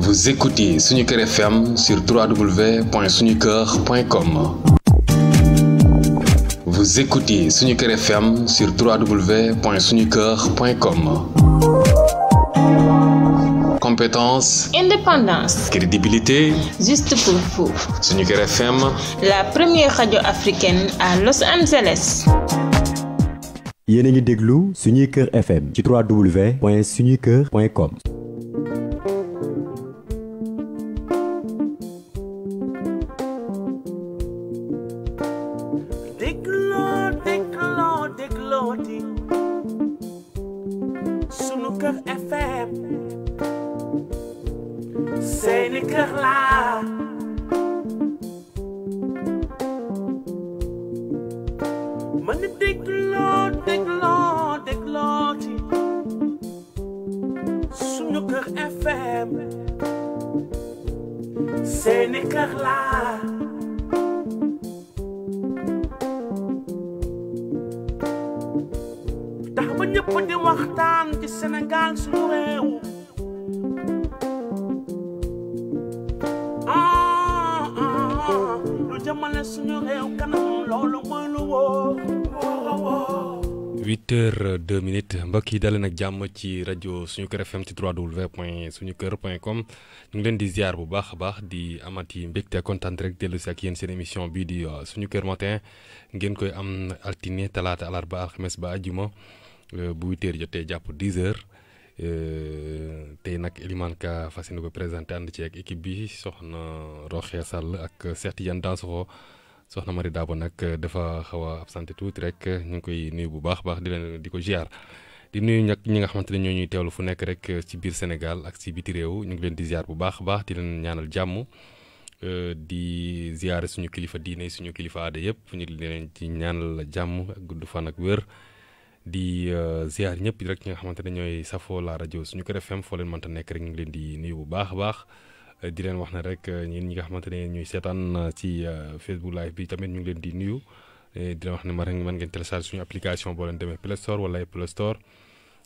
Vous écoutez Sunyker FM sur www.sunuker.com. Vous écoutez Sunyker FM sur www.sunuker.com. Compétence. Indépendance. Crédibilité. Juste pour vous. Sunyker FM. La première radio africaine à Los Angeles. FM sur yi nag jàmm ci rajo suñu kër FM ci 3W point suñu kër point com ñu ngi leen di ziar bu baax a baax di amati mbégte kontaan rek dellu si ak yéen seen émission bii di euh, suñu kër matin ngeen koy am altine talaata alarba alxames ba àjjuma euh, bu 8h jotee jàpp 10h euh, tey nag Elimane Ka fas yéene ko présenté ànd ci ak équipe bi soxna Roxee sàll ak Cheikh Tidiane Dansokho soxna Mari Dabo nag dafa xaw a absenté tuuti rek ñu ngi koy nuyu bu baax baax di leen di ko ziar. di nuyu ñak ñi nga xamanteni ñoo ñuy teewlu fu nekk rek euh, ci biir Sénégal ak ci biti réew ñu ngi leen di ziar bu baax baax di leen ñaanal jàmm euh, di ziar suñu kilifa diine suñu kilifa ade yépp ñu di leen di ñaanal jàmm ak gudd fan ak wér di euh, ziar ñëpp rek ñi nga xamanteni ne ñooy safoo la radio suñu kër FM foo leen mënta nekk rek ñu ngi leen di nuyu bu baax baax di leen wax ne rek ñeen ñi nga xamanteni ñuy seetaan ci Facebook live bi tamit ñu ngi leen di nuyu di leen wax ne man ngeen télécharge suñu application boo leen demee Play Store wala Apple Store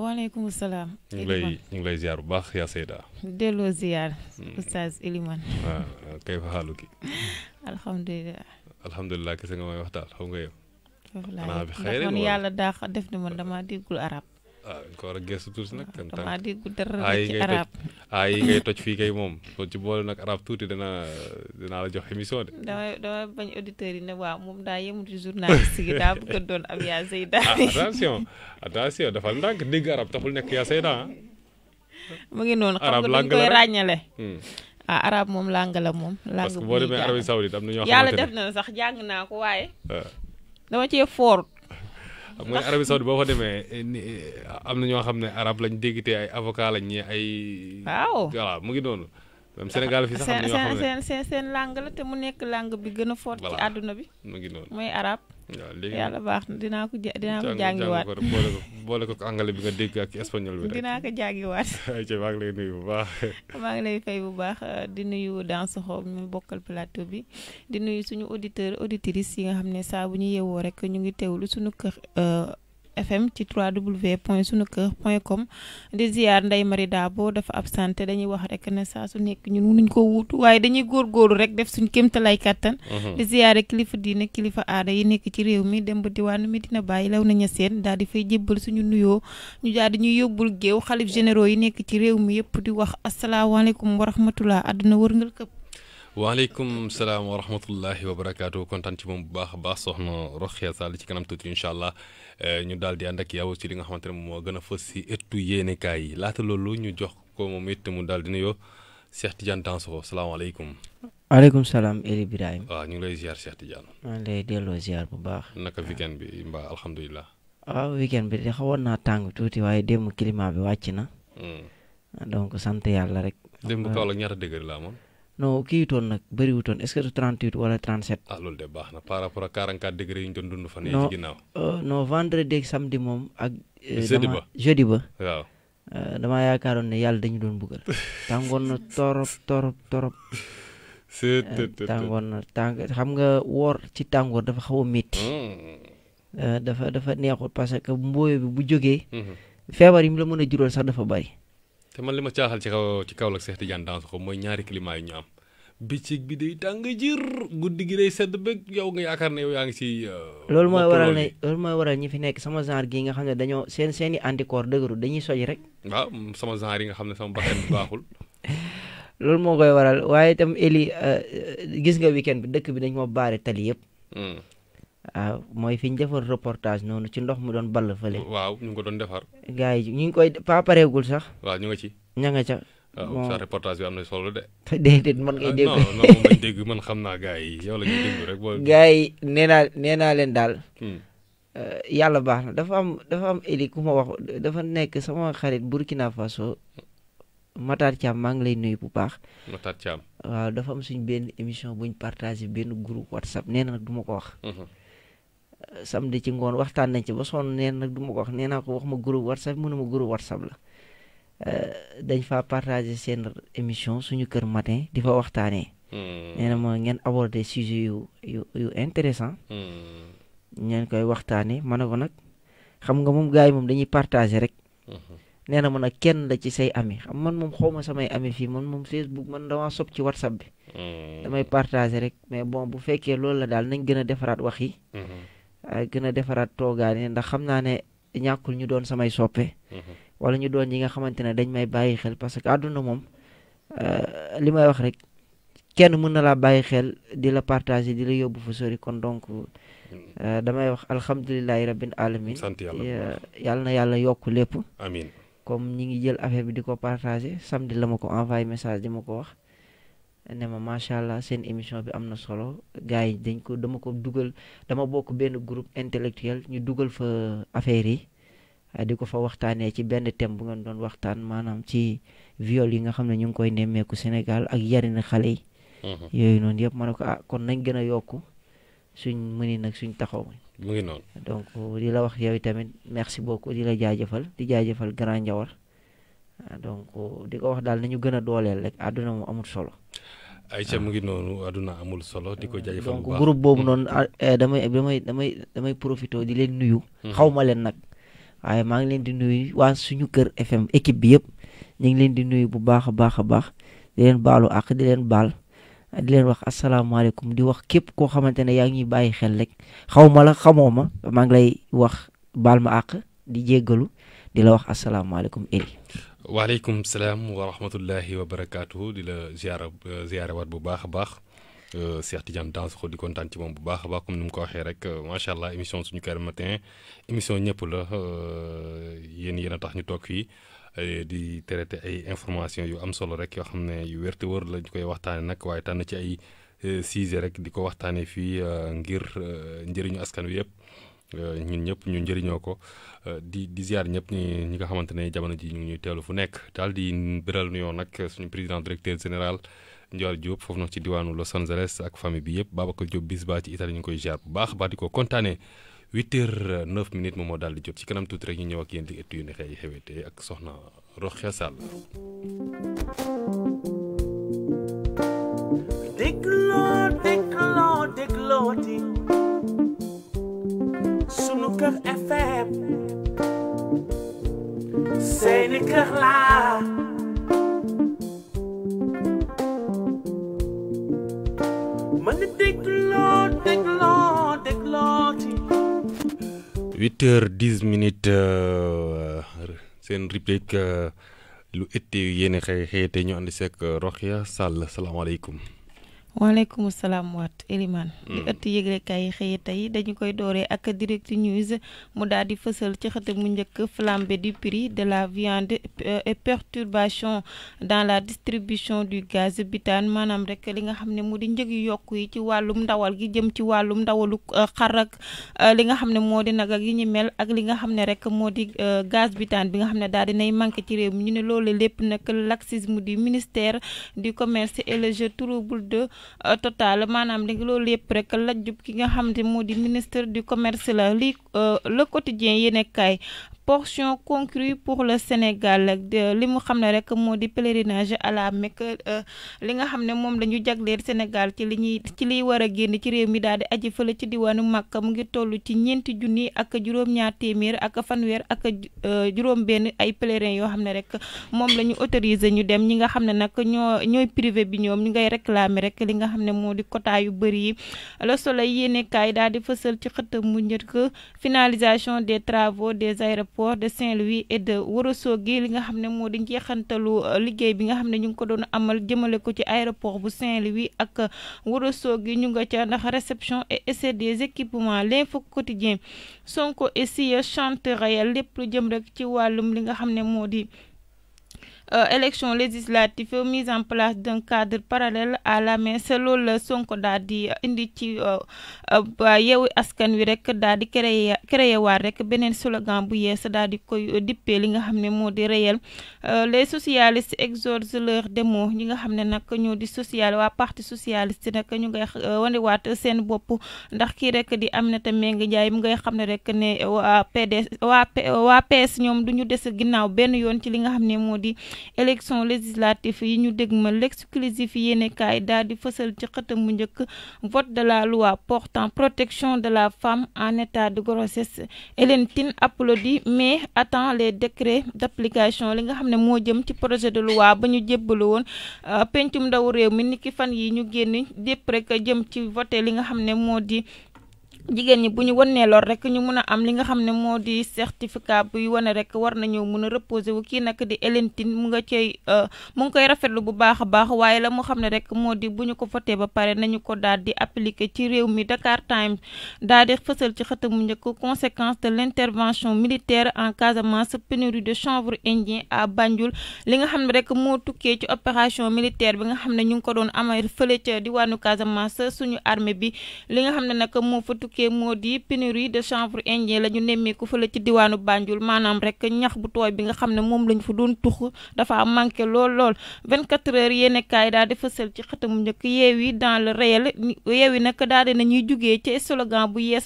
waaleykum salaam. ñu ngi lay ñu ngi lay ziar bu baax yaa Seyda. delloo ziar. Hmm. oustaz Eliman. waaw ah, kay kese nga may waxtaan xam nga yow. xanaa bi xëy na yàlla daa def na man ah. damaa déggul arab ah dañ war a geestu tuuti nag. kan tànk ay ngay toj ay ngay toj fii kay moom soo ci boole nag arab tuuti dana dinaa la jox émission de. damay bañ auditeurs yi ne waa moom daa yemut ci journaliste gi daa bëgg a doon am yaa Seyda. Ah, attention attention dafa ah. mu ngi noonu xam nga dañ hmm. ah, moom làng la moom. làng bu parce que boo yàlla def na sax jàng naa ko waaye. dama cee foor. xam nga Arabie Saoudite boo fa demee am na ñoo xam ne arab lañ dégg te ay avocat lañ ñi ay. waaw mu ngi noonu. même Sénégal fii sax am na ñoo xam ne seen seen seen langue la te mu nekk langue bi gën a fort. ci àdduna bi mu ngi noonu mooy arab. waaw léegi yàlla baax na dinaa ko dinaa ko jàngiwaat boole ko boole ko anglais bi nga dégg ak espagnol bi rek dinaa ko jàngiwaat. ayca maa ngi lay nuyu bu baax. maa ngi lay fay bu baax euh, di nuyu Dansokho mi bokkal plateau bi di nuyu suñu auditeurs auditrices yi nga xam ne saa bu ñu yeewoo rek ñu ngi teewlu suñu kër. Euh, FM ci 3W point sunu kër point com di ziar Ndeye Marie Dabo dafa absenté dañuy wax rekk ne saa su nekk ñun mënuñ ko wuutu waaye dañuy góorgóorlu rek def suñ kéemtalaay kàttan mhm. di ziare kilifa diine kilifa aada yi nekk ci réew mi dem ba diwaanu dina bàyyi law naña seen daal di fay jébbal suñu nuyoo ñu daal di ñuy yóbbul géew xalif généraux yi nekk ci réew mi yëpp di wax asalaamaaleykum wa rahmatullah àdduna wërngal këpp waaleykum salaam wa rahmatullahi wa barakaatu kontaan ci moom bu baax a baax soxna Roxia Sall ci kanam tuuti incha Euh, ñu daal di ànd ak yow ci li nga xamante ne moom moo gën a fës si ëttu yéenekaay yi laata loolu ñu jox ko moom it mu daal di nuyoo Cheikh Tidiane Dansokho salaamaaleykum. maaleykum salaam El waaw ñu ngi lay ziar Cheikh Tidiane. maa lay delloo ziar bu baax. naka weekend bi mbaa alhamdulilah. waaw weekend bi de naa tàng tuuti waaye démb climat bi wàcc na. Hmm. donc sant yàlla rek. démb Kaolack ñaata degré laa amoon. non kii wutoon nag bëri wutoon est-ce que 38 wala 37. ah loolu de baax na par rapport ak 44 degré yi ñu doon dund fan yii ci ginnaaw. non euh, non vendredi ak moom ak. Euh, jeudi ba ba waaw. Euh, damaa yaakaaroon ne yàlla dañu doon buggal tàngoon na torop torop torop. tàngoon na tàng xam nga woor ci tàngoor dafa xaw a métti. Hmm. dafa dafa neexut parce que mbooyo bi bu jógee. Hmm. feebar yi la mën a jural sax dafa bari. te man li ma caaxal ci kaw ci Kaolack Cheikh Tidiane Dansokho mooy ñaari climat yi ñu am bëccëg bi day tàng jër guddi gi day sedd bëgg yow nga yaakaar ne yow yaa ngi si. Euh, loolu mooy waral ne loolu mooy ñi fi nekk sama genre gi nga xam ne dañoo seen seeni i anticorps dëgëru dañuy soj rek. waaw sama genre yi nga xam ne sama bakkan bi baaxul. loolu moo koy waral waaye itam Eli euh, gis nga weekend bi dëkk bi dañ ma baare tali yëpp. Hmm. mooy fi ñu defar reportage noonu ci ndox mu doon ball fële. waaw ñu ngi ko doon defar. gars yi ñu ngi koy pa sax. waaw ñu ci. ña nga ca. waaw na solo de. déedéet ah, man xam naa gars yi yow yi nee naa nee naa leen daal. Hmm. Euh, yàlla baax na dafa am dafa am éli ku ma wax dafa nekk sama xarit Burkina Faso. Matar Thiam maa ngi lay nuyu bu baax. Matar Thiam. waaw dafa am suñ benn émission buñ partage benn groupe WhatsApp nee na nag du ko wax. Hmm. samedi ci ngoon waxtaan nañ ci ba son neen nag duma ko wax nee naa ko wax ma groupe whatsapp mu ne ma groupe whatsapp la euh, dañ fa partager seen émission suñu kër matin di fa waxtaanee hmm. nee na ma ngeen aborder sujet yu yu yu intéressant hmm. ngeen koy waxtaanee ma ne ko nag xam nga moom gars yi moom dañuy partager rek hmm. nee na ma nag kenn la ci say ami xam man moom xawma samay ami fii man moom facebook man dama sob ci whatsapp bi damay partager rek mais bon bu fekkee loolu la daal nañ gën a defaraat wax yi gën a defaraat toogaani ndax xam naa ne ñàkkul ñu doon samay soppe mm-hmm. wala ñu doon ñi nga xamante ne dañ may bàyyi xel parce que àdduna moom euh, li may wax rek kenn mën na laa bàyyi xel di la partager di la yóbbu fu sori kon donc mm-hmm. euh, damay wax alhamdulilahi rabbil alamin yàlla na yàlla yokk lépp amiin comme ñi ngi jël affaire bi di ko partager samedi la ma ko envoyé message di ma ko wax ne ma macha allah seen émission bi am na solo gars yi dañ ko dama ko dugal dama bokk benn groupe intellectuel ñu dugal fa affaire yi di ko fa waxtaanee ci benn thème bu ngeen doon waxtaan maanaam ci viole yi nga xam ne ñu ngi koy nemmeeku Sénégal ak yarin xale yi. Mhm. yooyu noonu yëpp ma ne ko ah kon nañ gën a yokk suñ mëni nag suñ taxaw. mu ngi donc di la wax yow tamit merci beaucoup di la jaajëfal di jaajëfal grand Ndiawar ah, donc di ko wax daal nañu gën a dooleel rek àdduna mu amul solo. Aïcha mu ngi noonu àdduna amul solo di ko jaajëfal bu baax donc boobu noonu ah, eh, damay damay damay damay profité di leen nuyu. Mhm. xaw ma leen nag waaye maa ngi leen di nuyu waa suñu kër FM équipe bi yëpp ñu ngi leen di nuyu bu baax a baax a baax di leen baalu àq di leen baal di leen wax asalaamaaleykum di wax képp koo xamante ne yaa ngi bàyyi xel rek xawma la xamoo ma maa ngi lay wax baal ma àq di jéggalu di la wax asalaamaaleykum Eli. وعليكم السلام ورحمة الله وبركاته دي زيارة زيارة وات بباخ باخ أه، سيخ تيجان دانس خودي كون تانتي مون بباخ باخ كم نمكو خيرك أه، ما شاء الله اميشون سنو كار متين اميشون نيبولا يني ينا تحني توقفي di traité ay information yu am solo rek yoo xam ne yu wérte wër la ñu koy waxtaane nag waaye tànn ci ay sujet rek di Euh, ñun ñëpp ñu njëriñoo ko euh, di di ziar ñëpp ñi ñi nga xamante ne jamono ji ñu ngi ñuy teelu fu nekk daal di biral nuyoo nag suñu président directeur général Ndior Diop foofu nag ci diwaanu Los Angeles ak famille bi yëpp Babacar Diop bis ba ci Italie ñu ngi koy ziar bu baax baax di ko kontaanee huit heures euh, neuf minutes moom moo daal di jot ci kanam tuuti rek ñu ñëw ak yéen di yu ne xëy xewete ak soxna Roxia Sall. dégloo sunu kër FM seeni kër laa ma nga dégloo dégloo dégloo ci. huit heures dix minutes euh, seen rubrique euh, lu itte yéen a xëy xëyate ñu ànd seeg euh, Rokhia Sall salaamaaleykum. waaleykum salaam waat Elimane. Mm. li ëtt yëglekaay yi xëy tey dañu koy dooree ak direct news mu daal di fësal ci xët mu njëkk flambée du prix de la viande euh, et perturbation dans la distribution du gaz butane maanaam rek li nga xam ne mu di njëg yu yokku yi ci wàllum ndawal gi jëm ci wàllum ndawalu euh, xar ak euh, li nga xam ne moo di nag ak yi ñu mel ak li nga xam ne rek moo di gaz butane bi nga xam ne daal di nay manqué ci réew mi ñu ne loolu lépp nag laxisme du ministère du commerce et le jeu de. Euh, total maanaam léegi lépp yëpp la jub ki nga xam te moo di ministre du commerce la lii euh, le quotidien yéenekaay portion congrue pour le Sénégal li mu xam ne rek moo di pèlerinage à la Mecque euh, li nga xam ne moom la ñu jagleel Sénégal ci li ñuy ci liy war a génn ci réew mi daal di aji fële ci diwaanu Makka mu ngi toll ci ñeenti junni ak juróom-ñaar téeméer ak fanweer ak euh, juróom-benn ay pèlerins yoo xam ne rek moom la ñu autorisé ñu dem ñi nga xam ne nag ñoo ñooy privé bi ñoom ñu ngay réclamer rek li nga xam ne moo di quota yu bëri yi Le Soleil yéenekaay daal di fësal ci xëtam mu njëkk finalisation des travaux des aéroports aéroport de Saint-Louis et de Ourossogui li nga xam ne moo di njeexantalu euh, liggéey bi nga xam ne ñu ngi ko doon amal jëmale ko ci aéroport bu Saint-Louis ak euh, Ourossogui ñu nga ca ndax réception et essai des équipements l'info quotidien Sonko et Sia chante réel lépp lu jëm rek ci wàllum li nga xam ne moo di Euh, élection législative mise en place d'un cadre parallèle à la messe loolu la sonk daal di euh, indi ci euh, yeewu askan wi rek daal di créer créer waat rek beneen slogan bu yees daal di koy dippee li nga xam ne moo di réel les socialistes exorcent leur démo ñi nga xam ne nag ñoo di social waa parti socialiste nag ñu ngay wanewaat seen bopp ndax kii rek di Aminata Mbengue Ndiaye mu ngay xam ne rek ne waa PDS waa PS ñoom du ñu des ginnaaw benn yoon ci li nga xam ne moo di élection législative yi ñu dégmal l'exclusif yéenekaay daal di fësal ci xëtam mu njëkk vote de la loi portant protection de la femme en état de grossesse Hélène Tine applaudit mais attend les décrets d'application li nga xam ne moo jëm ci projet de loi ba ñu jébbale woon euh, pencum ndaw réew mi niki fan yi ñu génn dépp rek jëm ci voté li nga xam ne moo di jigéen ñi bu ñu wonee lool rek ñu mun a am li nga xam ne moo di certificat buy wane rek war nañoo mun a reposer wu kii nag di Elentine mu nga cay euh, mu ngi koy rafetlu bu baax a baax waaye la mu xam ne rek moo di bu ñu ko voté ba pare nañu ko daal di appliquer ci réew mi Dakar Times daal di fësal ci xëtam mu njëkk conséquence de l' intervention militaire en Casamance pénurie de chanvre indien à Banjul li nga xam ne rek moo tukkee ci opération militaire bi nga xam ne ñu ngi ko doon amal fële ca diwaanu Casamance suñu armée bi tukkee moo di pénurie de chanvre indien la ñu nemmeeku fële ci diwaanu Banjul maanaam rek ñax bu tooy bi nga xam ne moom lañ fa doon tux dafa manqué lool lool 24 heures yéen kaay daal di ci xëtamu njëkk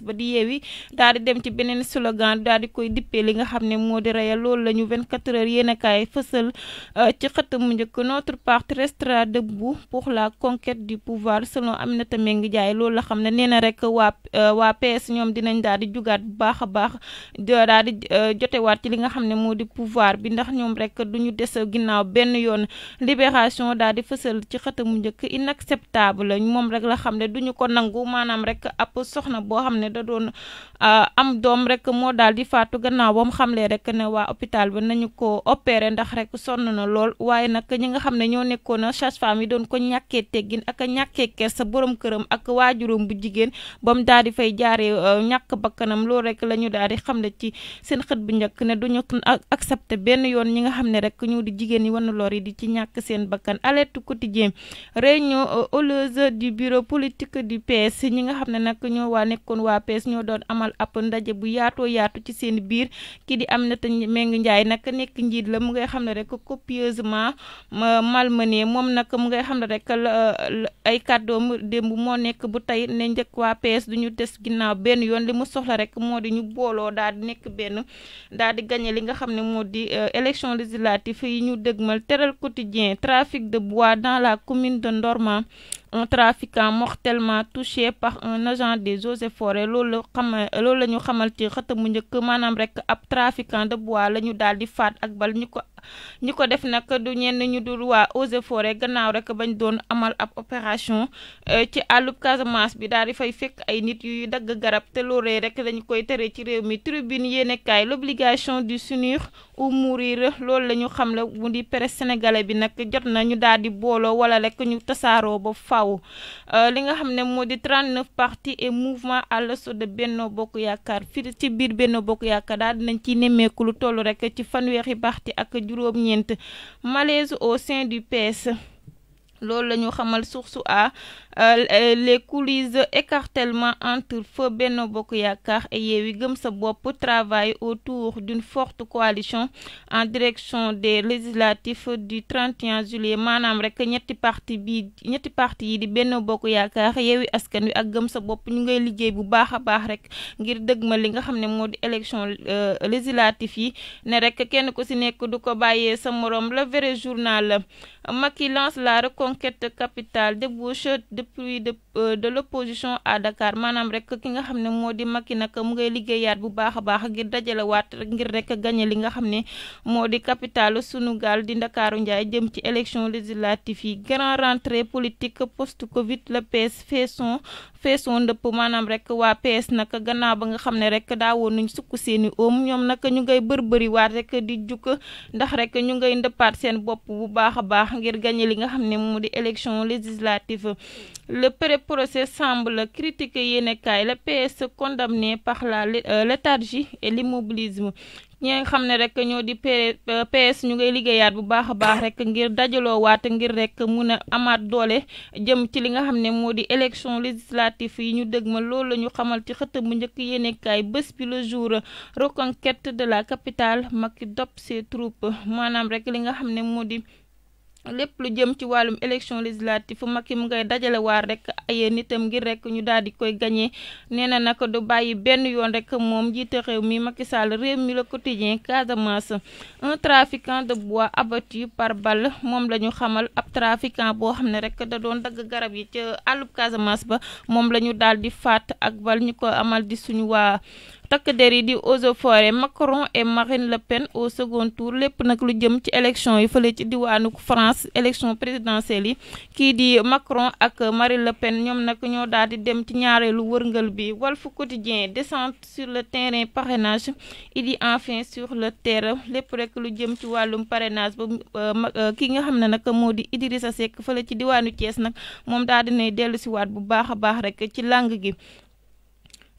ba di Yewwi daal di dem ci beneen slogan di koy dippee li nga xam ne moo di la ñu 24 heures yéen kaay fësal euh, ci xëtamu njëkk notre parti restera debout pour la conquête du pouvoir selon Aminata Mbengue Ndiaye loolu la xam ne nee na waa euh, waa PS ñoom dinañ daal di jugaat bu baax a baax daal di euh, jotewaat ci li nga xam ne moo di pouvoir bi ndax ñoom rek du ñu des ginnaaw benn yoon libération daal di fësal ci xëtamu njëkk inacceptable moom rek la xam ne duñu ko nangu maanaam rek ab soxna boo xam ne da doon euh, am doom rek moo daal di faatu gannaaw ba mu xamlee rek ne waa hôpital ba nañu ko opéré ndax rek sonn na lool waaye nag ñi nga xam ne ñoo nekkoon sage-femme yi doon ko ñàkkee teggin ak a ñàkkee kersa borom këram ak waajuram bu jigéen fay jaare eh, ñàkk bakkanam loolu rek lañu ñu daal di xam ne ci seen xet bu njëkk ne duñu accepté benn yoon ñi nga xam ne rek ñu di jigéen yi wan lor yi di ci ñàkk seen bakkan alerte quotidien réunion houleuse eh, du bureau politique du PS ñi nga xam ne nag ñoo waa nekkoon waa PS ñoo doon amal ab ndaje bu yaatoo yaatu ci seen biir ki di na Mbengue Ndiaye nag nekk njiit la mu ngay xam ne rek copieusement malmené moom nag mu ngay xam ne rek ay kàddoom démb moo nekk bu tey ne njëkk waa PS duñu des ginnaaw benn yoon li mu soxla rek moo di ñu booloo daal di nekk benn daal di gagné li nga xam ne moo di euh, élection législative yi ñu dëgmal teral quotidien trafic de bois dans la commune de Ndorma un trafiquant mortellement touché par un agent des eaux et forêts lo xama de la xamal ci xët mu rek trafiquant de bois la de daal faat ak bal ñu ko ko def nag du ñenn ñu amal ab opération euh, ci àllub Casamance bi daal de fay nit dagg garab te rek koy ci tribune a l'obligation du Mourir loolu la ñu xam la mu di presse sénégalais bi nag jot na ñu daal di booloo wala rek ñu tasaaroo ba faw euh, li nga xam ne moo di 39 partis et mouvement à l'assaut de Benno Bokk Yaakaar fii ci biir benn Bokk Yaakaar daal dinañ ci nemmeeku lu toll rek ci fanweexi parti ak juróom-ñeent malaise au sein du PS loolu la ñu xamal source a Euh, euh, les coulisses écartellement entre Fobeno Bokuyakar et Yewi Gëm Sa autour d'une forte coalition en direction des législatifs du 31 juillet Manam rek ñetti parti bi ñetti parti yi di Benno Bokuyakar Yewi Yewwi Askan Wi ak Gëm Sa Bopp ñu ngay liggéey bu baaxa baax rek ngir dëgmal li nga xamné modi élection euh, yi né rek kenn ku ci du ko bayé sa morom le vrai journal Macky lance la reconquête capitale débouche de pluie de euh, de l'opposition à Dakar maanaam rek ki nga xam ne moo di Macky nag mu ngay liggéeyaat bu baax a baax ngir dajale waat ngir rek gagné li nga xam ne moo di capitale sunu gaal di Ndakaaru Ndiaye jëm ci élection législative yi grand rentrée politique post Covid la PS fait son fait ndëpp maanaam rek waa PS nag gannaaw ba nga xam ne rek daawoon nañ sukk seeni oom ñoom nag ñu ngay bëri waat rek di jukk ndax rek ñu ngay ndëppaat seen bopp bu baax a baax ngir gagné li nga xam ne moo di élection législative Le pré-procès semble critiquer Yenekaay le PS condamné par la euh, léthargie et limobilisme ñi nga xam ne rek ñoo di PS euh, ñu ngay liggéeyaat bu baax a baax rek ngir dajaloo waat ngir rek mun a amaat doole jëm ci li nga xam ne moo di élection législative yi ñu ma loolu la ñu xamal ci xët mu njëkk yéenekaay bés bi le jour reconquête de la capitale Macky dop ses troupes maanaam rek li nga xam ne moo di. lépp lu jëm ci wàllum élection législative fu Macky mu ngay dajale waar rek ay nitam ngir rek ñu daal di koy gagné nee na nag du bàyyi benn yoon rek moom jiite réew mi Macky Sall réew mi le quotidien Casamance un trafiquant de bois abattu par balle moom la ñu xamal ab trafiquant boo xam ne rek da doon dagg garab yi ca àllub Casamance ba moom la ñu daal di faat ak bal ñu ko amal di suñu waa. takk der yi di eaux et Macron et Marine Le Pen au second tour lépp nag lu jëm ci élection yi fële ci diwaanu France élection présidentielle yi kii di Macron ak Marine Le Pen ñoom nag ñoo daal di dem ci ñaareelu wërngal bi Walf Quotidien descente sur le terrain parrainage idi est enfin sur le terrain lépp rek lu jëm ci wàllum parrainage ba euh, euh, ki nga xam ne nag moo di Idrissa Seck fële ci diwaanu Thiès nag moom daal dinay dellu siwaat bu baax a baax rek ci làng gi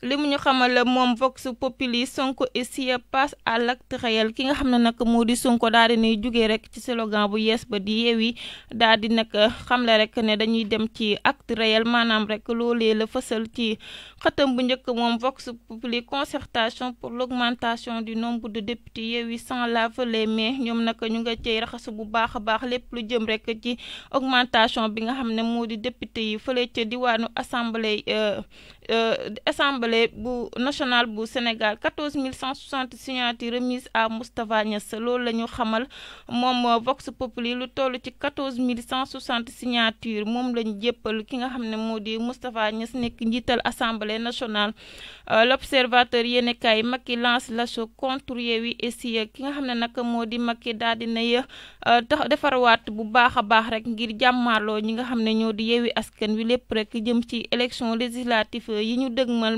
li mu ñu xamal moom Vox Populi Sonko ici passe à l'acte réel ki nga xam ne nag moo di Sonko daal di nuy jugee rek ci slogan bu yees ba di yeewi daal di nag xamle rek ne dañuy dem ci acte réel maanaam rek loolee la fësal ci xëtam bu njëkk moom Vox Populi concertation pour l'augmentation du nombre de députés yeewi sans la les mais ñoom nag ñu nga cey raxasu bu baax a baax lépp lu jëm rek ci augmentation bi nga xam ne moo di député yi fële ca diwaanu assemblée euh, euh, assemblée assemblée bu nationale bu Sénégal 14160 signatures remises à Moustapha Niass loolu la ñu xamal moom Vox Populi lu toll ci 14160 signatures moom la ñu jéppal ki nga xam ne moo di Moustapha Niass nekk njiital assemblée nationale. Euh, L'Observateur yéen kay Macky lance l'assaut contre Yewwi et Siye ki nga xam ne nag moo di Macky daal di nay euh, tax defarwaat bu baax a baax rek ngir jàmmaarloo ñi nga xam ne ñoo di Yewwi askan wi lépp rek jëm ci élection législative yi ñu dëgmal.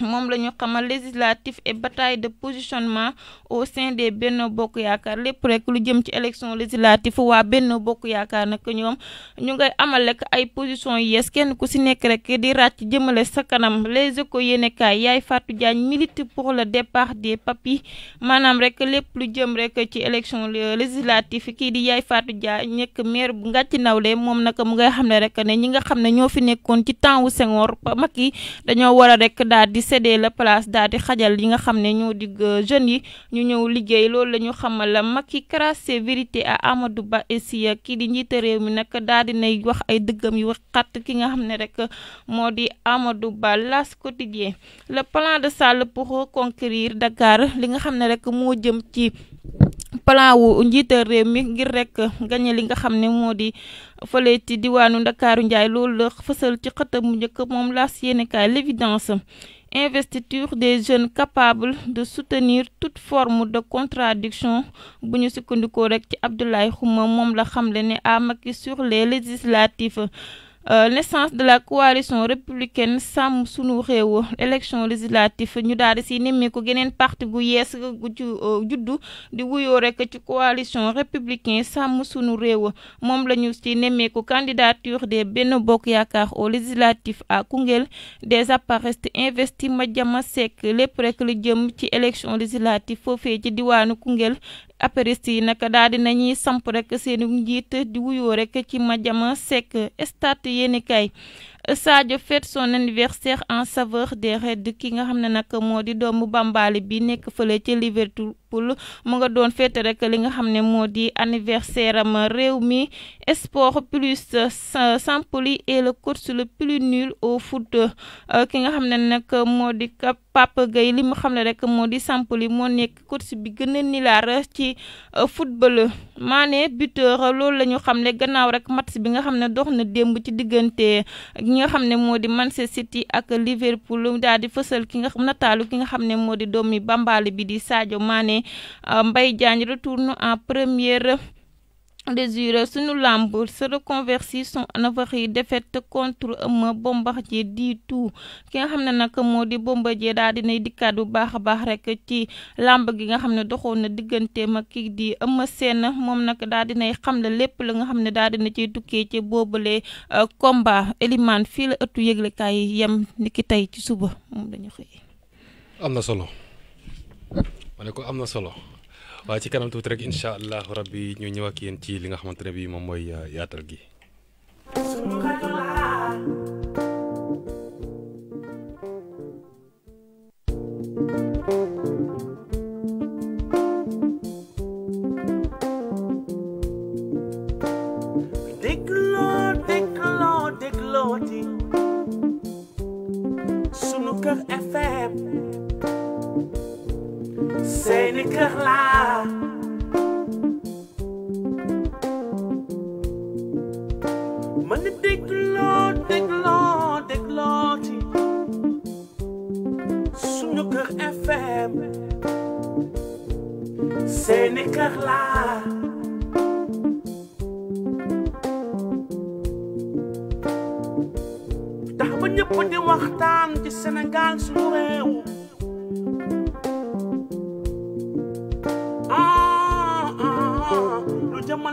moom la ñu xamal législatif et bataille de positionnement au sein des Benno Bokk Yaakaar lépp rekk lu jëm ci élection législative waa Benno Bokk Yaakaar nag ñoom ñu ngay amal rek ay position yees kenn ku si nekk rek di ràcc jëmale sa kanam les échos yéenekaay yaay Fatou Diagne milite pour le départ des papi maanaam rek lépp lu jëm rek ci élection législative kii di yaay Fatou Diagne nekk maire bu Ngathie-Nawlé moom nag mu ngay xam ne rek ne ñi nga xam ne ñoo fi nekkoon ci temps wu Senghor Macky dañoo di cédé la place daal di xajal yi nga xam ne ñoo digg euh, jeunes yi ñu ñëw liggéey loolu la ñu xamal Macky crasse ses vérités Amadou Ba et si euh, kii di njiite réew mi nag daal di nay wax ay dëggam yu xat ki nga xam ne rek moo di Amadou Ba las quotidien le plan de Sall pour reconquérir Dakar li nga xam ne rek moo jëm ci plan wu njiital réew mi ngir rek gagné li nga xam ne moo di fële ci diwaanu Ndakaaru Njaay loolu la fësal ci xëtam mu njëkk moom laas yéene investiture des jeunes capables de soutenir toute forme de contradiction bu ñu sukkandikoo rek ci Abdoulaye Mom la xamle ne sur les législatives euh, l'essence de la coalition républicaine Sam sunu réew élection législative ñu daal di si nemmeeku geneen parti gu yees gu ci euh, juddu di wuyoo rek ci coalition républicaine sam sunu réew moom la ñu si nemmeeku candidature des benn Bokk Yaakaar au législatif à Kungel, des apparestes investis jama sec lépp rek jëm ci élection législative foofee ci diwaanu Kungel apériste yi nag daal di nañuy samp rek seen njiit di wuyoo rek ci Madiama Seck stade yéenekaay Sadio fête son anniversaire en saveur des Reds ki nga xam ne nag moo di doomu Bambali bi nekk fële ca Liverpool Liverpool mu nga doon féete rek li nga xam ne anniversaire am réew mi sport plus euh, Sampoli et le coach le plus nul au foot euh, ki nga xam ne nag moo di Pape Gueye li mu xam ne rek moo di Sampoli moo nekk coach bi gën a nilaar ci euh, football Mané buteur loolu la ñu xam ne gannaaw rek match bi nga xam ne dox na démb ci diggante ñi nga xam ne moo di Manchester City ak Liverpool daal di fësal ki nga nataalu ki nga xam modi domi di doomi Bambali bi di Sadio Mané mbay euh, Mbaye Diagne retourne en première désiré sunu làmb se reconvertit son avarié défaite contre Ama Bombardier di tout ki nga xam ne nag moo di Bombardier daal dinay dikkaat bu baax a baax rek ci làmb gi nga xam ne doxoon na digganteem ak kii di Ama seen moom nag daal dinay xam la lépp la nga xam ne daal dina cee tukkee ci boobale euh, combat Elimane fii la ëttu yëglekaay yi yem niki tey ci suba moom dañu xëy. am na solo. ma ne ko am solo wa ci kanam tout rek incha allah rabbi ñu ñëw ak yéen ci li nga xamantene bi mom moy euh, yaatal gi Sunu Kër FM seeni kër laa ma dégloo dégloo dégloo ci suñu kër FM seeni kër laa tax ba ñëpp di waxtaan ci Sénégal suñu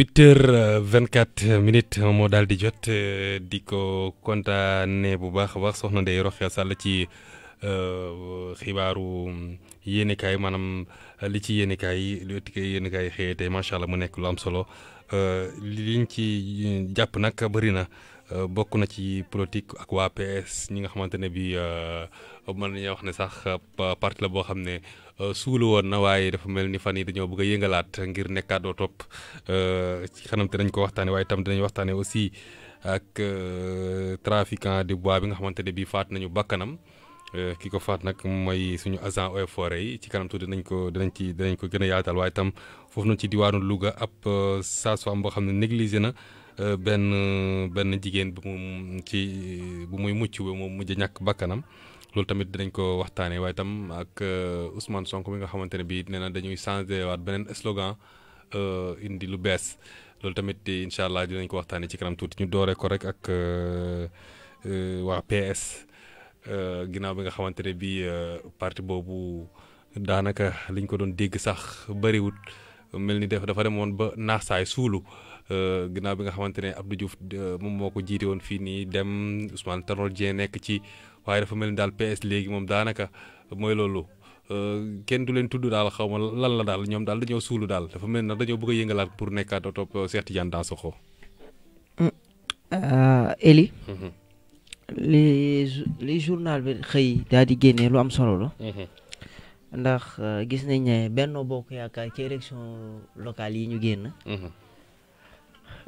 huit vingt quatre minutes moo daal di jot euh, di ko kontaane bu baax a baax soxna Ndeye Rokhaya Sall ci euh, xibaaru yéenekaay maanaam li ci yéenekaay li ëtt yéenekaay xëyee tey macha allah mu nekk lu am solo euh, liñ ci jàpp nag bëri na bokk na ci politique ak waa PS ñi nga xamante bi mën nañoo wax ne sax parti la boo xam ne euh, suulu woon na waaye dafa mel ni fan yi dañoo bëgg yëngalaat ngir nekkaat doo topp euh, ci xanam te dañ ko waxtaanee waaye itam dinañ waxtaanee aussi ak euh, trafiquant de bois bi nga xamante ne bii faat nañu bakkanam ki ko faat nag mooy suñu agent eaux ci kanam tuuti dinañ ko dinañ ci dinañ ko gën yaatal waaye itam foofu noonu ci diwaanu luga ab sage boo xam ne négligé na benn benn jigéen bu mu ci bu muy mucc ba moom mujj ñàkk bakkanam. loolu tamit dinañ ko waxtaanee waaye tam ak euh, Ousmane Sonko bi nga xamante ne bii nee na dañuy changé waat beneen slogan euh, indi lu bees loolu tamit incha allah dinañ ko waxtaanee ci kanam tuuti ñu dooree ko rek ak euh, waa PS ginnaaw bi nga xamante ne bii parti boobu daanaka liñ ko doon dégg sax bëriwut mel ni def dafa demoon ba naax saay suulu ginnaaw bi nga xamante ne Abdou Diouf moom moo ko jiite woon fii nii dem Ousmane Tanor nekk ci. waaye dafa mel ni daal PS léegi moom daanaka mooy loolu euh, kenn du leen tudd daal xaw ma lan la daal ñoom daal dañoo suulu daal dafa mel ni dañoo bëgg a pour nekkaat topp euh, Cheikh Tidiane Dansokho. Mm. Euh, Eli. Mhm. li bi xëy daal di génnee lu am solo la. Mhm. gis nañ Bokk Yaakaar ci élection yi ñu génn. Mhm.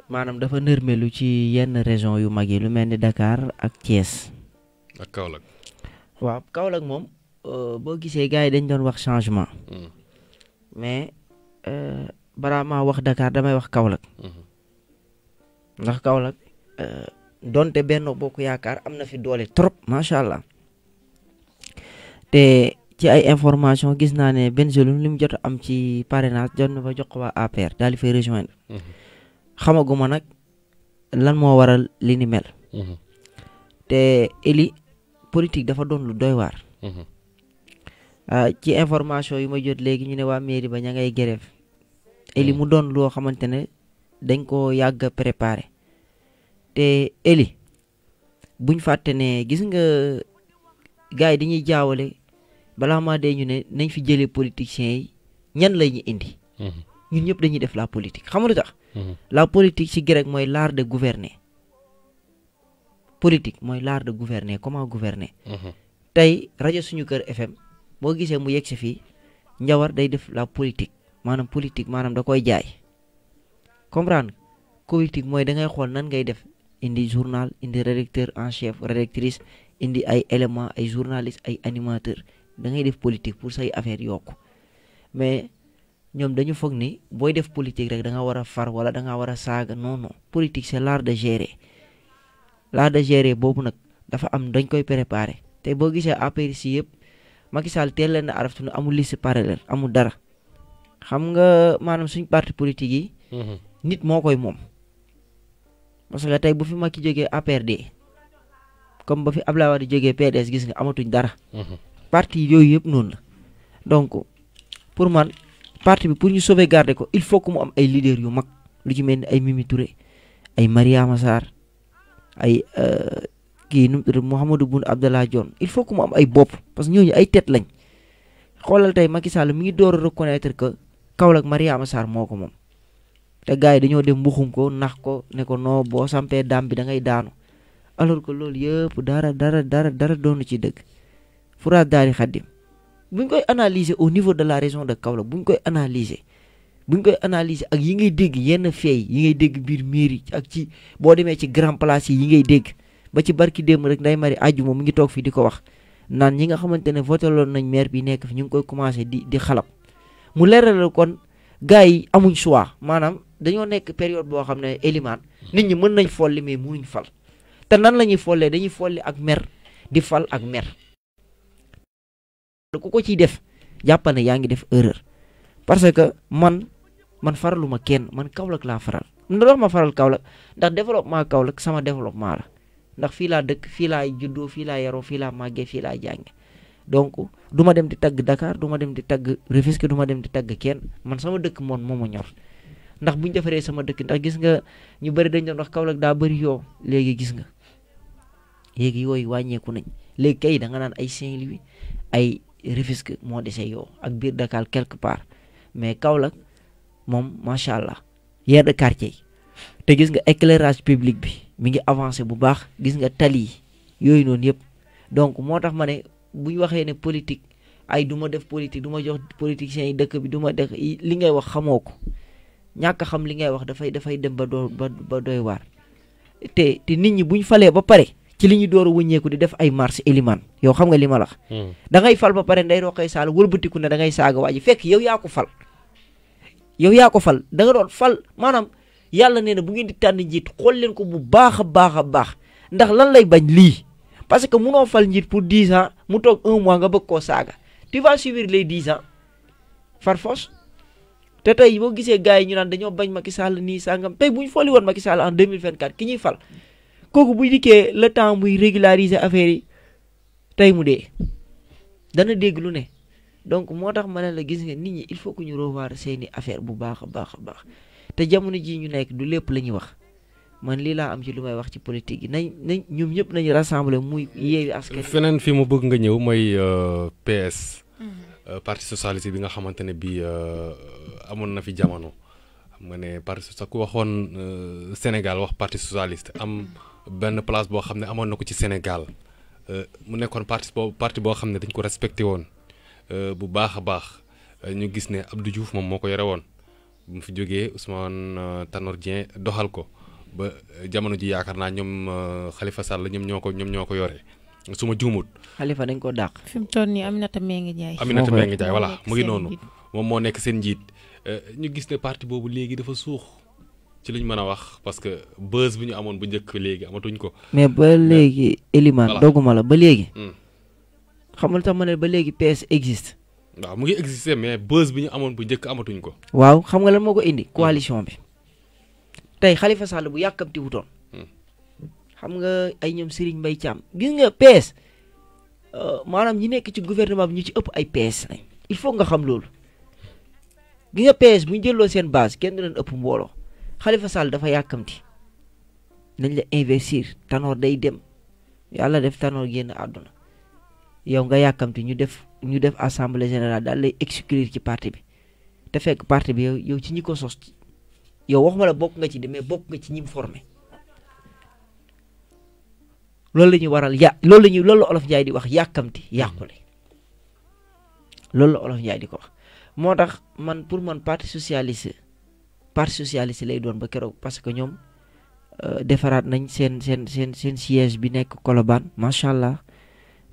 maanaam dafa nërmelu ci yenn région yu mag yi lu mel ni Dakar ak Thiès. ak Kaolack. waaw Kaolack moom euh, boo gisee gars yi dañ doon wax changement. Hmm. mais euh, balaa maa wax Dakar damay wax Kaolack. Hmm. ndax Kaolack euh, doonte benn bokk yaakaar am na fi doole trop macha allah te ci ay information gis naa ne benn li lim jot am ci parrainage jot na fa jox ko waa APR daal di fay rejoindre. Hmm. xamaguma nag lan moo waral li ni mel. te Eli politique dafa doon lu doy waar. Mhm. Ah, ci information yi ma jot léegi ñu ne waa mairie ba ña ngay grève eli mhm. mu doon loo xamante ne dañ koo yàgg a préparé te eli buñ fàtte ne gis nga gars yi dañuy jaawale balaa maa dee ñu ne nañ fi jëlee politiciens yi ñan lay ñu indi. Mhm. ñun ñëpp dañuy def la politique xam nga lu tax. la politique ci grec mooy l'art de gouverner. politique mooy l'art de gouverner comment gouverner. Mhm. tey rajo suñu kër FM boo gisee mu yegg si fii Njawar day def la politique maanaam politique maanaam da koy jaay comprendre politique mooy da ngay xool nan ngay def indi journal indi rédacteur en chef rédactrice indi ay éléments ay journaliste ay animateur da ngay def politique pour say affaire yokku mais ñoom dañu foog ni booy def politique rek da nga war a far wala da nga war a saaga non non politique c'est l'art de gérer la de gérer boobu nag dafa am dañ koy préparer te boo gisee APR si yëpp maki Sall teel leen a araftu ne amul liste parallèle amul dara xam nga maanaam suñ parti politique yi. Mhm. nit moo koy moom. parce que tey bu fi Macky jógee APR de comme ba fi ab Abdoulaye jege jógee PDS gis nga amatuñ dara. Mhm. parti yooyu yëpp noonu la donc pour man parti bi pour ñu sauvegarder ko il faut que mu am ay leaders yu mag lu ci mel ay Mimi Touré ay Mariama Sarr. ay euh, kii nu mu tudd Mouhamadou Boun Abdallah Dionne il faut que mu am ay bopp parce que ñooñu ay tête lañ xoolal tey Macky Sall mi ngi door a reconnaître que Kaolack Mariama Sarr moo ko moom. te gars yi dañoo dem mbuxum ko nax ko ne noo boo sampee daam bi da ngay daanu alors que loolu yëpp dara dara dara dara doonu ci dëgg furaat daari xaddim buñ koy analyser au niveau de la région de Kaolack buñ koy analyser bu ñu koy analyser ak yi ngay dégg yenn feey yi ngay dégg biir mairie ak ci boo demee ci grand place yi yi ngay dégg ba ci barki démb rek nday mari aju moom mu ngi toog fii di ko wax naan ñi nga xamante ne voteloon nañ maire bi nekk fi ñu ngi koy commencé di di xalab mu leeral kon gars yi amuñ choix maanaam dañoo nekk période boo xam ne élimaan nit ñi mën nañ folli mais mënuñ fal te nan la ñuy follee dañuy folli ak mer di fal ak mer ku ko ciy def jàpp yaa ngi def erreur parce que man man faraluma kenn man Kaolack la faral lu tax ma faral Kaolack ndax développement Kaolack sama développement la ndax fii laa dëkk fii laa juddoo fii laa yaroo fii laa màggee fii laa jànge donc duma dem di tagg Dakar duma dem di tagg refiske duma dem di tagg kenn man sama dëkk moon moomu ñor ndax buñ defaree sama dëkk ndax gis nga ñu bëri dañ doon wax Kaolack daa bëri yoo léegi gis nga léegi yooyu wàññeeku nañ léegi kay da nga naan ay Saint-Louis ay Rufisque moo dese yoo ak biir Dakar quelque part mais Kaolack moom macha allah yar de quartier yi te gis nga éclairage public bi mu ngi avancé bu baax gis nga tali yi yooyu noonu yëpp donc moo tax ma ne bu ñu waxee ne politique ay duma def politique du ma jox politiciens yi dëkk bi duma ma def li ngay wax xamoo ko ñàkk xam li ngay wax dafay dafay dem ba doo ba dooy waar te te nit ñi buñ falee ba pare ci li ñu door a wëññeeku di def ay marche Eliman yow xam nga li ma la wax hmm. fal ba pare nday roqee saal wëlbatiku ne da ngay saaga waa ji fekk yow yaako fal yow yaa ko fal da nga doon fal maanaam yàlla nee na bu ngeen di tànn njiit xool leen ko bu baax a baax a baax ndax lan lay bañ lii parce que munoo fal njiit pour dix ans mu toog un mois nga bëgg koo saaga tu vas suivre les dix ans far force te tey boo gisee gars yi ñu naan dañoo bañ Macky nii sangam tey bu ñu foli woon Macky fal kooku bu dikkee le temps muy régulariser affaire yi tey mu dee dana dégg lu ne donc moo tax ma ne la gis nga nit ñi il faut que ñu revoir seeni affaire bu baax baax a baax te jamono jii ñu nekk du lépp la ñuy wax man lii laa am ci lu may wax ci politique yi nañ nañ ñoom ñëpp nañu rassembler muy yeewi askan feneen fi mu bëgg nga ñëw mooy euh, PS. Mm-hmm. Euh, parti socialiste bi nga xamante ne bii euh, amoon na fi jamono. xam nga ne parti sa ku waxoon Sénégal wax parti socialiste am. Mm-hmm. benn place boo xam ne amoon na ko ci Sénégal euh, mu nekkoon parti boo parti boo xam ne dañ ko respecté woon euh, bu baax a baax euh, ñu gis ne Abdou Diouf moom moo ko yore woon bu fi jógee Ousmane Tanor Dieng doxal ko ba jamono ji yaakaar naa ñoom Khalifa Sall ñoom ñoo ko ñoom ñoo ko yore su ma juumut. Khalifa dañ ko dàq. fi mu toll nii Aminata Mbengue Ndiaye. Aminata Mbengue Ndiaye voilà mu ngi noonu. moom moo nekk seen njiit ñu gis ne parti boobu léegi dafa suux. ci liñ mën a wax parce que buzz bi ñu amoon bu njëkk léegi amatuñ ko. mais ba léegi Elimane doguma la ba léegi. Hmm. xam nga lu ma ne ba léegi PS existe. waaw mu ngi exister mais buzz bi ñu amoon bu njëkk amatuñ ko. waaw xam nga lan moo ko indi. Hmm. coalition bi tey Khalifa Sall bu yàkkamti wutoon. Hmm. xam nga ay ñoom Serigne Mbaye Thiam gis nga PS euh, maanaam ñi nekk ci gouvernement bi ñu ci ëpp ay PS il faut nga xam loolu. gis nga PS bu ñu jëloo seen base kenn du leen ëpp mbooloo. Khalifa Sall dafa yàkkamti nañ la investir Tanor day dem yàlla def Tanor génn àdduna yow nga yàkkamti ñu def ñu def assemblée générale daal lay exclure ci parti bi te fekk parti bi yow yow ci ñi ko sos yow waxuma la bokk nga ci demee bokk nga ci ñim formé loolu la ñuy waral yà loolu lañuy loolu la olof Njaay di wax yàkkamti yàqule loolu la olof Njaay di ko wax moo tax man pour man parti socialiste parti socialiste lay doon ba keroog parce que ñoom euh, defaraat nañ seen seen seen seen siège bi nekk Colobane macha allah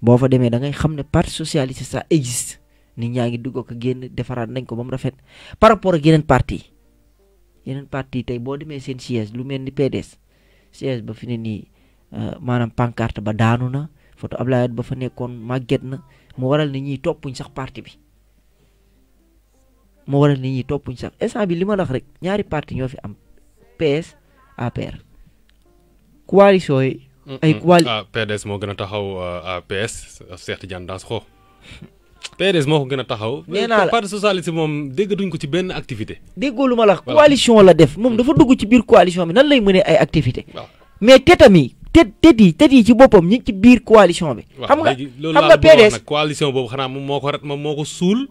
boo fa demee da ngay xam ne parti socialiste ça existe nit ñaa ngi dugg ko génn defaraat nañ ko ba mu rafet par rapport ak yeneen parti yeneen parti tey boo demee seen siège lu mel ni PDS siège ba fi ne nii euh, maanaam pancarte ba daanu na photo Abdoulaye ba fa nekkoon màgget na mu waral ne ñiy toppuñ sax parti bi moo waral nit ñi toppuñ sax instant bi li ma la rek ñaari parti ñoo fi am PS APR coalition yi. ay coali ah moo gën a taxaw ah, PS Cheikh Tidiane Dansokho PDS gën a taxaw. nee naa la parti moom déggatuñ ko ci benn activité. déggoo lu ma la coalition la def moom mm. dafa dugg ci biir coalition bi nan lay mënee ay activité mais tetam yi tet tet yi tet yi ci boppam ñi ci biir coalition bi. xam nga xam nga coalition boobu xanaa moom moo ko rat moom moo ko suul.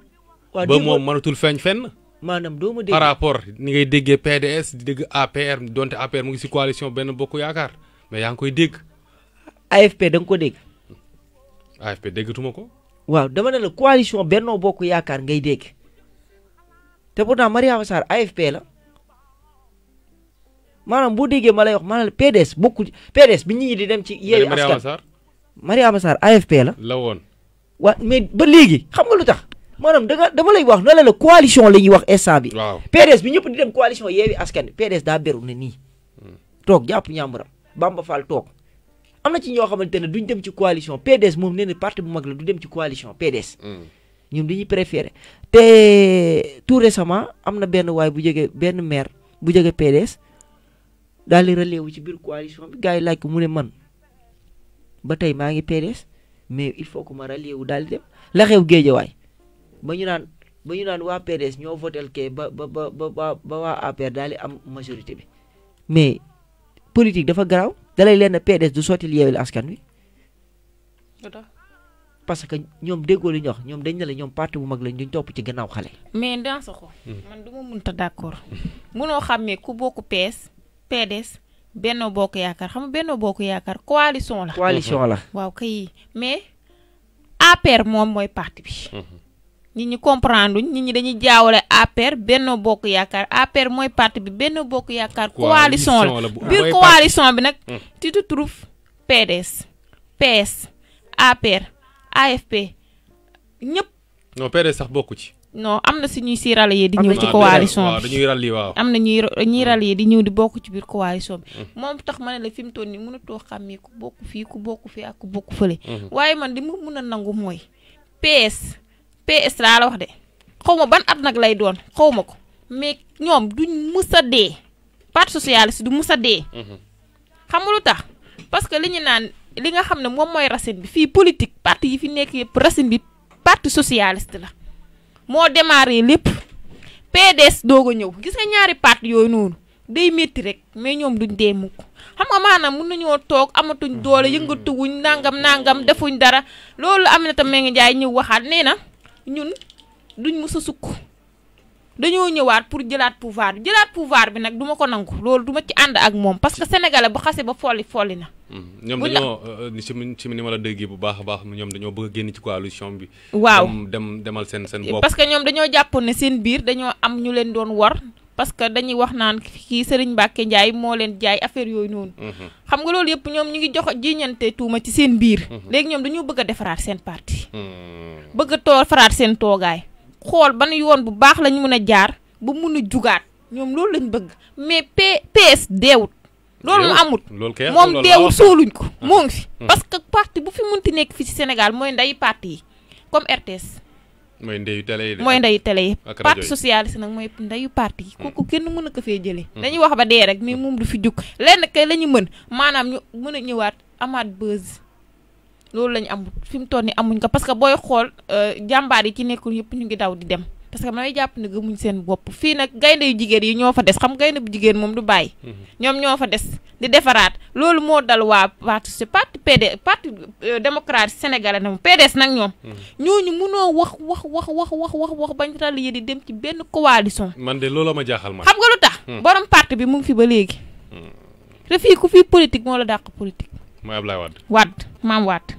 waaw ba moom mënatul feeñ fenn. maanaam doo ma dégg par rapport ni ngay déggee PDS di dégg APR donte APR mu ngi si coalition benn bokk yaakaar mais yaa ngi koy dégg. AFP da nga ko dégg. AFP déggatuma ko. waaw dama ne la coalition Benno Bokk Yaakaar ngay dégg te pourtant Mariama Sarr AFP la maanaam boo déggee ma la wax maanaam PDS bokku PDS bi ñi di dem ci. yeeyu askan Mariama Sarr. Mariama Sarr AFP la. la woon. waa mais ba léegi xam nga lu tax. maanaam da dama lay wax ne la la coalition la ñuy wax instant bi. PDS bi ñëpp di dem coalition yeewi askan bi PDS daa beru ne nii. Hmm. toog jàpp ñàmburam Bamba Fall toog am na ci ñoo xamante ne duñ dem ci coalition PDS moom nee na parti bu mag la du dem ci coalition PDS. Hmm. ñoom dañuy préféré te tout récemment am na benn waay bu jege benn maire bu jege PDS daal di relais ci biir coalition bi gars yi laaj ko mu ne man ba tey maa ngi PDS mais il faut que ma relais wu daal di dem la xew géejawaay ba ñu naan ba ñu naan waa PDS ñoo votel kee ba ba ba ba ba waa APR daal di am majorité bi mais politique dafa garaaw dalay leen ne PDS du sottil yeewal askan wi. parce que ñoom déggoo lu ñu wax ñoom dañ ne la ñoom parti bu mag lañ duñ topp ci gannaaw xale. mais dans ce hmm. man du ma mënta d' accord. mënoo xàmmee ku bokk PS PDS Benno Bokk Yaakaar xam nga Benno Bokk Yaakaar coalition la. coalition la waaw kay mais APR moom mooy parti bi. Hmm. nit ñi comprendre nit ñi dañuy jaawale APR Benno Bokk Yaakaar APR mooy parti bi Benno Bokk Yaakaar. coalition la biir coalition bi nag. Hmm. tu te trouves PDS PS APR AFP ñëpp. non PDS sax bokku ci. noo am na si ñuy si rallier di ñëw ci coalition ah, bi am na ñuy ñuy hmm. rallier di ñëw di bokk ci biir coalition bi hmm. moom tax ma ne la fi mu toll nii mënatoo xàmmee ku bokk fii ku bokk fii ak ku bokk fële waaye man di mu mën a nangu mooy PS PS laa la wax de xaw ma ban at nag lay doon xaw ma ko mais ñoom duñ mus a dee parti socialiste du mus dee. xam nga lu tax parce que li ñu naan li nga xam ne moom mooy racine bi fii politique parti yi fi nekk yëpp racine bi parti socialiste la moo démarré lépp PDS doog a ñëw gis nga ñaari parti yooyu noonu. day métti rek mais ñoom duñ dee mukk xam nga maanaam mun nañoo toog amatuñ doole yëngatuwuñ nangam nangam defuñ dara loolu am na tam ngi jaay ñëw waxaat nee na ñun duñ mës a sukk dañoo ñëwaat pour jëlaat pouvoir bi jëlaat pouvoir bi nag du ko nangu loolu du ma ci ànd ak moom parce que sénégalais bu xase ba folli folli na. Hmm. ñoom dañoo si euh, si ni ma la déggee bu baax a baax ñoom dañoo bëgg a génn ci coalition bi. waaw dem demal seen seen bopp. parce que ñoom dañoo jàppoon ne seen biir dañoo am ñu leen doon war parce que dañuy wax naan kii sëriñ Mbacke njaay moo leen jaay affaire yooyu noonu. Mhm. xam nga loolu yëpp ñoom ñu ngi jox jiiñante tuuma ci seen biir. Mhm. léegi ñoom dañoo bëgg a defaraat seen parti. Hmm. bëgg a toofaraat seen toogaay. xool ba nu yoon bu baax lañ mën a jaar ba mun a jugaat ñoom loolu lañu bëgg mais P PS deewut. loolu mu amut moom deewul suuluñ ko ah. moo ngi fi. Ah. parce que parti bu fi munti nekk fi ci Sénégal mooy nday parti yi comme RTS. mooy ndeyu télé yi mooy ndeyu télé yi parti socialiste nag mooy ndeyu parti yi kooku hmm. kenn mën a ko fee jëlee hmm. dañuy wax ba dee rek mais moom du fi jug lenn kay la ñu mën maanaam ñu mën a ñëwaat amaat buzz loolu la ñu am fi mu toll ni amuñ ko parce que booy xool euh, jàmbaar yi ci nekkul yëpp ñu ngi daw di dem parce que damay jàpp ne ñu seen bopp fii nag gaynde yu jigéen yi ñoo fa des xam gaynde bu jigéen moom du bàyyi. Mhm. ñoom ñoo fa des di defaraat loolu moo dal waa parti si parti PD parti euh, démocrate sénégalais na mu PDS nag ñoom. Mhm. ñooñu mënoo wax wax wax wax wax wax wax bañ ràll yi di dem ci benn coalition. man de loolu ma jaaxal ma. xam nga lu tax. Hmm. borom parti bi mu ngi fi ba léegi. Hmm. te fii ku fi politique moo la dàq politique. mooy Ablaye Wade. Wade maam Wade.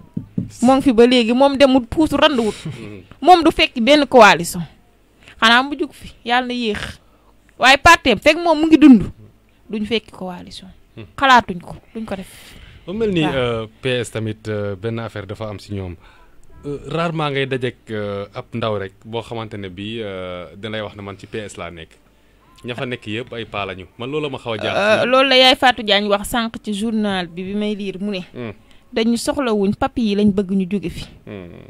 moo ngi ba léegi moom demul puusu randuwut. Hmm. moom du fekk benn coalition. xanaa mu jug fi yàlla na yéex waaye parteem fekk moom mu ngi dund duñ fekki coalition. Hmm. xalaatuñ ko duñ ko def. ba mel ni euh, PS tamit euh, benn affaire dafa am si ñoom euh, rarement ngay dajeek ab ndaw rek boo xamante ne bii dalay wax ne man ci PS laa nekk. ña fa nekk yëpp ay paa lañu man loolu ma xaw a jaaxal. loolu la yaay Fatou Diagne wax sànq ci journal bi bi may liir mu ne. Hmm. dañu soxlawuñ papier yi lañ bëgg ñu jóge fi. Hmm.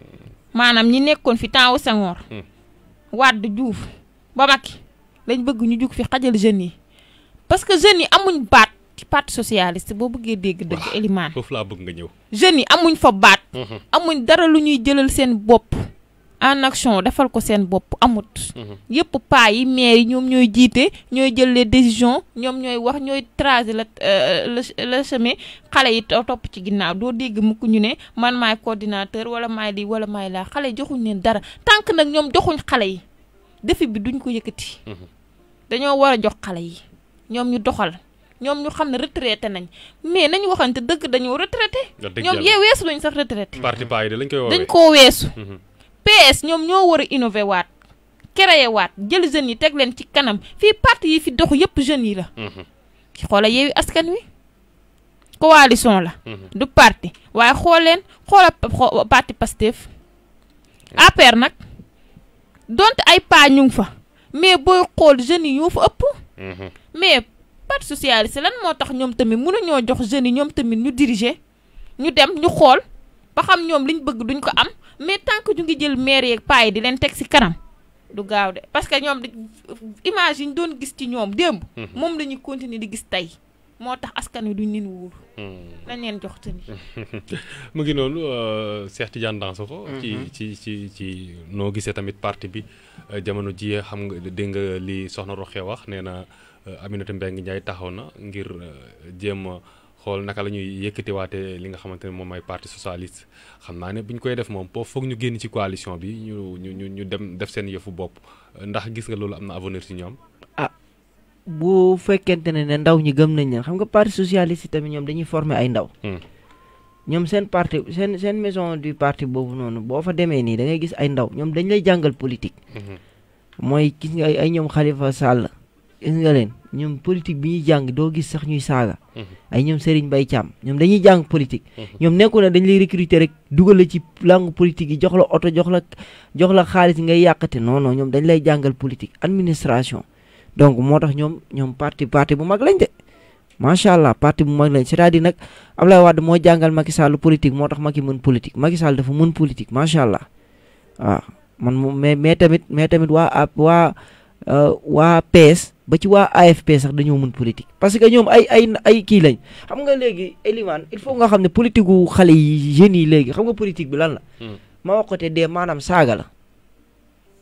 maanaam ñi nekkoon fi temps wu Wade Diouf ba Macky lañ bëgg ñu jug fi xajal jeunes yi parce que jeunes yi amuñ baat ci parti socialiste boo bëggee dégg dëgg Elimane foofu laa bëgg nga ñëw jeunes yi amuñ fa baat mhm. amuñ dara lu ñuy jëlal seen bopp en action defal ko seen bopp amut. Mhm. yëpp paa yi maire yi ñoom ñooy jiite ñooy jël les décisions ñoom ñooy wax ñooy tracer la euh, le chemin xale yi topp ci ginnaaw doo dégg mukk ñu ne man maay coordinateur wala maay lii wala maay laa xale yi joxuñ leen dara tànk nag ñoom joxuñ xale yi defi bi duñ ko yëkkati. Mhm. dañoo war a jox xale yi ñoom ñu doxal. ñoom ñu xam ne retraité nañ mais nañu waxante dëgg dañoo retraité. ñoom yee weesu lañ sax retraité. parti baa yi de koy woowee dañ koo weesu. Mhm. PS ñoom ñoo war a innové waat créé waat jël jeunes yi teg leen ci kanam fii parti yi fi dox yëpp jeunes yi la. ci mhm. xoola yeewi askan wi. coalition la. Mhm. du parti waaye xool leen xoola parti Pastef. APR nag donte ay paa ñu ngi fa mais booy xool jeunes yi ñoo fa ëpp. Mhm. mais parti socialiste lan moo tax ñoom tamit mënuñoo jox jeunes yi ñoom tamit ñu diriger ñu dem ñu xool ba xam ñoom liñ bëgg duñ ko am. mais tant que ñu ngi jël maire yeeg paa di leen teg si kanam du gaaw de parce que ñoom image yi ñu doon gis ci ñoom démb. Mhm. moom la ñuy continuer di gis tey. moo tax askan wi duñ leen wóolu. Hmm. dañ leen jox te ni mu ngi noonu euh, Cheikh Tidiane Dansokho. Mhm. ci ci ci ci noo gisee tamit parti bi euh, jamono ji xam nga dégg nga li soxna Roxee wax nee na euh, Aminata Mbengue Ndiaye taxaw na ngir jéem a xool naka la ñuy yëkkatiwaatee li nga xamante ne moom mooy parti socialiste xam naa ne bu ñu koy def moom foofu foog ñu génn ci coalition bi ñu ñu ñu dem def seen yëfu bopp ndax gis nga loolu am na avenir si ñoom. ah bu fekkente ne ne ndaw ñi gëm nañ leen xam nga parti socialiste tamit ñoom dañuy former ay ndaw. Hmm. ñoom seen parti seen seen maison du parti boobu noonu boo fa demee nii da gis ay ndaw ñoom dañ lay jàngal politique. Hmm. mooy gis nga ay ñoom Khalifa gis nga leen ñoom politique bi ñuy jàng doo gis sax ñuy saaga. Mm-hmm. ay ñoom Serigne Mbaye Thiam ñoom dañuy jàng politique. Mm-hmm. ñoom nekku na dañ lay recruter rek dugal la ci langue politique yi la oto jox la jox la xaalis ngay yàqate non non ñoom dañ lay jàngal politique administration. donc moo tax ñoom ñoom parti parti bu mag lañ de macha allah parti bu mag lañ c'est-à-dire nag Ablaye Wade moo jàngal Macky Sall politique moo tax Macky mën politique Macky Sall dafa mën politique macha allah waaw ah, man mais mais tamit mais tamit waa waa euh, waa PS. ba ci waa AFP sax dañoo mën politique parce que ñoom ay ay ay kii lañ xam nga léegi Elimane il faut nga xam ne politique gu xale yi jeunes yi léegi xam nga politique bi lan la. Hmm. ma wax ko dee maanaam saaga la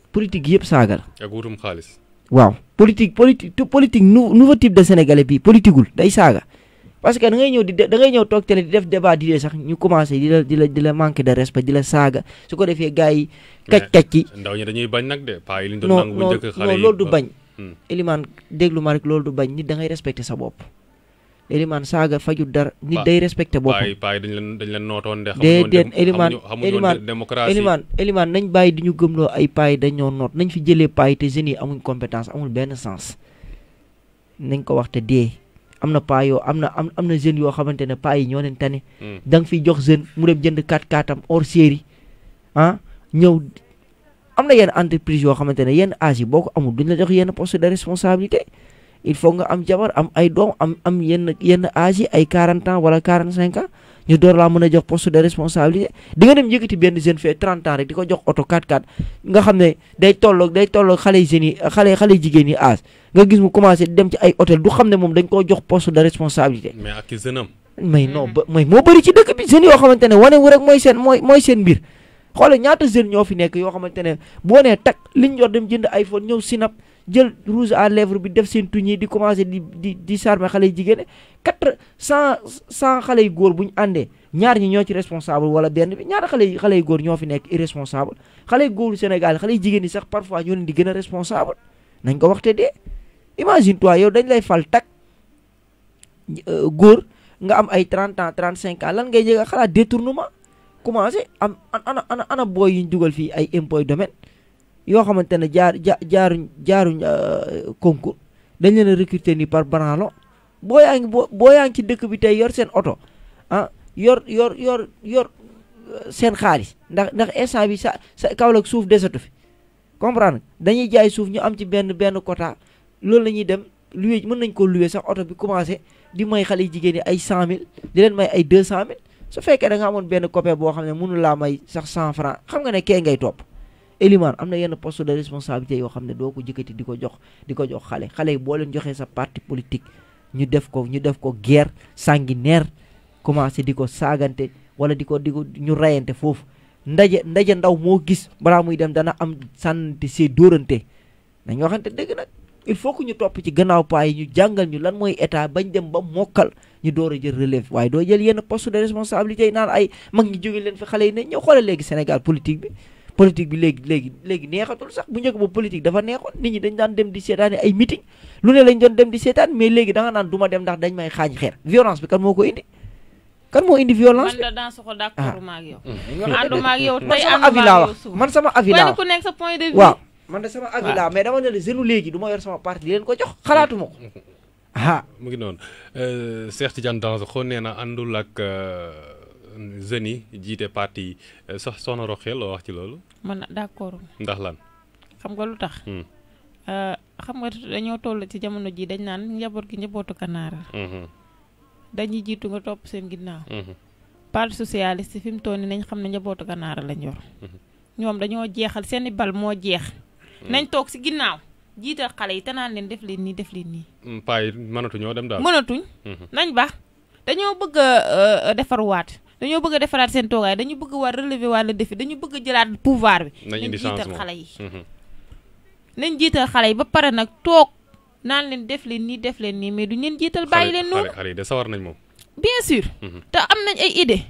politique yëpp saaga la. ak wutum xaalis. waaw politique politique politique nou nouveau type de sénégalais bii politiqueul day saaga parce que da ñëw di da ngay ñëw toog télé di def débat di dee sax ñu commencé di la di la di la manqué de respect di la saaga su ko defee gars yi. kàcc kàcc yi ndaw ñi dañuy bañ nag de. paa yi loolu du bañ. Elimane déglu ma rek loolu du bañ nit da ngay respecté sa bopp. Elimane saaga fajut dara nit day respecté boppam. paay dañ leen dañ leen nootoon de. déedéet Elimane Elimane Elimane nañ bàyyi di ñu gëmloo ay paay dañoo noot nañ fi jëlee paay te jeunes yi amuñ compétence amul benn sens. nañ ko wax te dee am na paa yoo am na am am na jeunes yoo xamante ne paa yi ñoo leen tane. Hmm. da nga fiy jox jeune mu dem jënd 4 4 am hors série ah ñëw. am na yenn entreprise yoo xamante ne yenn âge yi boo ko amul duñ la jox yenn poste de responsabilité il faut nga am jabar am ay doom am am yenn yenn âge yi ay 40 ans wala 45 ans ñu door laa mën a jox poste de responsabilité di nga dem yëkkati benn jeune fee 30 ans rek di ko jox oto 4x4 nga xam ne day tolloog day tolloog xale jeunes yi xale xale jigéen yi âge nga gis mu commencé dem ci ay hôtel du xam ne moom dañ koo jox poste de responsabilité. mais ak i jeune am. mais non mm-hmm. moo bëri ci xoolal ñaata jeunes ñoo fi nekk yoo xamante ne boo nee tag liñ yor dem jënd iPhone ñëw sinap jël rouge à lèvres bi def seen tuñ di commencé di di di charmer xale yu jigéen quatre cent cent xale yu góor bu ñu àndee ñaar ñi ñoo ci responsable wala benn bi ñaata xale xale yu góor ñoo fi nekk irresponsable xale yu góoru Sénégal xale yu jigéen yi sax parfois ñoo leen di gën a responsable nañ ko waxte dee imagine toi yow dañ lay fal tak euh, góor nga am ay 30 ans 35 ans lan ngay jëga xalaat détournement commencé am ana ana ana booy yuñ dugal fii ay impôts domaine yoo xamante ne jaar jaar jaaruñ jaaruñ euh, concours dañ leen a nii par branlo boo yaa ngi boo boo ci dëkk bi tey yor seen oto ah yor yor yor yor euh, seen xaalis ndax ndax instant bi sa sa Kaolack suuf desatu fi comprendre dañuy jaay suuf ñu am ci benn benn quota loolu la ñuy dem loué mën nañ ko loué sax oto bi commencé di may xale jigéen yi ay 100000 di leen may ay 200000. su fekkee da amoon benn copain boo xam ne mënu laa may sax cent franc xam nga ne kee ngay topp Elimane am na yenn poste de responsabilité yoo xam ne doo ko jëkkati di ko jox di ko jox xale xale yi boo leen joxee sa parti politique ñu def ko ñu def ko guerre sanguinaire commencé di ko saagante wala di ko di ko ñu reyante foofu ndaje ndaje ndaw moo gis balaa muy dem dana am sànnante see dóorante nañ waxante dëgg nag il faut que ñu topp ci gannaaw paa ñu jàngal ñu lan mooy état bañ dem ba mokkal ñi door a jël relève waaye doo jël yenn poste de responsabilité naan ay mag ñi jóge leen fi xale yi ne ñëw xoolal léegi Sénégal politique bi politique bi léegi léegi léegi neexatul sax bu njëkk ba politique dafa neexoon ni ñi dañ daan dem di seetaan ay meeting lu ne lañ doon dem di seetaan mais léegi da naan du ma dem ndax dañ may xaañ xeer violence bi kan moo ko indi kan moo indi violence man da daan soxla d'accord ah. ma ak mm. yow ànduma ak yow wax man sama avis laa wax ku nekk sa point de vue waaw man sama avis laa mais dama ne la jeune léegi du ma yor sama parti leen ko jox xalaatuma ah mu ngi noonu euh, Cheikh Tidiane Dansokho nee na àndul ak jeunes yi jiite parti yi euh, sax soxna Roxee loo wax ci loolu. man d'accord ndax lan. xam nga lu tax. Hmm. Euh, xam nga dañoo toll ci jamono ji dañ naan njaboot gi njabootu kanaara. Hmm. dañuy jiitu nga topp seen ginnaaw. Hmm. parti socialiste fi mu toll nii nañ xam ne njabootu kanaara lañ yor. ñoom dañoo jeexal seen i bal moo jeex. nañ toog si ginnaaw. jiital xale yi te naan leen def leen nii def leen nii. Mm, paa yi mënatuñoo dem daal. mënatuñ. Mm-hmm. nañ ba dañoo bëgg a euh, defarwaat dañoo bëgg defaraat seen toogaay dañu bëgg war relever waat le défi dañu bëgg a jëlaat pouvoir bi. nañ indi jiital xale mm-hmm. nañ jiital xale yi ba pare nag toog naan leen def leen nii def leen nii mais duñ leen jiital. bàyyi leen noonu de sawar nañ moom. bien sûr. Mm-hmm. te am nañ ay idée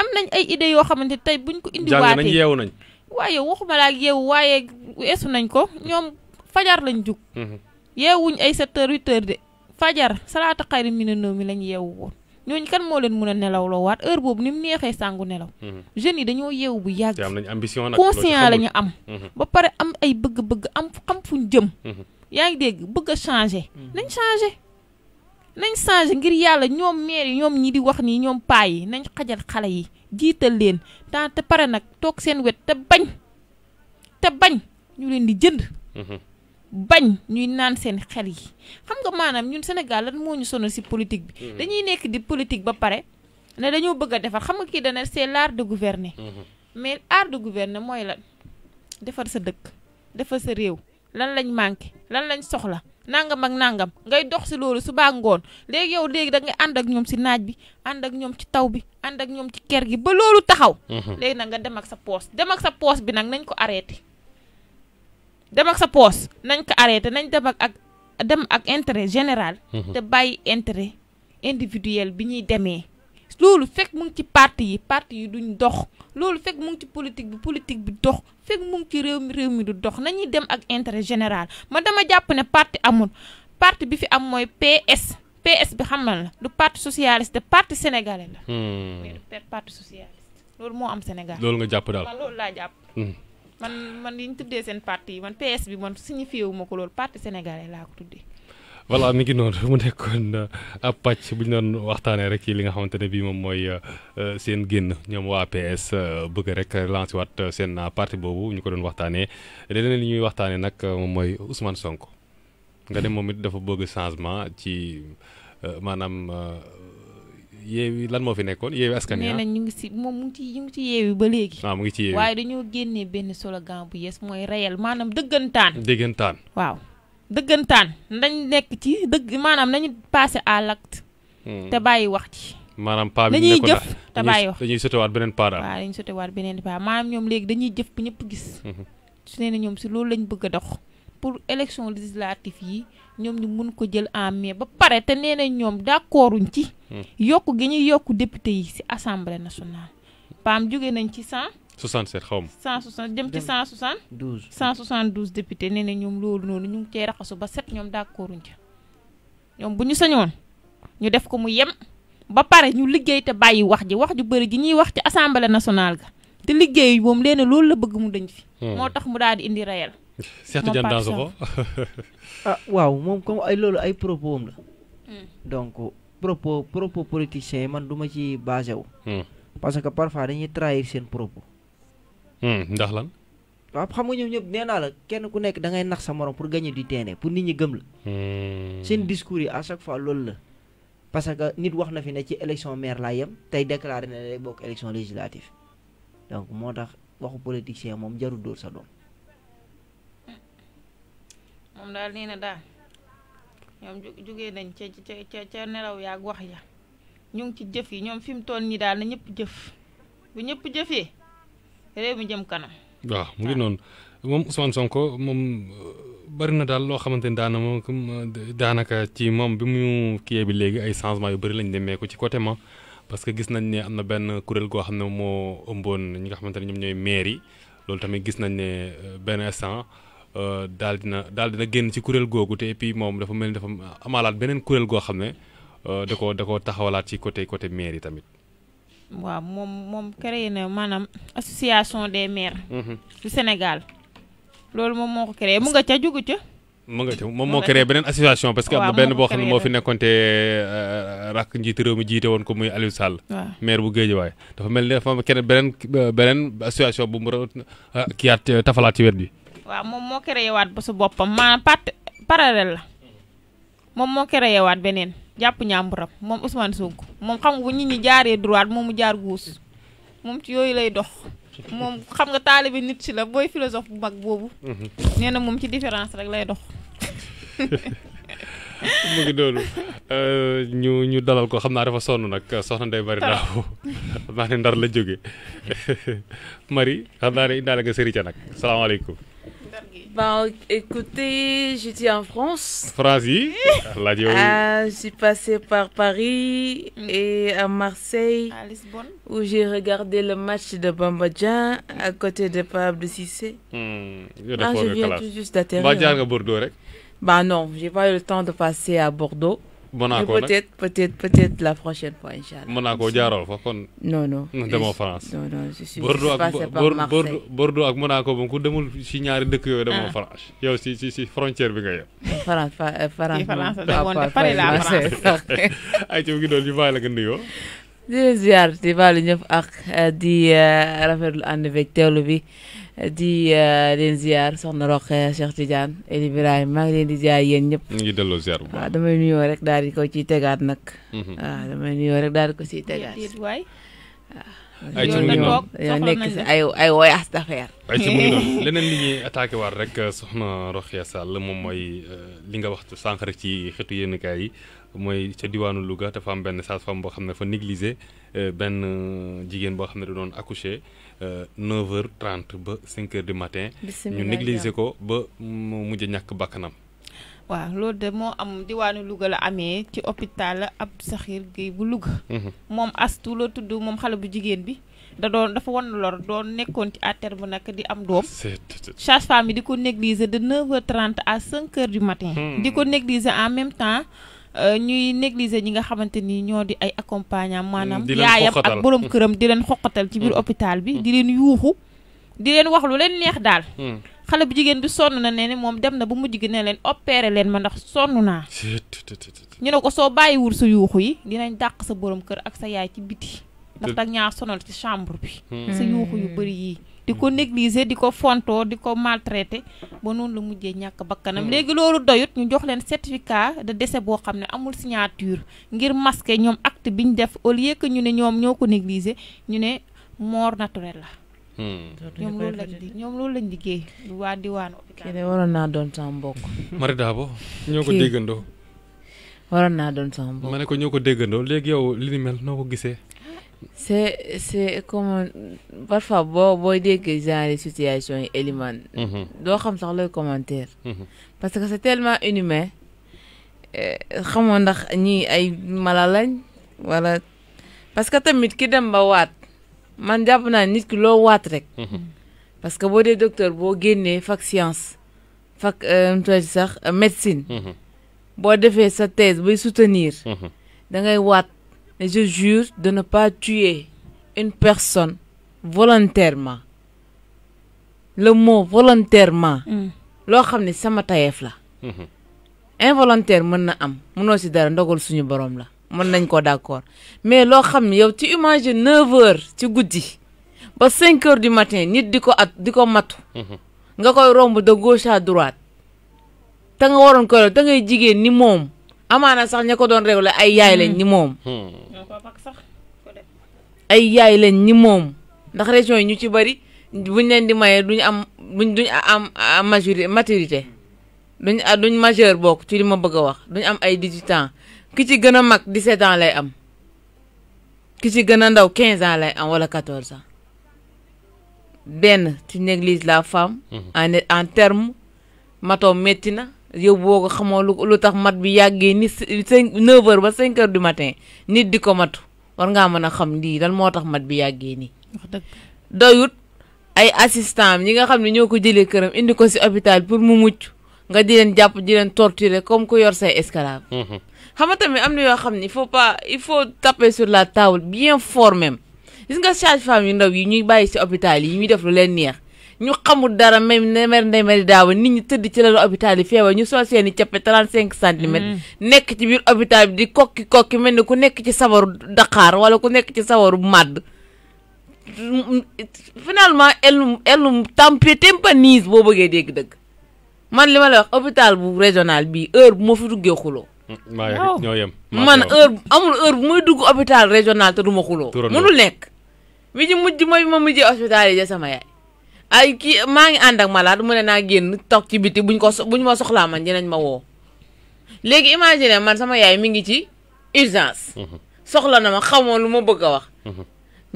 am nañ ay idée yoo xamante tey buñ ko indiwaatee jàng nañ yeewu nañ. waaye waxuma la ak waaye weesu nañ ko ñoom fajar lañ jug mhm. yewuñ ay 7h 8h de fajar salaata khair min no mi lañ yeewu won ñooñu kan mo leen mëna nelaw lo waat heure bobu nim nexé sangu nelaw jeune yi dañoo yeewu bu yàgg am nañ ambition nak conscient lañu am mhm. ba paré am ay bëgg-bëgg am xam fuñ jëm mhm. yaa ngi dégg bëgg changer nañ changer nañ changer ngir yalla ñom maire yi ñom ñi di wax ni ñom paa yi nañ xajal xalé yi jital leen ta te paré nak tok seen wet te bañ te bañ ñu leen di jënd bañ ñuy naan seen xel yi xam nga maanaam ñun Sénégal lan moo ñu sonal si politique bi. Mm-hmm. dañuy nekk di politique ba pare ne dañoo bëgg a defar xam nga kii dana seen l'art de gouverner. Mm-hmm. mais art de mooy lan defar sa dëkk defar sa réew lan lañ manqué lan lañ soxla. nangam ak nangam ngay dox si loolu suba ngoon léegi yow léegi da ànd ak ñoom si naaj bi ànd ak ñoom ci taw bi ànd ak ñoom ci ker gi ba loolu taxaw. Mm-hmm. léegi nag nga dem ak sa poos dem ak sa poos bi nag nañ ko arrêté. dem ak sa poos nañ ko arrêté nañ dem ak ak dem ak intérêt général. Mhm. te bàyyi intéret individuel bi ñuy demee. loolu fekk mu ci parti yi parti yi duñ dox loolu fekk mu ci politique bi politique bi dox fekk mu ci réew mi réew mi du dox nañuy dem ak intérêt général ma dama jàpp ne parti amul parti bi fi am mooy PS PS bi xam na la du parti socialiste parti sénégalais la. Hmm. mais du parti socialiste loolu moo am Sénégal. loolu nga jàpp daal loolu laa jàpp. Hmm. man man li ñu tuddee seen parti man PS bi man signifié wu ma ko loolu parti sénégalais laa ko tuddee. voilà mi ngi noonu mu nekkoon euh, ab pàcc bu ñu doon waxtaanee rek ci li nga xamante ne bii moom mooy euh, euh, seen génn ñoom waa PS bëgg rek lancer seen parti boobu ñu ko doon waxtaanee leneen li ñuy waxtaanee nag moom mooy Ousmane Sonko. nga ne moom it dafa bëgg changement ci maanaam. yeewi lan moo fi nekkoon yeewi askan wi nee ah? ñu ngi si moom mu ngi ci yeewi ba léegi waaw ah, mu ngi ci yeewi waaye dañoo génnee benn slogan bu yes mooy réel maanaam dëggantaan dëggantaan waaw dëggantaan nañ nekk ci dëgg maanaam nañu passé à l'acte hmm. te bàyyi wax ci maanaam paa bi dañuy jëf te bàyyi wax dañuy sotewaat beneen paa daal waaw dañuy sotewaat beneen paa maanaam ñoom léegi dañuy jëf bu ñëpp gis hmm. su nee na ñoom si loolu lañ bëgg a dox pour élection législative ñoom ñu mun ko jël en mai ba pare te nee na ñoom d'accorduñ ci. Hmm. yokk gi ñuy yokk député yi si assemblée nationale. PAM jóge nañ ci 100. 67 xaw ma. 160 jëm ci 160. 12 172 député nee na ñoom loolu noonu ñu ngi cee raxasu ba set ñoom d'accorduñ ci ñoom bu ñu sañoon ñu def ko mu yem ba pare ñu liggéey te bàyyi wax ji wax ju bëri ji ñuy wax ci assemblée nationale ga te liggéey moom leen loolu la bëgg mu dañ fi. Hmm. moo tax mu daal di indi réel. Cheikh dans ro ah waaw moom comme eh, ay loolu ay propos la hmm. donc propos propos politicien man duma ci basé wu hmm. parce que parfois dañuy trahir seen propos ndax hmm, lan waaw xam nga ñoom ñëpp nee naa la kenn ku nekk da ngay nax sa morom pour gagner du terrain e. pour nit ñi gëm la seen discours yi à chaque fois loolu la parce que nit wax na fi ne ci élection maire laa yem tey déclaré ne day bokk élection législative donc moo tax waxu politicien moom jarul dóor sa doom moom daal nee na daal ñoom jugee nañ ca ca ca nelaw yaag wax ya ñu ci jëf yi ñoom fi mu toll nii daal na ñëpp jëf bu ñëpp jëfee réew mi jëm kanam. waaw mu ngi noonu moom Ousmane Sonko moom euh, bari na daal loo xamante ni daana daanaka ci moom bi mu kiyee bi léegi ay changement yu bari lañ demee ko ci côté ma parce que gis nañ ne am na benn kuréel goo xam ne moo ëmboon ñi nga xamante ne ñoom ñooy maire loolu tamit gis nañ ne euh, benn instant. Euh, daal dina daal dina génn ci kuréel googu te et moom dafa mel ni dafa amaalaat beneen kuréel goo xam ne euh, da koo taxawalaat ci côté côté maire yi tamit. waaw moom moom créé na maanaam association des maires. Mm-hmm. du Sénégal. loolu moom moo ko créé mu nga ca jugu moom moo créé beneen association. parce que benn boo xam ne moo fi nekkoon te euh, rakk njiitu réew mi jiite woon ko muy Aliou Sall. maire bu Guédiawaye dafa mel ni dafa am keneen beneen beneen association bu mu kiyaat tafalaat ci wet bi. waaw moom moo créé waat ba su boppam maanaam part parallèle la moom moo créé waat beneen jàpp ñàmburam moom Ousmane Sonko moom xam nga bu nit ñi jaaree droit moom mu jaar gauche moom ci yooyu lay dox. moom xam nga taalibe nit ci la booy philosophe bu mag boobu. Mhm. nee na moom ci différence rek lay dox. mu ngi doonu euh, ñu ñu dalal ko xam naa dafa sonn nag soxna Ndeye bari daaw xam naa ne ndar la jóge mari xam naa ne indaale nga sëri ca nag salaamaaleykum Bah, écoutez, j'étais en France. France, eh oui. ah, j'ai passé par Paris mm. et à Marseille. Où j'ai regardé le match de Bambadjan à côté de Pablo Sissé. Hmm, ah, je viens tout juste d'atterrir. Bambadjan à Bordeaux, hein. Bah non, j'ai pas eu le temps de passer à Bordeaux. Monaco nag peut-être peut-être peut-être la prochaine fois incha allah. Monaco jaaroo fa kon. non non demoo France. non non je suis passé par Marseille ku demul si ñaari dëkk yooyu. demoo ah. France yow si si si bi nga yem. France France France ay ci mu ngi doon ñu bàyyi la nga nuyoo. di leen ziar di baalu ñëpp ak eh, di eh, rafetlu ànd beeg teewlu bi. di eh, leen ziar soxna Roqe Cheikh Tidiane El maa ngi leen di ziar yéen ñëpp. mu ngi delloo ziar bu baax waaw ah, damay nuyoo rek daal di ko ciy tegaat nag. waaw mhm. ah, damay nuyoo rek daal di ko ciy tegaat. waaw. Ah, ay nekk si ay ay woy leneen li ñuy attaqué waat rek euh, soxna Roqe Sall moom mooy euh, li nga wax sànq rek ci xetu yéenekaay yi. mooy ca diwaanu Louga dafa am benn sage-femme boo xam ne fa négligé euh, benn jigéen boo xam ne da doon accoucher. 9h30 à 5h du matin ñu négliger ko ba mu ñak ñàkk bakkanam waaw loolu de moo am diwaanu Louga la amee ci hôpital Abdou Sakhir Guèye bu Louga mhm. moom astu la tudd bu jigéen bi da doon dafa won lor doon nekkoon ci bu di am doom sage-femme yi di de neuf heures trente à cinq heures du matin hmm. di ko négliger en même temps Euh, ñuy négliger ñi nga xamante ni ñoo di ay accompagnant mm, maanaam yaayam ak borom këram di leen xoqatal ci biir mm. hôpital bi mm. di leen yuuxu di leen wax lu leen neex daal xale bu jigéen bi sonn na ne ne moom dem na bu mujj gi ne leen opéré leen ma ndax sonn naa ñu ne ko soo bàyyiwul sa yuuxu yi dinañ dàq sa borom kër ak sa yaay ci biti ndax dag ñaar sonal ci chambre bi sa yuuxu yu bari yii di ko négliger di ko fontoo di ko maltraité ba noonu la mujjee ñàkk bakkanam mm. léegi loolu doyut ñu jox leen certificat de décès boo xam ne amul signature ngir masquer ñoom acte bi ñu def au lieu que ñu ne ñoom ñoo ko négliger ñu ne mort naturelle la hmm. ñoom loolu lañ di ñoom loolu lañ liggéey waa diwaanu hôpital waroon naa doon sama mbokk Mari Dabo ñoo ko déggandoo waroon naa doon sama mbokk ma ne ko ñoo ko déggandoo léegi yow li ni mel noo ko gisee c'est c'est comme parfois boo que déggee genre situation situations élément mhm. doo xam sax le commentaire mhm. parce que c'est tellement inhumain eh, xamoo ndax ni ay mala lañ wala parce que tamit ki dem ba waat man jàpp naa nit ki loo waat rek mhm. parce que bon des docteur bon génnee fac science fac tu euh, toi sax euh, médecine de faire sa thèse bon soutenir da ngay wat et je jure de ne pas tuer une personne volontairement. Le mot volontairement. c'est hmm. xam ne sama mhm. involontaire je na am mënoo Je dara ndogal suñu borom la suis nañ ko d'accord mais je sais, ne yow ci imagine 9 heures ci 5 ba 5 heures du matin nit di ko at Tu te matu. Mhm. nga koy romb de gauche à droite te nga waroon tu te ngay jigéen ni moom. amaana sax ña ko doon réew ay yaay lañ ni moom. Hmm. Hmm. ay yaay ni moom ndax régions yi ñu ci bari buñ leen di maye duñ am buñ duñ am majorité maturité duñ ah, duñ majeur bokk ci li ma bëgg a wax duñ am ay 18 ki ci gën a mag 17 ans lay am ki ci gën a ndaw 15 ans lay am wala 14 ans benn ci néglige la femme. Hmm. en en terme matoom métti na. yow boo ko xamoo lu tax mat bi yàggee ni cinq neuf heures ba cinq heures du matin nit di ko mat war ngaa mën a xam lii lan moo tax mat bi yàggee nii. doyut ay assistant ñi nga xam ne ñoo ko jëlee këram indi ko si hôpital pour mu mucc nga di leen jàpp di leen torturer comme ku yor say esclave. Mm-hmm. xam nga am na yoo xam ni il faut pas il faut taper sur la table bien fort même gis nga sage-femme yu ndaw yi ñuy bàyyi si hôpital yi ñuy def lu leen neex. ñu xamul dara même ne mer ndey mari daawa nit ñi tëdd ci lalu hôpital yi feebar ñu sol seen i cappe 35 centimètres. Mm. nekk ci biir hôpital bi di kokki kokki mel ni ku nekk ci sawaru Dakar wala ku nekk ci sawaru màdd finalement elum elum tempé tempanise boo bëggee dégg dëgg man li ma la wax hôpital bu régional bii heure bu ma fi duggee xuloo mm, ñoo yem man heure amul heure bu muy dugg hôpital régional te du ma xuloo mënul nekk mi ji mujj mooy ma mujjee hospitalisé sama yaay ay ki maa ngi ànd ak malade mu ne naa génn toog ci biti buñ ko buñ ma soxlaa man dinañ ma woo léegi imagine man sama yaay mi ngi ci urgence. Mhm. soxla na ma xamoo lu ma bëgg wax. Mhm.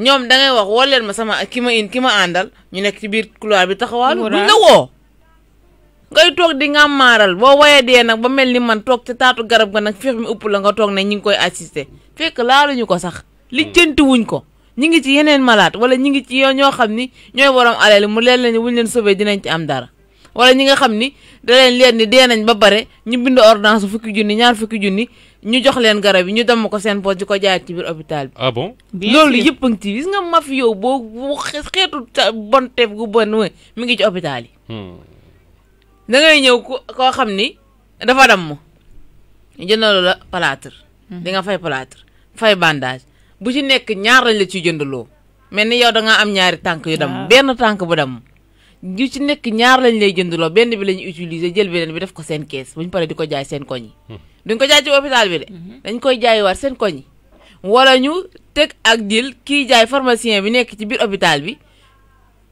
ñoom da ngay wax ma sama ki ma in ki ma àndal ñu nekk ci biir couloir bi taxawaalu. buñ la woo. ngay toog di nga maaral boo waye dee nag ba mel ni man toog ca taatu garab ga nag feex mi ëpp la nga toog ne koy assister fekk laaluñu ko sax. Mhm. wuñ ko. ñi ngi ci yeneen malade wala ñi ngi ci ñoo xam ni ñooy borom alal mu leen leen wuñ leen sauvé dinañ ci am dara wala ñi nga xam ni da leen leen ni dee nañ ba bare ñu bind ordonnance fukki junni ñaar fukki junni ñu jox leen garab yi ñu dem ko seen poche di ko jaayaat ci biir hôpital bi. ah bon loolu yëpp a ngi ci gis nga mafio boo bu xeetu bon teef gu bon mi ngi ci hôpital yi. Hmm. ñëw ko koo xam ni dafa damm jëndalu la plâtre. Hmm. di nga fay plâtre fay bandage. bu ci nekk ñaar lañ la ciy jëndaloo mel ni yow da nga am ñaari tànk yi dem benn tànk bu dem yu ci nekk ñaar lañ lay jëndaloo benn bi la ñu utiliser jël beneen bi def ko seen kees bu ñu paree di ko jaay seen koñ yi hmm. duñ ko jaay ci hmm. dañ koy jaayiwaat seen koñ wala ñu teg ak dil kii jaay pharmacien bi nekk ci biir hôpital bi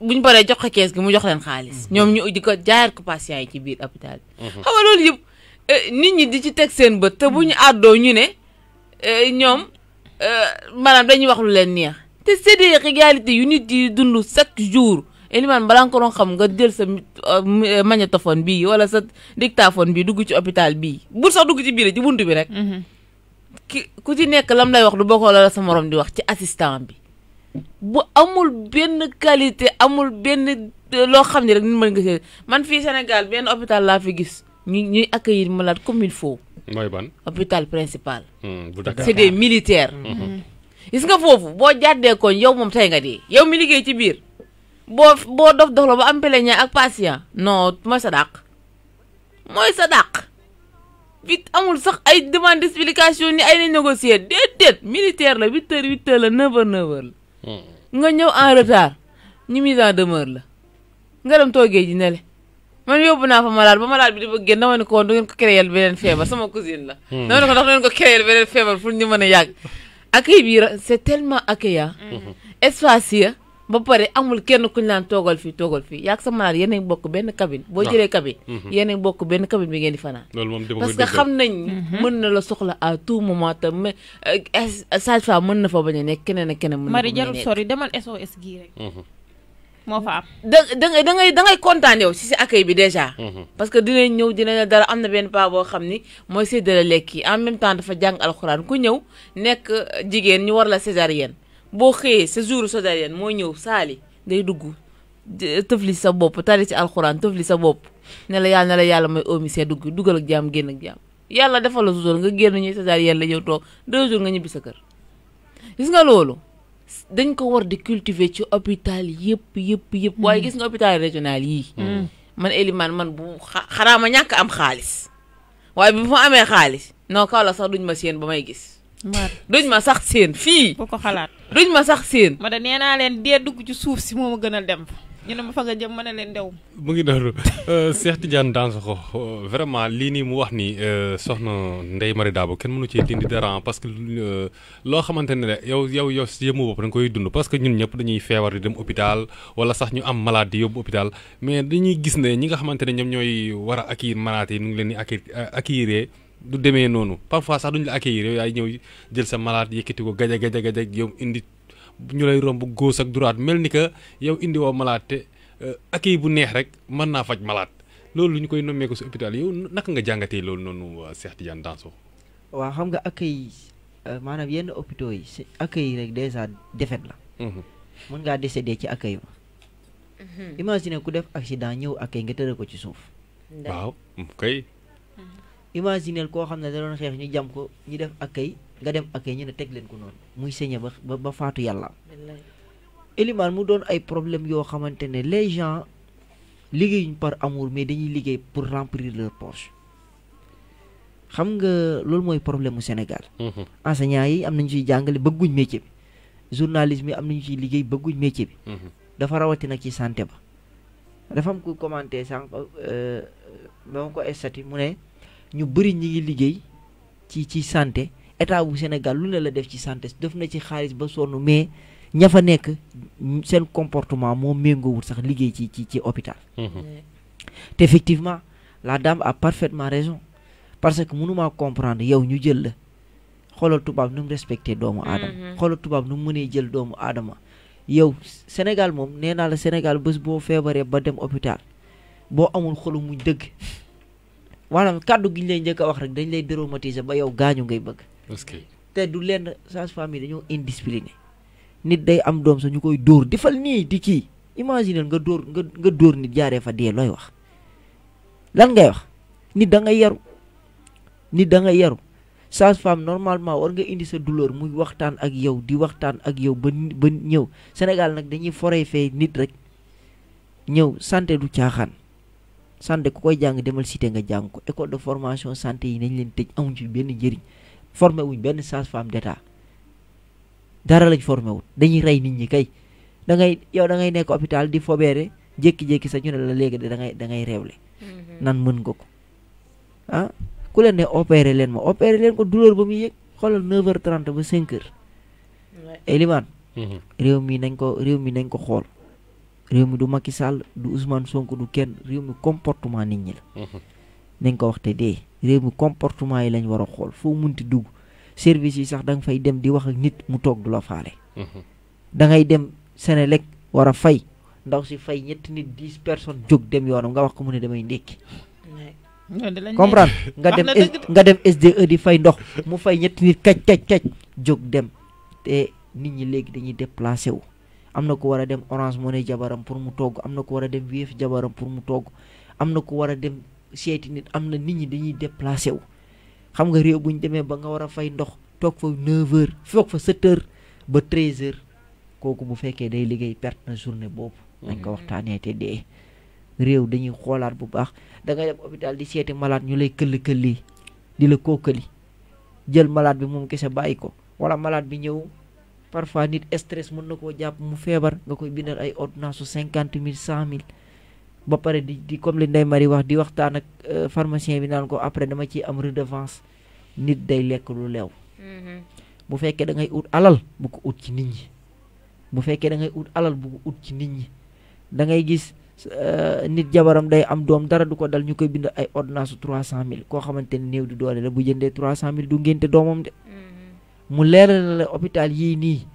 bu ñu paree jox kees gi mu jox leen xaalis hmm. ñoom ñu di ko jaayaat ko patient yi ci biir hôpital bi xam nga loolu yëpp eh, nit ñi di ci teg seen bët te bu ñu àddoo ñu ne eh, ñoom Euh, maanaam dañuy wax leen neex te c'est des réalités yu nit yi dund chaque jour Elimane balaa nga ko xam nga jël sa euh, magnétophone bii wala sa dictaphone bi dugg ci hôpital bii bul sax dugg ci biir ci bunt bi rek. Mm-hmm. ki ku ci nekk lam lay wax du bokkoo la sa morom di wax ci assistant bi. bu amul benn qualité amul benn euh, loo xam ne rek nit mën nga man fii Sénégal benn hôpital laa fi gis ñuy ñuy accueillir malade comme il faut. mooy ban hôpital principal. Hmm, bu Dakar c'est des hmm. militaires. Hmm, gis nga foofu boo jàddee koñ yow moom tey nga dee yow mi liggéey ci biir boo boo dof doxla ba am plaignant ak patient non ma sa dàq mooy sa dàq bi amul sax ay demande d'explication ni ay nañ négocier déedéet militaire la huit heures huit heures la neuf heures la nga ñëw en retard ñu mise en demeure la nga dem toogee ji ne man yóbbu naa fa malade ba malade bi di bëgg dama ne ko woon du ngeen ko créer beneen feebar sama cousine la. Hmm. dama ne ko ndax du ngeen ko créer beneen feebar pour ñu mën a yàgg. accueil bi c'est tellement accueillant. Hmm. espacieux ba pare amul kenn kuñ naan toogal fii toogal fii yàgg sa malade yéen a ngi bokk benn cabine. boo ah. jëlee cabine. Hmm. yéen a benn cabine bi ngeen di fanaan. parce que xam nañ. mën na la soxla à tout moment te mais euh, sage-femme mën na fa bañ a nekk keneen ak keneen. mën na fa bañ a nekk Marie jarul sori demal SOS gii moo fa am da da da ngay da ngay kontaan yow si si accueil bi déjà. Mhm. parce que dinañ ñëw dinañ dara am na benn paa boo xam ni mooy séddale lekk yi en même temps dafa jàng alxuraan ku ñëw nekk jigéen ñu war la césarienne boo xëyee sa jour césarienne moo ñëw saali day dugg tëfli sa bopp tari si alxuraan tëfli sa bopp ne la yàlla ne la yàlla mooy omisien dugg dugal ak jaam génn ak jaam yàlla defal la sutura nga génn ñuy césarienne la ñëw toog deux jours nga ñibbi sa kër gis nga dañ ko war di cultiver ci hôpital yëpp yëpp yëpp. waaye hmm. gis nga hôpital régional yi hmm. hmm. man Elimane man bu xanaa ma ñàkk am xaalis waaye bi ma amee xaalis non kaw la sax duñ ma seen ba may gis. duñ ma sax seen fii. bu ko xalaat duñ ma sax seen. ma da nee naa leen dee dugg ci suuf si moo ma gën a dem. ñu ne ma fa nga jëm mën a leen dew. mu ngi noonu euh, Cheikh Tidiane Dansokho euh, vraiment lii nii mu wax ni euh, soxna Ndeye Marie Dabo kenn mënu cee dindi dara parce que loo xamante ne yow yow yow si yëmu da nga koy dund parce que ñun ñëpp dañuy feebar di dem hôpital wala sax ñu am maladie yóbbu hôpital mais dañuy gis ne ñi nga xamante ne ñoom ñooy war ak acquérir maladie yi nu ngi leen di acquérir du demee noonu parfois sax duñ la accueillir yow yaay ñëw jël sa malaat yëkkati ko gaja gaja gaja yow indi. ñu lay romb gauche ak droite mel ni que yow indiwoo malaat malade te euh, accueil bu neex rek mën naa faj malade loolu ñu koy nommee ko si hôpital yow naka nga jàngatee loolu noonu euh, Cheikh Tidiane Danso. waa xam nga accueil euh, maanaam yenn hôpitaux yi si accueil rek dèjà défaite la. Mhm. mën ngaa décédé ci accueil ba. Mhm. imagine ku def accident ñëw accueil nga tëral ko ci suuf. waaw kay. Mhm. imagineel koo xam ne da xeex ñu jam ko ñu def accueil nga dem ak ñu ne teg leen ko noonu muy sañe ba ba faatu yàlla Eliman mu doon ay problème yoo xamante ne les gens liggéeyuñ par amour mais dañuy liggéey pour remplir leur poche xam nga loolu mooy problème mu Sénégal mhm. enseignants yi am nañu ciy jàngale bëgguñ métier bi journalisme yi am nañu ciy liggéey bëgguñ métier bi mhm. dafa rawati nag ci santé ba dafa am ku commenté sànq euh, ba ma ko estati mu ne ñu bëri ñi ngi liggéey ci ci santé état bu Sénégal lu ne la def ci santé def na ci xaalis ba sonn mais ña fa nekk seen comportement moo méngoowul sax liggéey ci ci ci hôpital mhm. te effectivement la dame a parfaitement raison parce que mënumaa comprendre yow ñu jël la xoolal tubaab nu mu respecté doomu aadama mhm. xoolal tubaab nu mu mënee jël doomu aadama yow Sénégal moom nee naa la Sénégal bés boo feebaree ba dem hôpital boo amul xolu muñ dëgg maanaam kàddu gi ñu lay njëkk a wax rek dañ lay déraumatiser ba yow gaañu ngay bëgg te du lenn sage-femme yi dañoo indiscipliné nit day am doom sa ñu koy dóor defal nii di kii imaginer nga dóor nga nga dóor nit jaaree fa dee looy wax lan ngay wax nit da nga yaru nit da nga yaru sage-femme normalement war nga indi sa douleur muy waxtaan ak yow di waxtaan ak yow ba ñëw Sénégal nag dañuy foree fee nit rek ñëw santé du caaxaan santé ku koy jàng demal cité nga jàng ko école de formation santé yi nañu leen tëj amuñ ci benn jëriñ formé wuñ benn sage-femme d'état dara lañ formé wul dañuy rey nit ñi kay da ngay yow da ngay nekk hôpital di fobeere jékki-jékki sa ñu ne la léegi da ngay da ngay réewle mm-hmm. nan mën nga ko ah ku leen de opéré leen ma opéré leen ko douleur ba muy yëg xoolal 9 h ba 5h. Eliman. Mm-hmm. réew mi nañ ko réew mi nañ ko xool. réew mi du Macky Sall du Ousmane Sonko du kenn réew mi comportement nit ñi la. Mm-hmm. nañ ko wax te dee. réew mi comportement yi lañu war a xool foo ti dugg service yi sax da nga fay dem di wax ak nit mu toog du la faale. Mhm. da ngay dem Senelec war a fay ndaw si fay ñetti nit dix personnes jóg dem yoonam nga wax ko mu ne damay ndékki. comprendre nga dem nga dem SDE di fay ndox mu fay ñetti nit kaj kaj kaj jóg dem te nit ñi léegi dañuy déplacé wu. am na ko war a dem Orange Money jabaram pour mu togg am na ko war a dem Wave jabaram pour mu togg am na ko war a dem seeti nit am na nit ñi dañuy déplacé wu xam nga réew bu ñu demee ba nga war a fay ndox toog fa 9 heures foog fa 7 ba 13 heures kooku bu fekkee day liggéey perte na journée boobu. Mhm. nañ ko waxtaanee te dee. réew dañuy xoolaat bu baax da nga dem hôpital di seeti malaat ñu lay këll yi di la kookali jël malaat bi moom kese bàyyi ko wala malaat bi ñëw parfois nit stress mën na koo jàpp mu feebar nga koy bindal ay ordonnance su cinquante mille cent mille. ba di di comme li Ndeye mari wax di waxtaan ak pharmacien eh, bi nan ko après dama ci am redevance nit day lek lu bu da ngay ut alal bu ko out ci nit ñi bu da ngay ut alal bu ko out ci nit ñi da ngay gis eh, nit jabaram day am dom dara du ko dal ñu bind ay ordonnance 300000 ko xamanteni koo du doole la bu jëndee 300000 du ngénte domam de mm-hmm. mu leeral la hôpital yi ni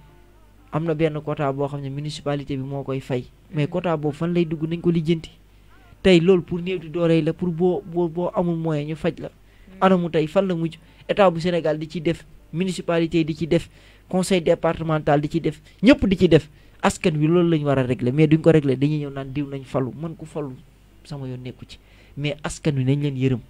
amna ben quota bo xam municipalité bi mo koy fay mais quota mm-hmm. bo fan lay dugg nañ ko lijeenti tey loolu pour néew di dooree la pour boo boo boo amul moyen ñu faj la hmm. anamu tey fan la mujj état bu Sénégal di ci def municipalité di ci def conseil départemental di ci def ñëpp di ci def askan wi loolu lañu war a régler mais duñ ko régler dañuy ñëw naan diw nañ falu man ko falu sama yoon nekku ci mais askan wi nañ leen yërëm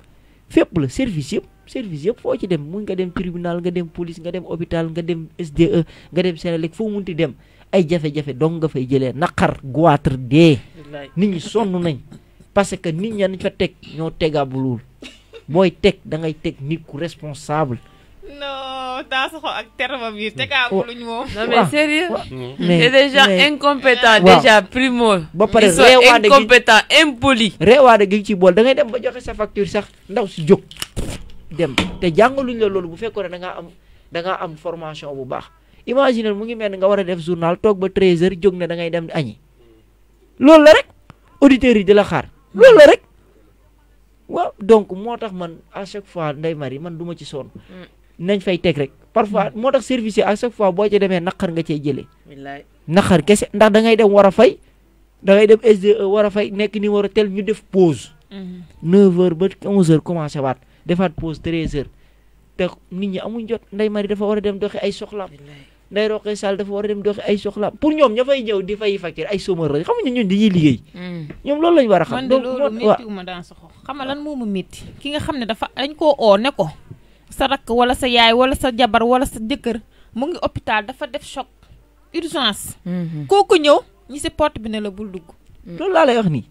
fépp la service yëpp service yëpp foo ci dem mu nga dem tribunal nga dem police nga dem hôpital nga dem SDE nga dem Sénélec foo munti dem ay jafe-jafe nga fay jëlee naqar goitre dee nit ñi sonn nañ parce que nit ña ñu fa teg ñoo bulul moy tek da ngay tek nit ku responsable. non daa soxo ak terme bi tegabuluñ moom. non mais Non, mais déjà déjà impoli. ci bool da ngay dem ba joxe sa facture sax ndaw si dem te jàngaluñ la loolu bu fekkoon da ngaa am da ngaa am formation bu baax. imagine mu ngi mel nga war def journal ba 13h ne da ngay dem rek yi di la xaar. loolu la hmm. rek waaw donc moo tax man à chaque fois Ndeye Marie man duma ci sonn. Hmm. nañ fay teg rek parfois hmm. moo tax service yi à chaque fois boo ci demee naqar nga cee jëlee. naqar kese ndax dangay dem war a fay da ngay dem SDE war a fay nekk ni numéro tel ñu def pause. 9h ba 11h commencé waat defaat pause 13h te nit ñi amuñ jot Ndeye Marie dafa war a dem doxe ay soxlaam. day roqee sal dafa war dem dox ay soxla pour ñom ña fay ñew di fay fakir ay chômeur la xam nga ñun dañuy liggey hmm. ñom loolu lañu war a xam. donc loolu méttiwuma daan soxo xam nga lan moo ma métti ki nga xam ne dafa dañ ko o ne ko sa rak wala sa yaay wala sa jabar wala sa jëkkër mu ngi hôpital dafa def choc urgence. Hmm. kooku ñew ñi ci porte bi ne la bul dugg. Hmm. loolu la lay wax ni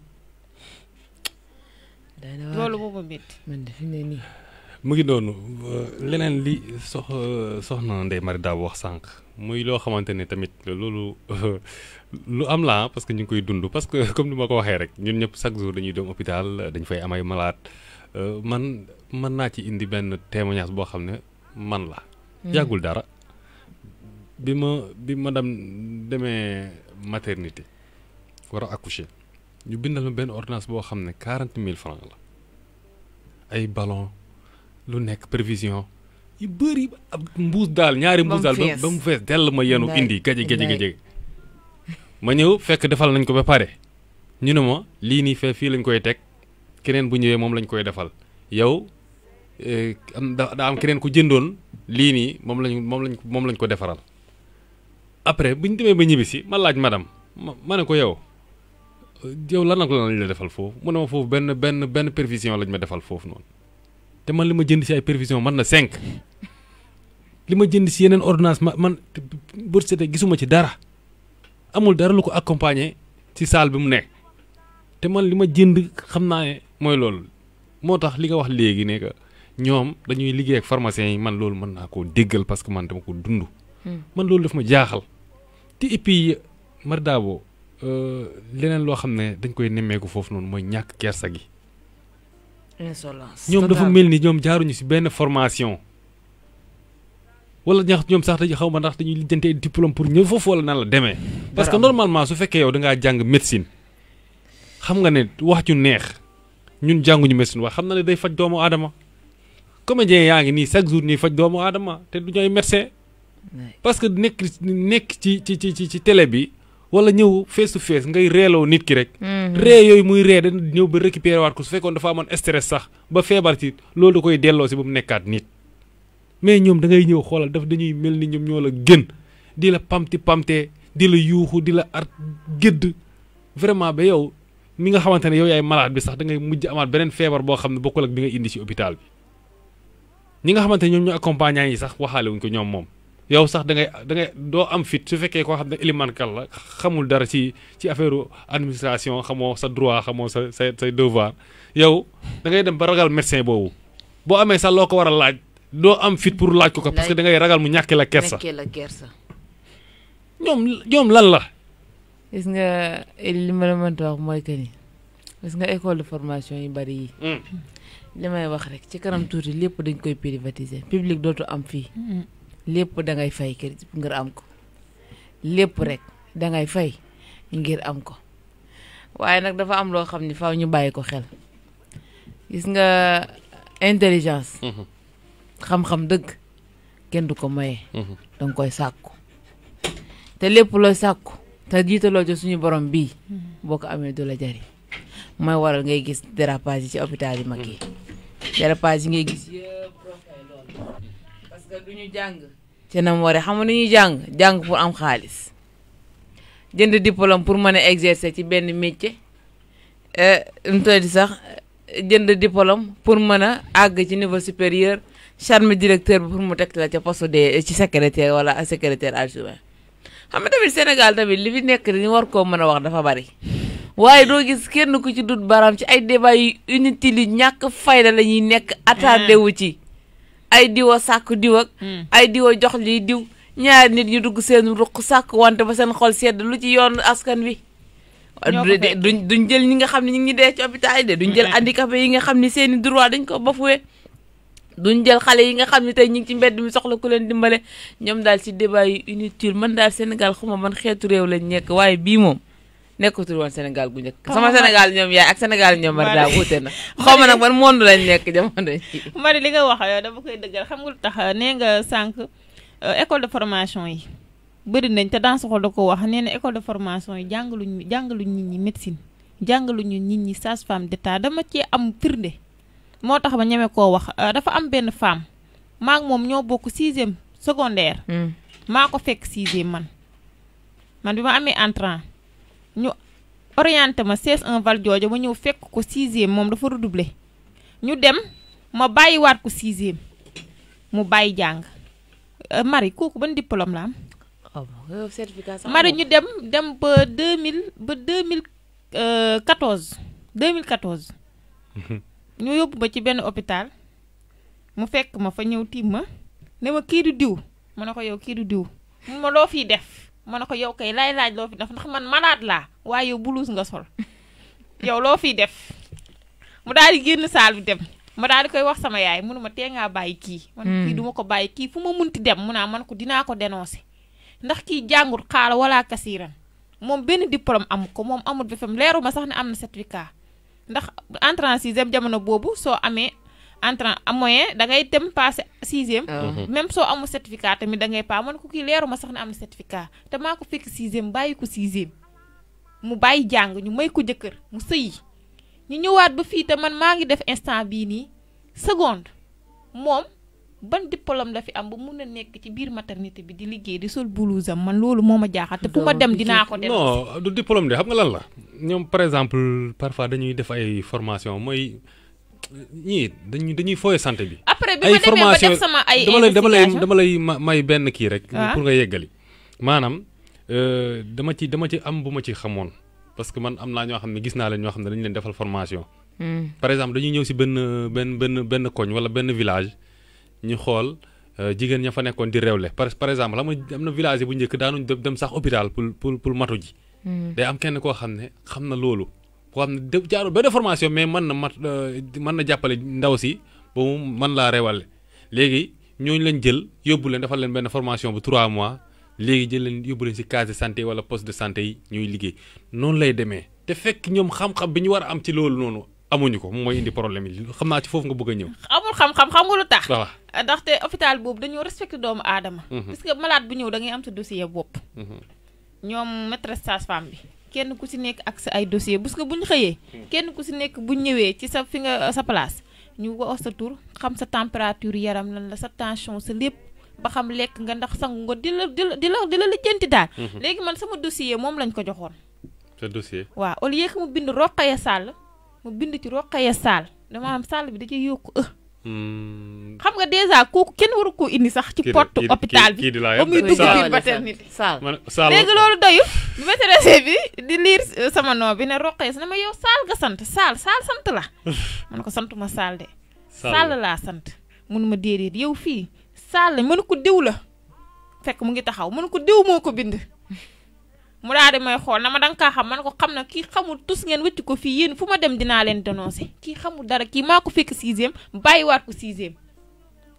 loolu mo mu metti man de ne mu ngi doonu euh, leneen li sox euh, soxna Ndeye Marie Dabo wax sànq muy loo xamante ni tamit loolu lu am la ah, parce que ñu ngi koy dund parce que comme ni ma ko waxee rek ñun ñëpp chaque jour dañuy dem hôpital dañ fay am ay malade euh, man mën naa ci indi benn témoignage boo xam ne man la. Hmm. yàggul dara bi ma bi ma dem demee maternité war a accoucher ñu bindal ma benn ordonnance boo xam ne quarante mille francs la ay ballon. lu nekk prévision yu bëri mbuus daal ñaari mbuus daal ba mu fees dell ma yenu indi gaje gaje gaje ma ñëw fekk defal nañ ko ba pare ñu ne ma lii nii fee fii lañ koy teg keneen bu ñëwee moom lañ koy defal yow eh, am daa am keneen ku jëndoon lii nii moom lañ moom lañ moom lañ ko defaral après bu ñu demee ba ñibbisi ma laaj ma madame ma ne ko yow yow lan ak lan lañ la defal foofu mu ne ma foofu benn benn benn prévision lañ ma defal foofu noonu te man li ma jënd si ay prévision man na cinq li ma jënd si yeneen ordonnance ma man bët sete gisuma ci dara amul dara lu ko accompagner ci salle bi mu nekk te man li ma jënd xam naa ne mooy loolu moo tax li nga wax léegi ne que ñoom dañuy liggéey ak pharmaciens yi man loolu mën naa koo déggal parce que man dama ko dund. Hmm. man loolu daf ma jaaxal te et puis euh, leneen loo xam ne dañ koy nemmeeku foofu noonu mooy ñàkk kersa gi. insolence ñoom dafa mel ni ñoom jaaruñu si benn formation. wala ñax ñoom sax dañuy xaw ma ndax dañuy lijjante diplôme pour ñëw foofu wala nan la demee. parce que normalement su fekkee yow da jàng médecine. xam nga ne wax ju neex ñun jànguñu médecine wax xam na ne day faj doomu aadama. comme comédien yaa ngi nii chaque jour ñuy faj doomu aadama te du ñooy médecin. parce que nekk nekk ci ci ci ci tele bi. wala ñëw face to face ngay reeloo nit ki rek mhm. ree yooyu muy ree da ñëw ba récupérer waat ko su fekkoon dafa amoon stress sax ba feebar ci loolu da koy delloo si ba mu nekkaat nit mais ñoom da ngay ñëw xoolal daf dañuy mel ni ñoom ñoo la gën di la pamti pamte di la yuuxu di la ar gëdd vraiment ba yow mi nga xamante ne yow yaay malade bi sax da ngay mujj amaat beneen feebar boo xam ne bokkul ak bi nga indi ci hôpital bi ñi nga xamante ne ñoom ñu accompagnant yi sax waxaale wuñ ko ñoom moom yow sax da ngay da ngay doo am fit su fekkee koo xam ne Elimane Kane la xamul dara ci ci affaire administration xamoo sa droit xamoo sa say say devoir yow da ngay dem ba ragal médecin boobu boo amee sax loo ko war a laaj doo am fit pour laaj ko ko parce que da ngay ragal mu ñàkki la kersa ñoom ñoom lan la. gis nga li ma la mënta wax mooy que ni gis nga école de formation yu bari yi. Mm. li may wax rek ci kanam tuuti lépp dañ koy privatiser public dootu am fii. Mm lepp da ngay fay kër ngir am ko lepp rek da ngay fay ngir am ko waye nak dafa am lo xamni faaw ñu bayiko xel gis nga intelligence mhm. xam-xam deug kenn du ko maye mhm. dang koy sakku te lépp loo ta te jiitaloo ci suñu borom bi mhm. boko ko amee du la jari mooy waral ngay gis dérapage ci hôpital yi mag dérapage ngay gis lool parce que duñu jang ci nam waree xam nga nu jàng jàng pour am xaalis jënd diplôme pour mën a exercer ci benn métier eh, mu di sax jënd diplôme pour mën a àgg ci niveau supérieur charme directeur bi pour mu teg la ca poste de ci secrétaire wala secrétaire adjoint xam nga tamit Sénégal tamit li fi nekk ni war koo mën a wax dafa bari waaye doo gis kenn ku ci dut baram ci ay débat yu inutile yu ñàkk fayda la ñuy nekk mm. attardé wu ci ay diwa sàkk diw ak hmm. ay diwa jox lii diw ñaari nit ñu dugg seen ruq sàkk wante ba seen xol sedd lu ci yoon askan wi duñ duñ jël ñi nga xam ne ñu ngi dee ci hôpital yi de duñ jël hmm. handicapé yi nga xam ne seeni droit dañ ko bafoué duñ jël xale yi nga xam ne tey ñu ngi ci mbedd mi soxla ku leen dimbale ñoom daal ci débat yi inutile man daal Sénégal xuma man xeetu réew lañ nekk waaye bii moom nekkatul woon Sénégal gu njëkk ah. sama Sénégal ñoom yaay ak Sénégal ñoom mari daa wuute ma nag ban monde lañ nekk jamono yi mari li nga wax euh, dama koy dëggal xam nga lu tax euh, nee nga sànq euh, école de formation yi bëri nañ te dans xool da ko wax nee na école de formation yi jàngaluñ jàngaluñ nit ñi médecine jàngaluñu nit ñi sage-femme d'État dama cee am firnde moo tax ba ñeme koo wax dafa am benn femme maak moom ñoo bokk sixième secondaire hmm. maa ko fekk sixième man man bi ma amee entrant ñu orienté ma CS1 Valdiodio ma ñëw fekk ko sixième moom dafa redoublé ñu dem ma bàyyiwaat ko sixième mu bàyyi jàng euh, mari kooku ban diplôme la am. Oh, Marie ñu dem dem ba 2000 ba 2014 2014. ñoo yóbbu ma ci benn hôpital mu fekk ma fa ñëw tiim ma ne ma kii du diw ma ne ko yow kii du diw mu ma loo fiy def. ma ne ko yow kay lay laaj loo fi def ndax man malade laa waaye yow blouse nga sol yow loo fiy def mu daal di génn saal bi dem ma daal di koy wax sama yaay mënuma tee ngaa bàyyi kii. man kii hmm. duma ko bàyyi kii fu munti dem mu naa man ko dinaa ko dénoncé ndax kii jàngut xaala wala kasiiran moom benn diplôme amu ko moom amul BFEM leeru ma sax ne am na certificat ndax entrant sixième jamono boobu soo amee entrant moyen da ngay dem passé sixième ah. mhm. même so amu certificat tammi da ngay pas man ko ki leeruma sax ne am bayi certificat te mako fik 6e bàyyi ko e mu bàyyi jang ñu may ko jëkkër mu sey ñu ñëwaat ba fi te man ma ngi def instant bi ni seconde mom ban diplôme la fi am bu mun a nekk ci biir maternité bi di liggéey di sol blouse am man loolu moma te kuma dem dinaa ko dem non du diplôme de xam nga lan la ñom par exemple parfois dañuy def ay formation mooy ñii dañuy dañuy fooye santé bi. après bi ma demee ba def sama dama lay dama lay dama may benn kii rek. Ah. pour nga yeggali. maanaam euh, dama ci dama ci am bu ma ci xamoon parce que man am naa ñoo xam ne gis naa leen ñoo xam ne dañu leen defal formation. Hmm. par exemple dañuy ñëw si benn benn benn benn koñ wala benn village ñu xool euh, jigéen ña fa nekkoon di réewle par par exemple xam nga am na village bu njëkk daanuñ dem sax hôpital pour pour pour mato ji. Hmm. day am kenn koo xam ne xam na loolu. koo xam ne de jaarul benn formation mais man na mat euh, mën na jàppale ndaw si ba mu mën laa rewale léegi ñooñu lañ jël yóbbu leen defal leen benn formation bu trois mois léegi jël leen yóbbu leen si case de santé wala poste de santé yi ñuy liggéey noonu lay demee te fekk ñoom xam-xam bi ñu war a am ci loolu noonu amuñu ko mooy indi problème yi xam naa ci foofu nga bëgg a ñëw. amul xam-xam xam nga lu tax. waaw ndaxte hôpital boobu dañoo respecté doomu aadama. Mhm. parce que malade bu ñëw da ngay am sa dossier kenn ku si nekk ak sa ay dossier parce que bu ñu xëyee. Hmm. kenn ku si nekk bu ñëwee ci sa fi nga sa place ñu wax sa tur xam sa température yaram lan la sa tension sa lépp ba xam lekk nga ndax sangu nga di la di la di la di la lijjanti daal. Hmm. léegi man sama dossier moom lañ ko joxoon. sa dossier waaw au lieu que mu bind Roqaya Sall mu bind ci Roqaya Sall dama am Sall bi da yokk Hmm. xam nga dèjà kooku kenn waru koo indi sax ci porte hôpital bi ba muy dugg biir maternité saal bi maternité bi di liir sama noo bi ne roqees na yow saal sant saal saal sant la man ko sant ma saal de saal laa sant mun ma déedéet yow fii saal la ko diw la fekk mu ngi taxaw mën ko diw moo ko bind mu daal di may xool na ma danga kaa xam man ko xam na kii xamul tus ngeen wëcc ko fii yéen fu ma dem dinaa leen dénoncé kii xamul dara kii maa ko fekk sixième bàyyiwaat ko sixième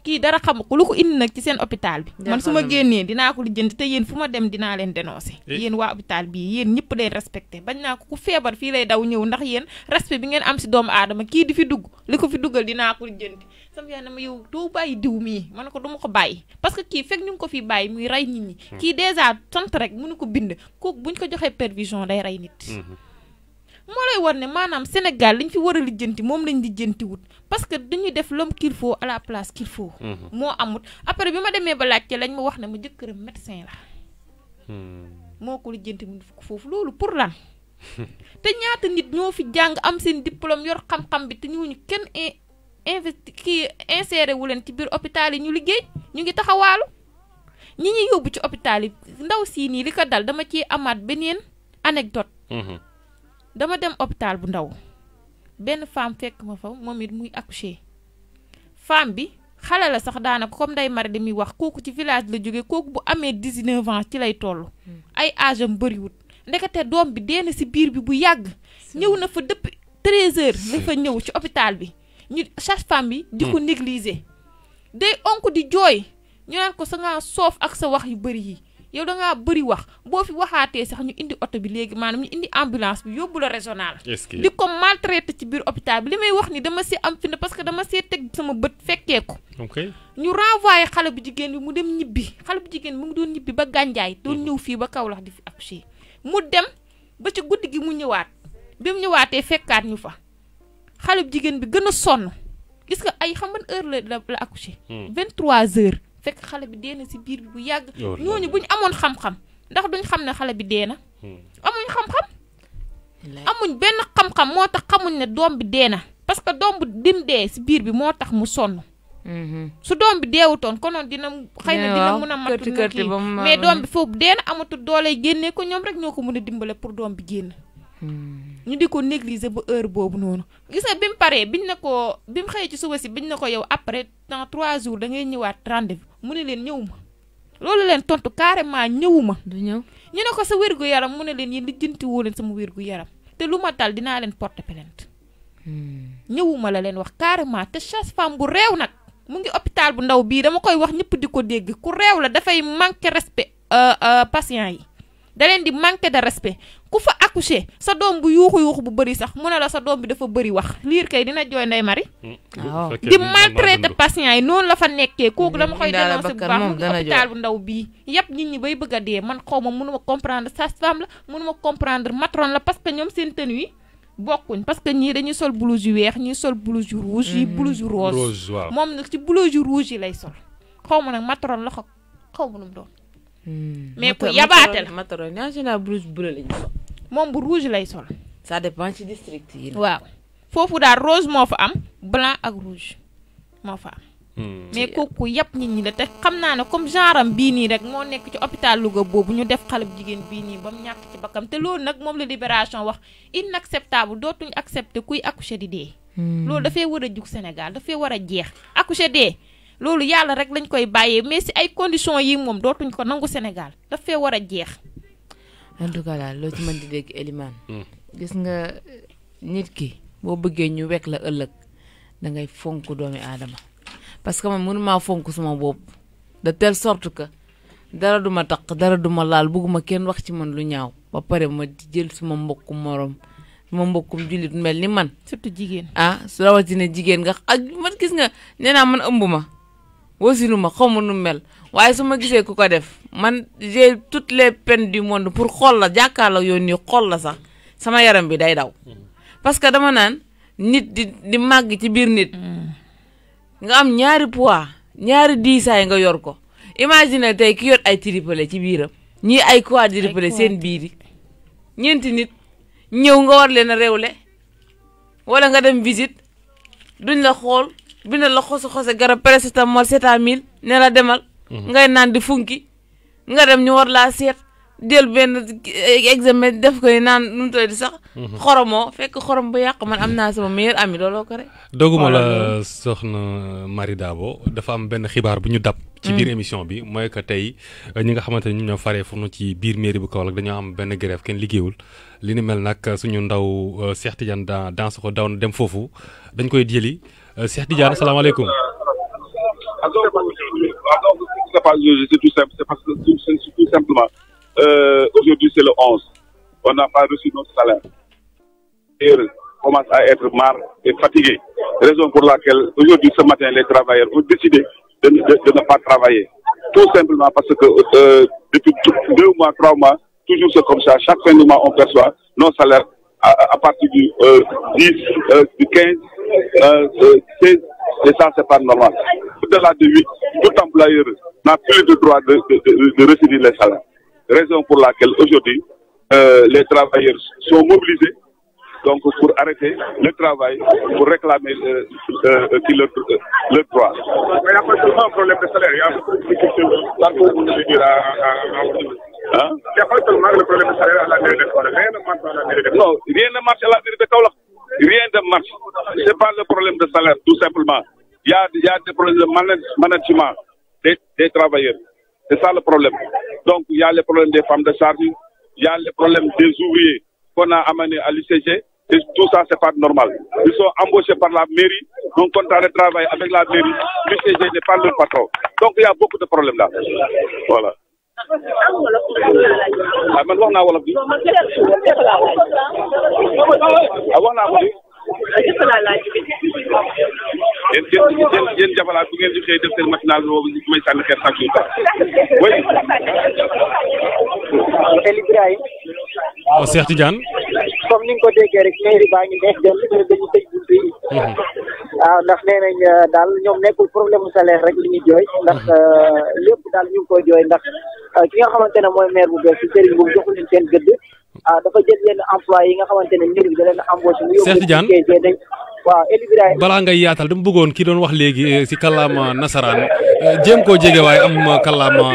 kii dara xamu ko lu ko indi nag ci seen hôpital bi man su ma génnee dinaa ko lijjanti te yéen fu ma dem dinaa leen dénoncé eh. yéen waa hôpital bii yéen ñëpp leen respecté bañ naa ko ku feebar fii lay daw ñëw ndax yéen respect bi ngeen am si doomu aadama kii di fi dugg li ko fi duggal dinaa ko lijjanti sama yaay ne ma yow doo bàyyi diw ko du ma que kii fekk ñu ko fi bàyyi muy rey nit ñi hmm. kii dèjà sant rek mënu ko bind kooku buñ ko joxee pervision day rey nit hmm. moo lay war ne maanaam Sénégal liñ fi war a lijjanti moom lañ lijjanti parce que dañuy def l'homme qu'il faut la place qu'il faut hmm. moo amut après bi ma demee ba laajte lañ ma wax ne ma jëkkëram la moo ko lijjanti mu def ko foofu loolu pour lan te ñaata nit ñoo fi jàng am seen diplôme yor xam-xam bi te ñooñu kenn investi kii inséré wu leen ci biir hôpital yi ñu liggéey ñu ngi taxawaalu ñi ñuy yóbbu ci hôpital yi ndaw sii nii li ko dal dama ciy amaat beneen anecdote mhm. dama dem hôpital bu ndaw benn femme fekk ma fa moom it muy accoucher femme bi xale la sax daanaka comme nday mari di muy wax kooku ci village la jóge kooku bu amee 19 ans ci lay toll hmm. ay âge am bariwut ndekete doom bi dee na si biir bi bu yàgg ñëw na fa depuis 13 heures la fa ñëw ci hôpital bi ñu sage-femme bi di ko hmm. négliger day onk di jooy ñu naan ko sa ngaa soof ak sa wax yu bëri yi yow da ngaa bëri wax boo fi waxaatee sax ñu indi oto bi léegi maanaam ñu indi ambulance bi yóbbu la régional di ko maltraité ci biir hôpital bi li may wax ni dama see am fi parce que dama see teg sama bët fekkee ko ñu renvoyé xale bu jigéen bi mu dem ñibbi xale bu jigéen bi mu ngi doon ñibbi ba gànjaay doon hmm. ñëw fii ba Kaolack di fi accouché mu dem ba ci guddi gi mu ñëwaat bi ñëwaatee fekkaat ñu fa xale bu jigéen bi gën a sonn gis nga ay xam ban heure la la la accouché. 23 hmm. heure fekk xale bi dee na si biir bi bu yàgg. Oh ñooñu bu ñu amoon xam-xam ndax duñ xam ne xale bi dee na. Hmm. amuñ xam-xam. amuñ benn xam-xam moo tax xamuñ ne doom bi dee na parce que doom bu dim dee si biir bi moo tax mu sonn. Mm-hmm. su doom bi deewutoon konoon dina xay na dina mun a matu mais doom bi foofu dee na amatul doole génnee ko ñoom rek ñoo ko mun a dimbale pour doom bi génn. ñu di ko négliger ba heure boobu noonu. gis nga bi mu paree biñ na ko bi mu xëyee ci suba si biñ na ko yow après dans trois jours da ngay ñëwaat rendez mu ne leen ñëwuma loolu leen tontu carrément ñëwuma. du ñëw ñu ko sa wérgu yaram mu ne leen yéen lijjanti leen sama wérgu yaram ma tal dinaa leen porter plainte. Hmm. la leen wax carrément te chasse femme bu réew nag mu ngi hôpital bu ndaw bii dama koy wax ñëpp di ko dégg ku réew la dafay manquer respect euh, euh, patient yi da leen di manquer de respect ku fa accouché sa dom bu yuxu yuxu bu beuri sax muna la sa dom bi dafa beuri wax liir kay dina joy nday mari di maltraiter patient yi non la fa nekké kooku dama koy dénoncé bu baax mu hôpital bu ndaw bi yëpp nit ñi bay bëgg dé man man mënu ma comprendre sa femme la ma comprendre matron la parce que ñom seen tenue bokkuñ parce que ñi dañuy sol blouse yu weex sol blouse yu rouge yi mm-hmm. blouse rose mom nak ci blouse rouge yi lay sol xawma nak matron la ko xaw ma lu do mm. mais ko yabatel la matron en général blouse bleu lañu sol moom bu rouge lay sol. ça dépend ci district yi. waaw foofu daal rose moo fa am blanc ak rouge moo fa am. Hmm. mais kooku yàpp nit ñi la te xam naa ne comme genre bii nii rek moo nekk ci hôpital Louga boobu ñu def xale bu jigéen bii nii ba mu ñàkk ci bakkam te loolu nag moom la libération wax inacceptable dootuñu accepté kuy accoucher di dee. Hmm. loolu dafay war a jug Sénégal dafay war a jeex accoucher dee loolu yàlla rek lañ koy bàyyee mais si ay conditions yi moom dootuñ ko nangu Sénégal dafay war a jeex. en tout cas daal loo ci mën di dégg Eliman. Hmm. gis nga nit ki boo bëggee ñu wekk la ëllëg da ngay fonk doomi aadama parce que man mënumaa fonk suma bopp de telle sorte que dara duma taq dara duma laal bugguma kenn wax ci man lu ñaaw ba pare ma jël suma mbokku morom suma mbokkum julit mel ni man. surtout jigéen ah su rawatina jigéen nga ak man gis nga nee naa man ëmbuma wasinu ma mel waaye su ma gisee ku ko def man j'ai toutes les peines du monde pour xool la jàkkaarloo yoon nii xool la sax sama yaram bi day daw parce que dama naan nit di di màgg ci biir nit mm. nga am ñaari poids ñaari diisaay nga yor ko imagine tey ki yor ay triplé ci biiram ñii ay quadruplé seen biir yi ñeenti nit ñëw nga war leen a le wala nga dem visite duñ la xool bind la xose xose garab paracetamol setamil ne la demal ngay naan di funki nga dem ñu war laa seet jël benn examen def ko naan nu mu di sax. Mhm. xoromoo fekk xorom ba yàq man am naa sama meilleur ami looloo ko rek. doguma la soxna Marie Dabo dafa am benn xibaar bu ñu dab. ci biir mhm. émission bi mooy que tey euh, ñi nga xamante ni ñoo faree fu ci biir mairie bu Kaolack dañoo am benn grève kenn liggéeyul. li ni mel nag suñu ndaw euh, Cheikh Tidiane dans dans ko daw na dem foofu dañ koy jëli euh, Cheikh Tidiane salaamaaleykum. c'est pas c'est tout, parce que tout, simplement, euh, aujourd'hui c'est le 11, on n'a pas reçu notre salaire. Et on commence à être marre et fatigué. Raison pour laquelle aujourd'hui, ce matin, les travailleurs ont décidé de, ne pas travailler. Tout simplement parce que euh, depuis deux mois, trois mois, toujours c'est comme ça. Chaque fin de mois, on perçoit nos salaires à, partir du 10, euh, du 15, 16, et ça, c'est pas normal. Au-delà de tout employeur n'a plus le droit de, de, de, les salaires. Raison pour laquelle aujourd'hui, euh, les travailleurs sont mobilisés donc pour arrêter le travail, pour réclamer euh, euh, euh le, droit. Mais il n'y a pas seulement un problème de salaire, hein? il y a pas seulement le problème de salaire à la mairie de Kaolak. Rien ne marche à la mairie de rien de marche. Ce n'est pas le problème de salaire, tout simplement. Il y a, il des problèmes de management des, travailleurs. C'est ça le problème. Donc, il y a le problème des femmes de charge, il y a le problème des ouvriers qu'on a amenés à l'UCG. tout ça, c'est pas normal. Ils sont embauchés par la mairie, donc contrat de travail avec la mairie. L'UCG n'est pas leur patron. Donc, il y a beaucoup de problèmes là. Voilà. waaw ah, man wax naa wolof bi. waaw ah, wax naa ko bi. yéen yéen yéen jabalaat bu ngeen di xëy def seen matinal boobu may sànni xeer sànq yu baax. oui. El Ibrahima. waaw oh, Cheikh Tidiane. comme ni nga ko déggee rek mairie baa ngi neex dañu tëj buntu yi. waaw mhm. ah, ndax nee euh, daal ñoom nekkul problème mu salaire rek li ñuy jooy. ndax mhm. euh, lépp daal ñu ngi koy jooy ndax euh, ki nga xamante ne mooy maire bu bees si Serigne bu joxu leen seen gëdd. ah dafa jël yenn emploi yi nga xamante ne mbir bi da leen dama bëggoon ki doon wax léegi eh, si kàllaama nasaraan eh, jéem koo jege waaye am eh, kàllaama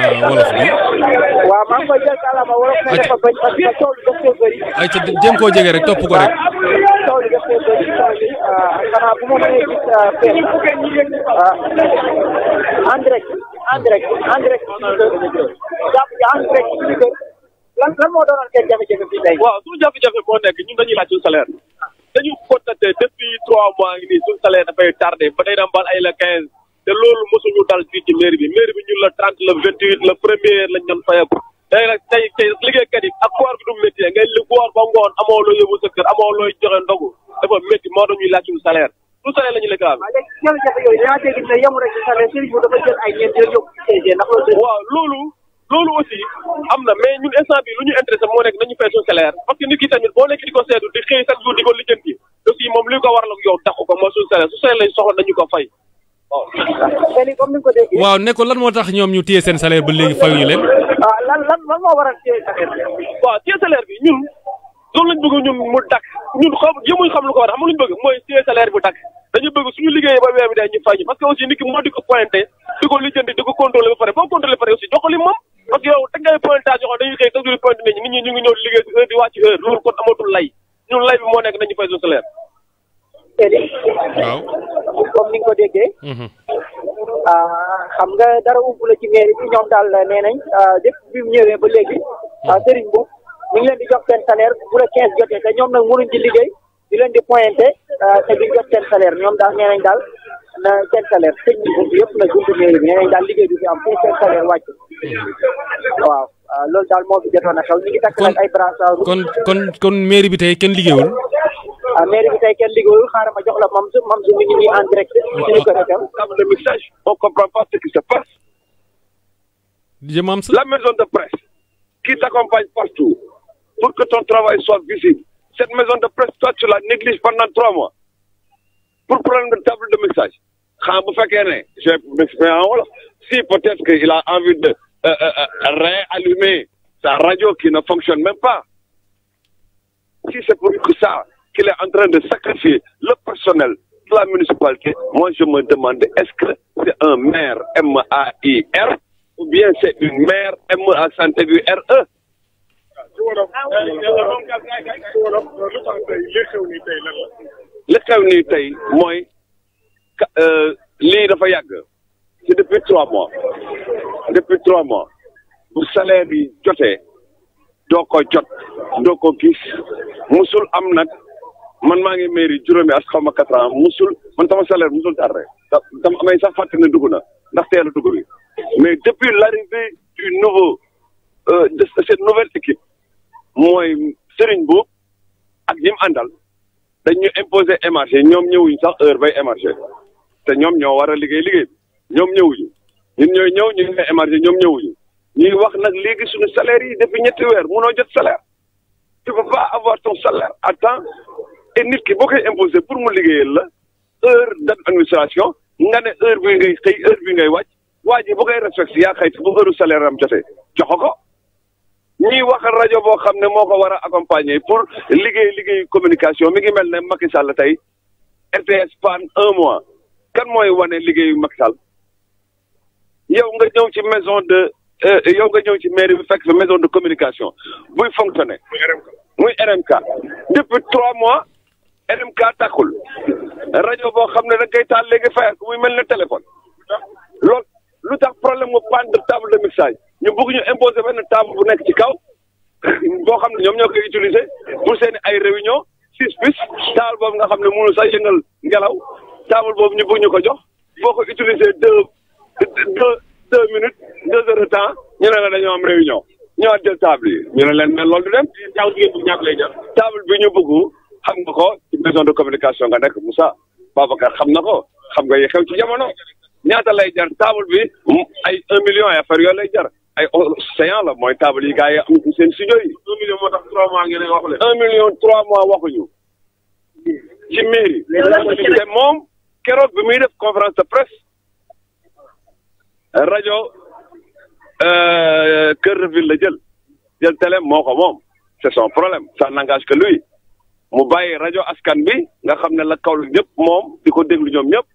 lan lan moo doonoon seen jafe-jafe fii tey. waaw suñu jafe-jafe moo nekk ñun dañuy laaj suñu salaire dañu constaté depuis trois mois ngi nii suñu salaire dafay tardé ay la quinze te loolu mosuñu dal fii ci mairie bi mairie bi ñun la trente le vingt huit le premier lañ doon fayeeku léegi nag tey tey liggéeykat yi ak koor bi du métier ngay li woor ba ngoon amoo loo yóbbu sa kër amoo looy joxe ndogu dafa métti moo dañuy laaj suñu salaire su salaire la ñu lekk daal. waaw loolu aussi am na mais ñun instant bi lu ñu intéressé moo nekk nañu fay suñu salaire parce que nit ki tamit boo nekk di ko seetu di xëy chaque jour di ko lijjanti aussi moom li seen salaire ba léegi fayuñu leen. Ah, bi. ñu fay ñu parce que aussi nit ki moo di di ko lijjanti di pare boo contrôlé ba pare aussi jox ko li moom parce que yow teg ngay pointage yoo xam dañuy xëy chaque jour point nit ñi ñu ngi ñëw di liggéey heure di wàcc heure loolu kon amatul lay ñun lay bi moo nekk nañu fay suñu salaire. waaw. comme ni nga ko déggee. Mhm. Ah, xam nga dara umpu la ci mairie bi ñoom daal nee nañ ah, depuis bi e ñëwee ba léegi. Mhm. Ah, sëriñ bu ñu ngi leen di jox seen salaire bu la 15 jotee te ñoom nag mënuñ ci liggéey di leen di pointé te di jot seen salaire ñoom daal nee nañ daal. na seen salaire technique bi yëpp la juntu mairie bi ñeneen daal liggéey bi fi am pour seen salaire wàcc waaw ah, loolu daal moo fi jotoon a xew ñu ngi takk nag ay brassard kon kon kon mairie bi tey kenn liggéeyul ah mairie bi tey kenn liggéeyul xaaral ma jox la mam su mam su mi ngi nii en direct suñu kër itam le message on comprend pas ce qui se passe la maison de presse qui t'accompagne partout pour que ton travail soit visible cette maison de presse pour prendre une table de message si peut-être qu'il a envie de euh, euh, euh, réallumer sa radio qui ne fonctionne même pas si c'est pour ça qu'il est en train de sacrifier le personnel de la municipalité moi je me demande est-ce que c'est un maire M-A-I-R ou bien c'est une maire M-A-S-T-U-R-E le xew moi tey euh depuis trois mois depuis trois mois pour salaire bi joté doo ko jot doo ko musul am man mairie as ans musul man salaire musul Tarre. mais depuis l'arrivée du nouveau euh, de cette nouvelle équipe moi Serigne bou ak dañ ñu imposé émargé sax heure bay ñoo liggéey liggéey ñom salaire pas avoir ton salaire pour salaire ñuy waxal rajo boo xam ne moo ko war a accompagner pour liggéey liggéey communication mi ngi mel ne Macky Sall tey RTS panne un mois kan mooy wane liggéeyu Macky yow nga ñëw ci maison de euh, yow nga ñëw ci mairie bi fekk fa maison de communication buy fonctionner muy RMK depuis trois mois RMK takkul rajo boo xam ne da koy taal léegi fayal ko muy mel ne téléphone loolu lu tax problème mu panne table de mixage ñu bëgg ñu imposer benn table bu nekk ci kaw boo xam ne ñoom ñoo koy utiliser pour seen ay réunion six bis table boobu nga xam ne mënul sax yëngal ngelaw table boobu ñu bëgg ñu ko jox boo ko utiliser deux deux deux minutes deux heures temps ñu ne la dañoo am réunion ñoo jël table yi ñu ne leen mel loolu du dem. table bi ngeen lay jël. table bi ñu bëgg xam nga ko ci maison de communication nga nekk Moussa Babacar xam na ko xam nga yi xew ci jamono ñaata lay jar table bi ay un million ay affaire yooyu lay jar. ay océan oh, la mooy table yi gars yi am ah, seen studio yi. un million moo tax trois mois ngeen wax leen. un million trois mois waxuñu. ci mairie. te moom keroog bi muy def conférence de presse rajo euh, Kër de Ville la jël jël télé moo ko moom c'est son problème ça n'engage que lui mu bàyyi rajo askan bi nga xam ne la kaw la ñëpp moom di ko déglu ñoom ñëpp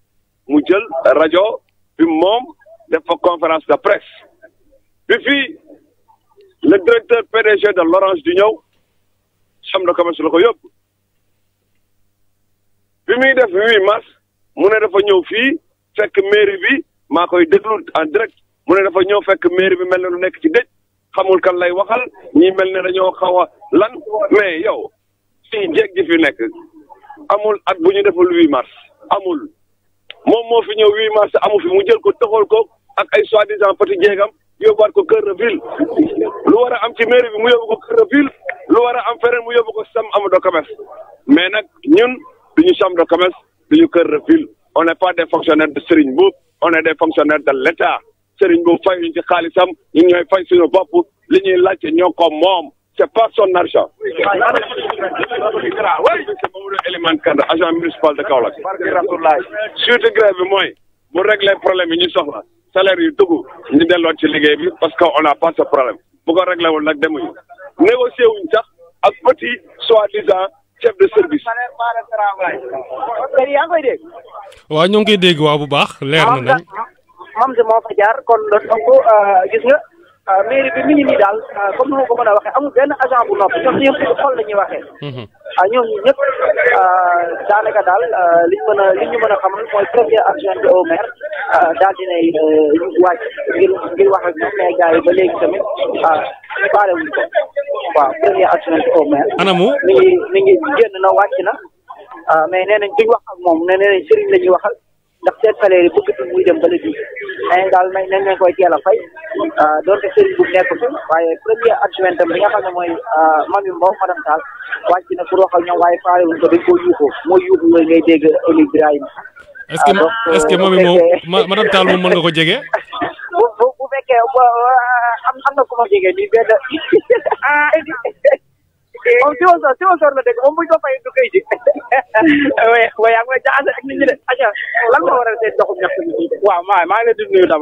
mu jël rajo bi moom def fa conférence de presse. bi fii le directeur PDG de l'Orange di ñëw chambre de commerce la ko yóbbu bi muy def huit mars mu ne dafa ñëw fii fekk mairie bi maa koy déglu en direct mu ne def a ñëw fekk mairie bi mel ne lu nekk ci dëj xamul kan lay waxal ñi mel ne ñëw xaw a lan mais yow fii jéeg ji nekk amul at bu ñu deful huit mars amul moom moo fi ñëw huit mars amu fi mu jël ko taxal ko ak ay soi-disant petit jéegam yóbbuwaat ko kër ville lu wara am ci maire bi mu yobugo ko kër ville lu wara am fere mu yobugo sam chambre am mais nak ñun duñu chambre de commerce duñu kër ville on n'est pas des fonctionnaires de Serigne bou on est des fonctionnaires de l'État Serigne bou fay ñu ci xaalisam ñun ñoy fay suñu bop li ñuy lacc ñoko mom c'est pas son argent. c'est Mamadou Kanda agent municipal de Kaolack. suite grève bi mooy mu régler problème yi ñu soxla. salaire yu dugg ñu delloon ci liggéey bi parce que on n'a pas ce problème bu ko réglé woon nag demuñu négocié wuñ sax ak petit soi-disant chef de service. yaa waaw ñoo ngi koy dégg bu baax. leer na nañ moom de moo fa jaar kon donc euh, gis nga. Ah, mairie bi mi ngi nii daal ah, comme ni ma ko a waxee amul benn agent bu nopp ñoom ñëpp ci xol la ñuy mhm. ah, ñoom ñëpp daanaka daal liñ mën a li ñu mën a xamal mooy premier adjoint au maire daal dinay wàcc ngir ngir wax ak ñoom mais gars yi ba léegi tamit baale wuñ ko waaw premier adjoint au maire. anamu ngi mi ngi génn na wàcc na mais nee duñ wax ak moom nee nañ sëriñ la ñuy waxal. ndax seen salaire yi bëgg muy dem bala ji nañ daal nañ nañ koy teel a fay ah, doonte sëriñ bu nekk fi waaye premier adjoint tam bi nga xam ne mooy ah, mami Mbow madame Tall wàcc na pour wax ak waaye faale wuñ ko dañ koo yuuxoo mooy yuuxu yooyu ngay dégg Eli Ibrahima. est ah, est mami moom madame Tall moom mën nga ko jege. bu bu bu fekkee am am na ku ma jege nii benn. moom si woon soor si woon soor la dëkk moom bu ñu ko fayee du koy ji waaw maa maa ngi nuyu d'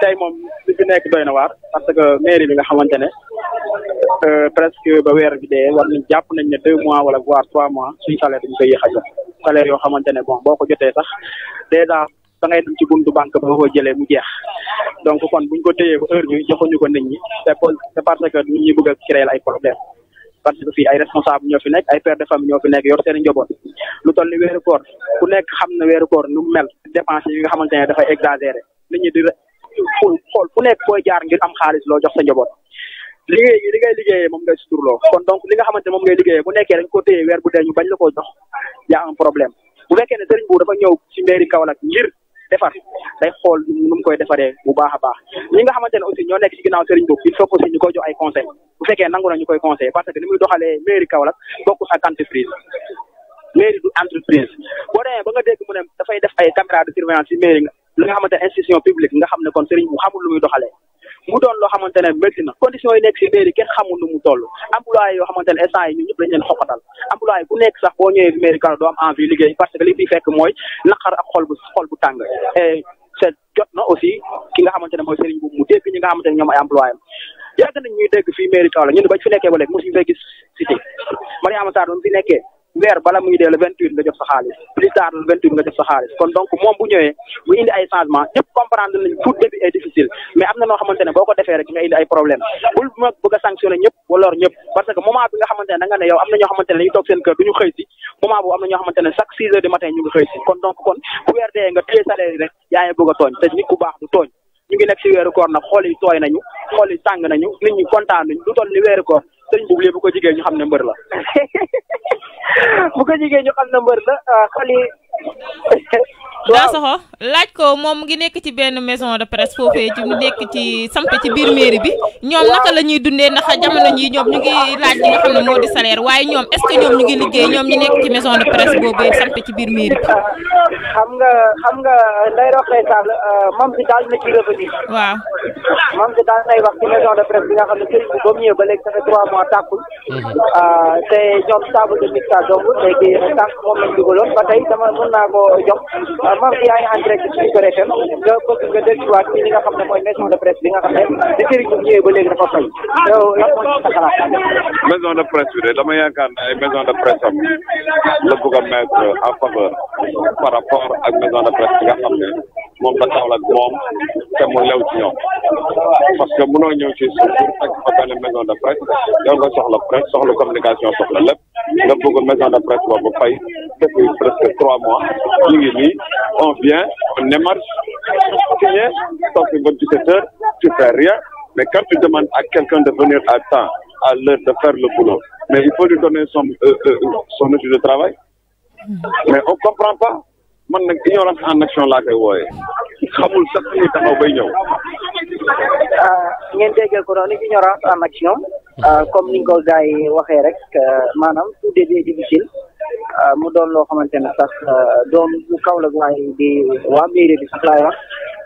tey moom li fi nekk doy na waar parce que mairie bi nga xamante ne presque ba weer bi dee war nañ jàpp nañ ne deux mois wala voire trois mois suñu salaire dañ koy yéex a yoo xamante ne bon boo ko jotee sax dèjà da ngay dem ci buntu banque ba ko jëlee mu jeex donc kon buñ ko téyee ba heure bi ko nekk ni na weeru koor nu mu mel dépense yi nga xamante ne dafay exagéré nekk koy jaar ngir am xaalis loo jox sa njaboot liggéey li ngay liggéeyee moom ngay suturloo kon donc li nga xamante moom ngay liggéeyee bu nekkee dañ ko téye weer bu dee ñu bañ la koo jox yaa am problème bu fekkee ne sëriñ bu dafa ñëw ci mairie Kaolack ngir defar day xool nu mu koy defaree bu baax a baax ñi nga xamante ne aussi ñoo nekk ci ginnaaw sëriñ boobu il faut aussi ñu koy jox ay conseil bu fekkee nangu na ñu koy conseil parce que ni muy doxalee mairie Kaolack bokkul ak entreprise mairie du entreprise boo demee ba nga dégg mu ne dafay def ay caméra de surveillance ci mairie li nga xamante ne institution publique nga xam ne kon sëriñ bu xamul lu muy doxalee mu doon loo xamante ne métti na conditions yi nekk si mairie kenn xamul nu mu toll employé yoo xamante ne instant yi ñun ñëpp dañ leen xoqatal employé liggéey parce que fi fekk mooy naqar ak xol bu xol bu tàng jot na aussi ki nga xamante ne mooy Serigne Boubou mu dégg ñi nga xamante ne ñoom ay employé am yàgg nañ ñuy dégg fii mairie Kaolack ñun bañ fi nekkee ba léegi mosuñu fay gis cité Mariama Sarr doon fi nekkee weer bala muy dee le vingt nga jot sa xaalis plus tard le vingt nga jot sa xaalis kon donc moom bu ñëwee mu indi ay changement ñëpp comprendre nañ tout début est difficile mais am na noo xamante boo ko defee rek nga indi ay problème bul ma bëgg a ñëpp waloor ñëpp parce que moment bi nga xamante ne ne yow am na ñoo xamante ne toog seen kër du ñu xëy si moment boobu am na ñoo xamante chaque six heures du matin ñu ngi xëy si sëñ bu bu ko jigéen ñu xam ne mbër la. bu ko jigéen ñu xam ne mbër la ah, xol yi. daa soxo laaj ko moom mu ngi nekk ci benn maison de presse foofee ci mu nekk ci samp ci biir mairie bi ñoom naka la ñuy dundee ndax jamono jii ñoom ñu ngi laaj li nga xam ne moo di salaire waaye ñoom est ce que ñoom ñu ngi liggéey ñoom ñu nekk ci maison de presse boobee samp ci biir mairie bi. xam nga xam nga lay roqee Sall ah, moom si daal na ci revenir. waaw moom si daal xam ne moo mhm. tàkkul euh, te ñoom table de mixage donc léegi tànk moom lañ dugaloon ba tey dama mën naa koo jox euh, mam bi yaa ngi en direct ci Kër FM nga bëgg nga delluwaat ci li nga xam ne mooy maison de presse bi nga xam ne de Serigne Diouf ñëwee ba léegi dafa fay yow lan mooy sa xalaat maison de presse bi de dama yaakaar ne ay maison de presse am la bëgg a mettre en faveur par rapport ak maison de presse bi nga xam ne moom la Kaolack moom te mu lew ci ñoom parce que mënoo ñëw ci suuf ak fa benn maison de presse va nga soxla presse soxla communication soxla lépp nga bëgg maison de presse boobu fay depuis presque trois mois ñu ngi on vient on démarche, signé toog fi ba 17 heures tu fais rien mais quand tu demandes à quelqu'un de venir à temps à l'heure de faire le boulot mais il faut lui donner son euh, euh, son outil de travail mm-hmm. mais on comprend pas man nag ignorance en action laa koy wooyee xamul sax fi muy taxaw bay ñëw. Ah, ngeen déggee ko noonu ignorance en action comme ni nga ko gars waxee rek ah, maanaam tout début difficile ah, mu doon loo xamante ne sax doon bu kaw la waaye di waa mairie bi sax laay wax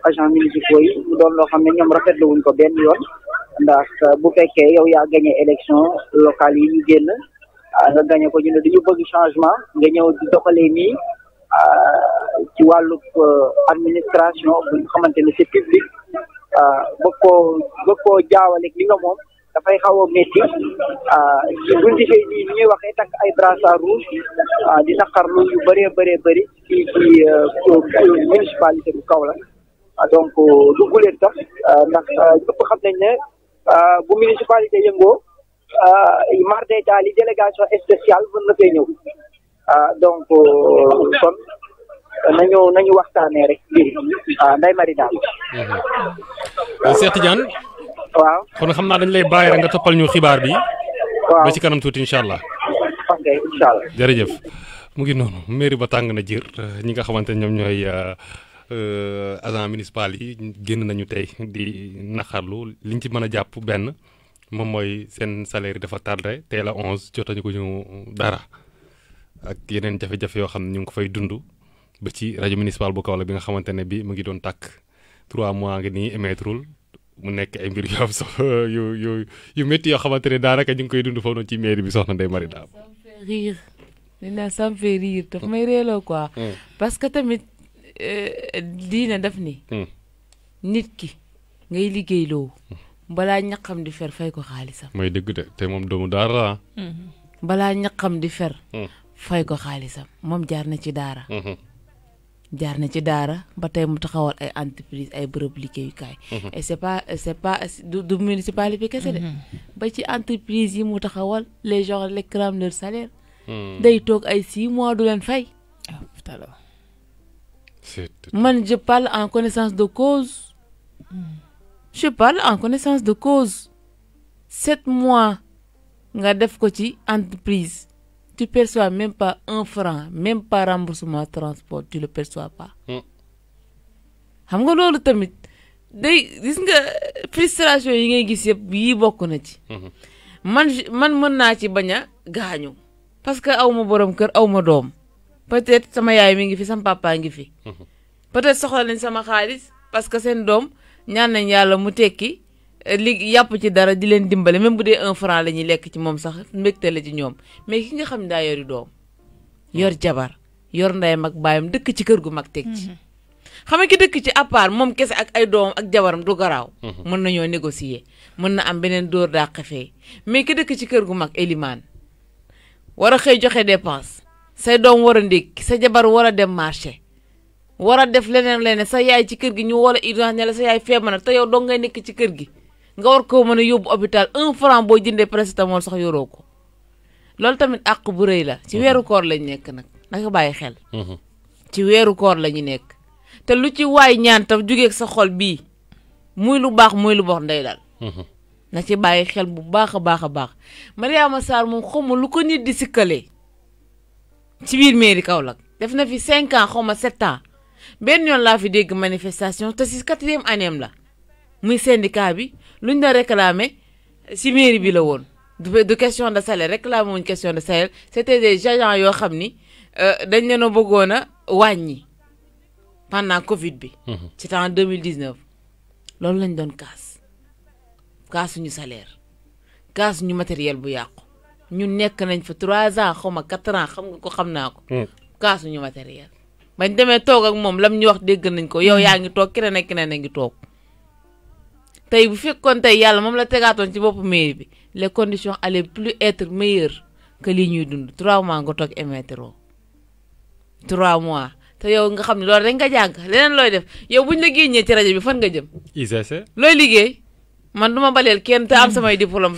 agent municipaux yi mu doon loo xam ne ñoom rafetlu wuñ ko benn yoon ndax bu fekkee yow yaa gagné élection locale yi ñu génn nga gagné ko ñu ne dañu bëgg changement nga ñëw di doxalee nii. ci wàllub euh, administration bu nga xamante ne c'est public euh, bëgg koo bëgg koo nga moom dafay xaw a métti euh, ci buñ gisee nii ni ñuy waxee takk ay brassard rouge di naqarlu yu bëree bëree bëri fii ci municipalité bu Kaolack donc du guleen sax ndax ñëpp xam nañ ne bu municipalité yëngoo mardi daal yi délégation spéciale mën na fee ñëw ah donc kon nañu nañu waxtaanee rek mbir ah nday mari daal. Cheikh waaw kon xam dañ lay bàyyi nga toppal ñu xibaar bi. ba ci kanam tuuti incha allah. ok incha mu ngi noonu mairie ba na ñi nga euh, euh, agent municipal yi nañu di naqarlu liñ ci mën a jàpp benn moom mooy salaire dafa tardé tey la 11 ko ñu dara ak yeneen jafe-jafe yoo xam ne ñu ngi ko fay dund ba ci rajo municipal bu Kaolack bi nga xamante ne bii mu ngi doon tàkk trois mois nga nii émettrul mu nekk ay mbir yu am soxla yu yu yu métti yoo xamante ne daanaka ñu ngi koy dund foofu noonu ci mairie bi soxna Ndeye Marie Dabo. dina me fait rire daf may réeloo quoi. Mm. Mm. parce que tamit euh, diina daf ni. Mm. nit ki ngay liggéey balaa ñaqam di fer fay ko xaalisam. dëgg de te moom doomu daara mm-hmm. balaa ñaqam di fer. fay ko xaalisam moom jaar na ci daara. Mhm. jaar na ci daara ba tey mu taxawal ay entreprise ay bërëb liggéeyukaay. Mhm. et c'est pas c'est pas du du municipalité bi kese de. Mhm. ba ci entreprise yi mu taxawal les gens crèmes leur salaire. day toog ay six mois du leen fay. Ah, man je parle en connaissance de cause. je parle en connaissance de cause. sept mois nga def ko ci entreprise. tu perçois même par un franc même pas remboursement transport tu le perçois pas. Mm. xam nga loolu tamit day gis nga frustration yi ngay gis yëpp yii bokk na ci. Mm-hmm. man man mën naa ci bañ a gaañu. parce que aw ma borom kër aw ma doom peut-être sama yaay mi ngi fi sama papa ngi fi. Mm-hmm. peut-être soxla nañ sama xaalis parce que seen doom ñaan nañ yàlla mu tekki. li yàpp ci dara di leen dimbale même bu dee un franc la ñuy lekk ci moom sax mbégte la ci ñoom mais ki nga xam ne daa yori doom yor jabar yor ndeyam mag baayam dëkk ci kër gu mag teg ci. Mhm. ki dëkk ci appart moom kese ak ay doomam ak jabaram du garaaw. Mhm. mën nañoo négocier mën na am beneen dóor daa xefee mais ki dëkk ci kër gu mag Elimaan war a xëy joxe dépense say doom war a ndékki sa jabar war a dem marché. war a def leneen leneen sa yaay ci kër gi ñu wala urgence ne la sa yaay feebar na te yow doo ngay nekk ci kër gi. nga war koo mën a yóbbu hôpital un franc boo jëndee paracétamol sax yoroo ko loolu tamit àq bu rëy la. ci mhm. weeru koor lañ nekk nag naka bàyyi xel. Mhm. ci weeru koor la ñu nekk. te lu ci waay ñaan tam sa xol bii muy lu baax muy lu baax ndey daal. Mhm. na ci bàyyi xel bu baax a baax a baax Mariama Sarr moom xawma lu ko nit di sikkalee ci biir mairie Kaolack def na fi cinq ans xawma sept ans benn yoon laa fi dégg manifestation te si quatrième année la muy syndicat bi lu luñ doon réclamer si mairie bi la woon du question de salaire réclame wuñ question de salaire c'était des agents yoo xam ni euh, dañ leen a bëggoon a wàññi pendant Covid bi. Mhm. c'était en 2019 loolu lañ doon kaas kaasuñu salaire kaasuñu matériel bu yàqu ñun nekk nañ fa trois ans xaw ma quatre ans xam nga ko xam naa ko. Mhm. kaasuñu matériel. bañ demee toog ak moom lam ñu wax dégg nañ ko yow mhm. yaa ngi toog keneen ak keneen a ngi toog. tey bu fekkoon tey yàlla moom la tegaatoon ci boppu mairie bi les conditions allaient plus être meilleures que lii ñuy dund trois mois nga toog émettre trois mois te yow nga xam ne loolu rek nga jàng leneen looy def yow ñu la génnee ci rajo bi fan nga jëm. ICC. looy liggéey man du ma baleel kenn te am mm. samay diplôme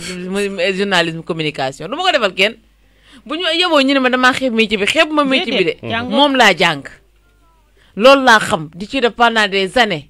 journalisme communication du ma ko defal kenn bu ñu yeboo ñu ne ma damaa mi métier bi xeeb ma métier bi de. moom laa jàng. loolu laa xam di ci def pendant des années.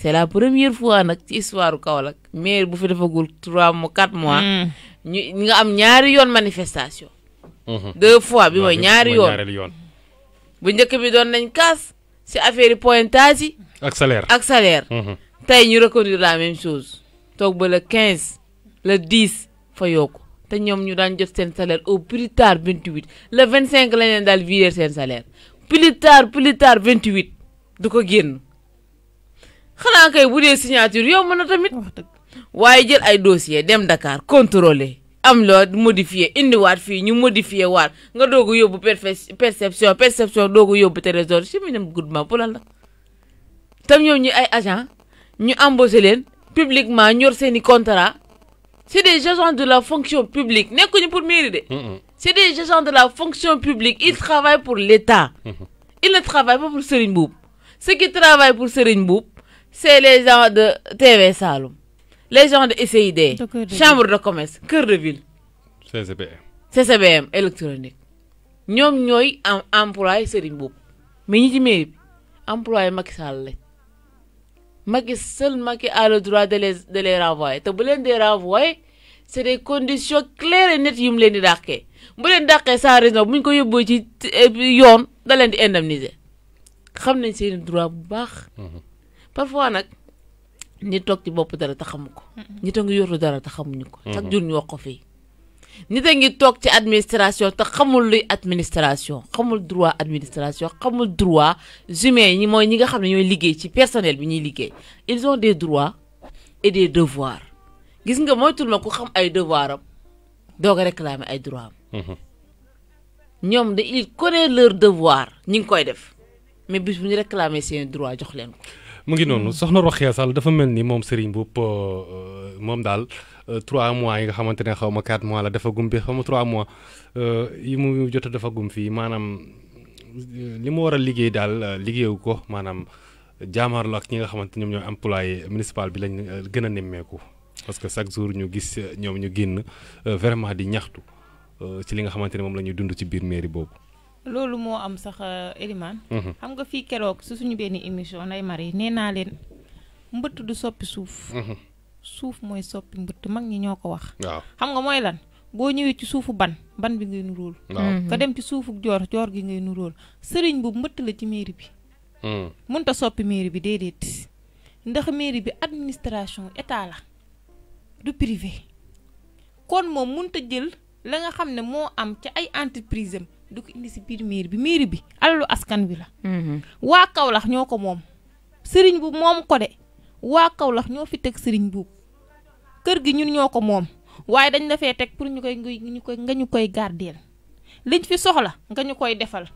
c'est la première fois nag ci histoire Kaolack maire bu fi defagul trois mois quatre mois. Hmm. ñu nga am ñaari yoon manifestation. Mhm. deux fois bi mooy ñaari yoon. bu njëkk bi doon nañ kaas si affaire yi pointage yi. ak salaire ak mhm. ñu reconduire la même chose toog ba le quinze le dix fa yokku te ñoom ñu daan jot seen salaire au plus tard vingt huit le vingt cinq la leen daal virer seen salaire plus tar plus tard vingt huit du ko génn. xanaa kay bu dee signature yomb na tamit. waaye jël ay dossier dem Dakar contrôler am loo modifié indiwaat fii ñu modifié waat nga doog a yóbbu perception perception doog a yóbbu trésor si mu dem guddement pour la. tam ñoom ñu ay agent ñu embauché leen publiquement ñor seen i contrat c' est des agents de la fonction publique nekkuñu pour mairie de. c' des agents de la fonction publique ils travaillent pour l'État. État. Mm-hmm. ils ne travaillent pas pour Serigne Boub ceux qui travaillent pour Serigne Boub c'est les gens de TV Saloum les gens de SID chambre de commerce cœur de ville CCBM CCBM électronique ñoom ñooy am sur Serigne boobu mais ñi ci mairie employé Macky Sall lañ Macky Sall Macky a le droit de les de les renvoyer te bu les renvoyer c'est des conditions claires et nettes yu mu leen di dàqee bu leen dàqee sans raison vous ñu ko yóbboo ci yoon da leen di indemniser xam nañ droit bu baax mhm. parfois nag ñi toog ci bopp dara te xamu ko. nit ngi yoru dara te xamuñu ko. chaque jour ñu wax ko fii. nit ngi toog ci administration ta xamul luy administration xamul droit administration xamul droit humains ñi mooy ñi nga xam ne ñooy liggéey ci personnel bi ñuy liggéey ils ont des droits et des devoirs gis nga moytul ma ko xam ay devoir am doog a réclamer ay droit am. Mm-hmm. ñoom de il connaît leur devoir ñi ngi koy def mais bis bu ñu réclamer seen droit jox leen ko. mu ngi noonu soxna Roxaya Sall dafa mel ni moom Serigne Mboup euh, euh, moom daal euh, trois mois yi nga xamante ne xaw ma quatre mois la dafa gum bi xaw ma trois mois yi mu jot a dafa maanaam li mu war a liggéey daal liggéeyu ko maanaam jaamaarlu ak ñi nga xamante ñoom ñooy employé municipal bi lañ gën a nemmeeku parce que chaque jour ñu gis ñoom ñu génn vraiment di ñaxtu ci li nga xamante ne moom la ñuy dund ci biir mairie boobu. loolu moo am sax euh, Elimane mhm. xam nga fii keroog si suñu benn émission Ndeye Marie nee naa leen mbëtt du soppi suuf mhm. suuf mooy soppi mbëtt mag ñi ñoo ko wax waaw xam nga mooy lan boo ñëwee ci suufu ban ban bi ngay nurool mhm. nga dem ci suufu joor joor gi ngay nuróol sëriñ bu mbëtt la ci mairie bi mënta soppi mairie bi déedéet ndax mairie bi administration état la du privé kon moom mënta jël la nga xam ne moo am ci ay entreprise am du ko indi mirbi biir mairie bi mairie bi alalu askan bi la. Mhm. waa Kaolack ñoo ko moom. bu mom ko de waa Kaolack ñoo fi teg sëriñ bu kër gi ñun ñoo ko moom waaye dañ dafee teg pour ñu koy ñu koy nga ñu koy liñ fi soxla nga ñu defal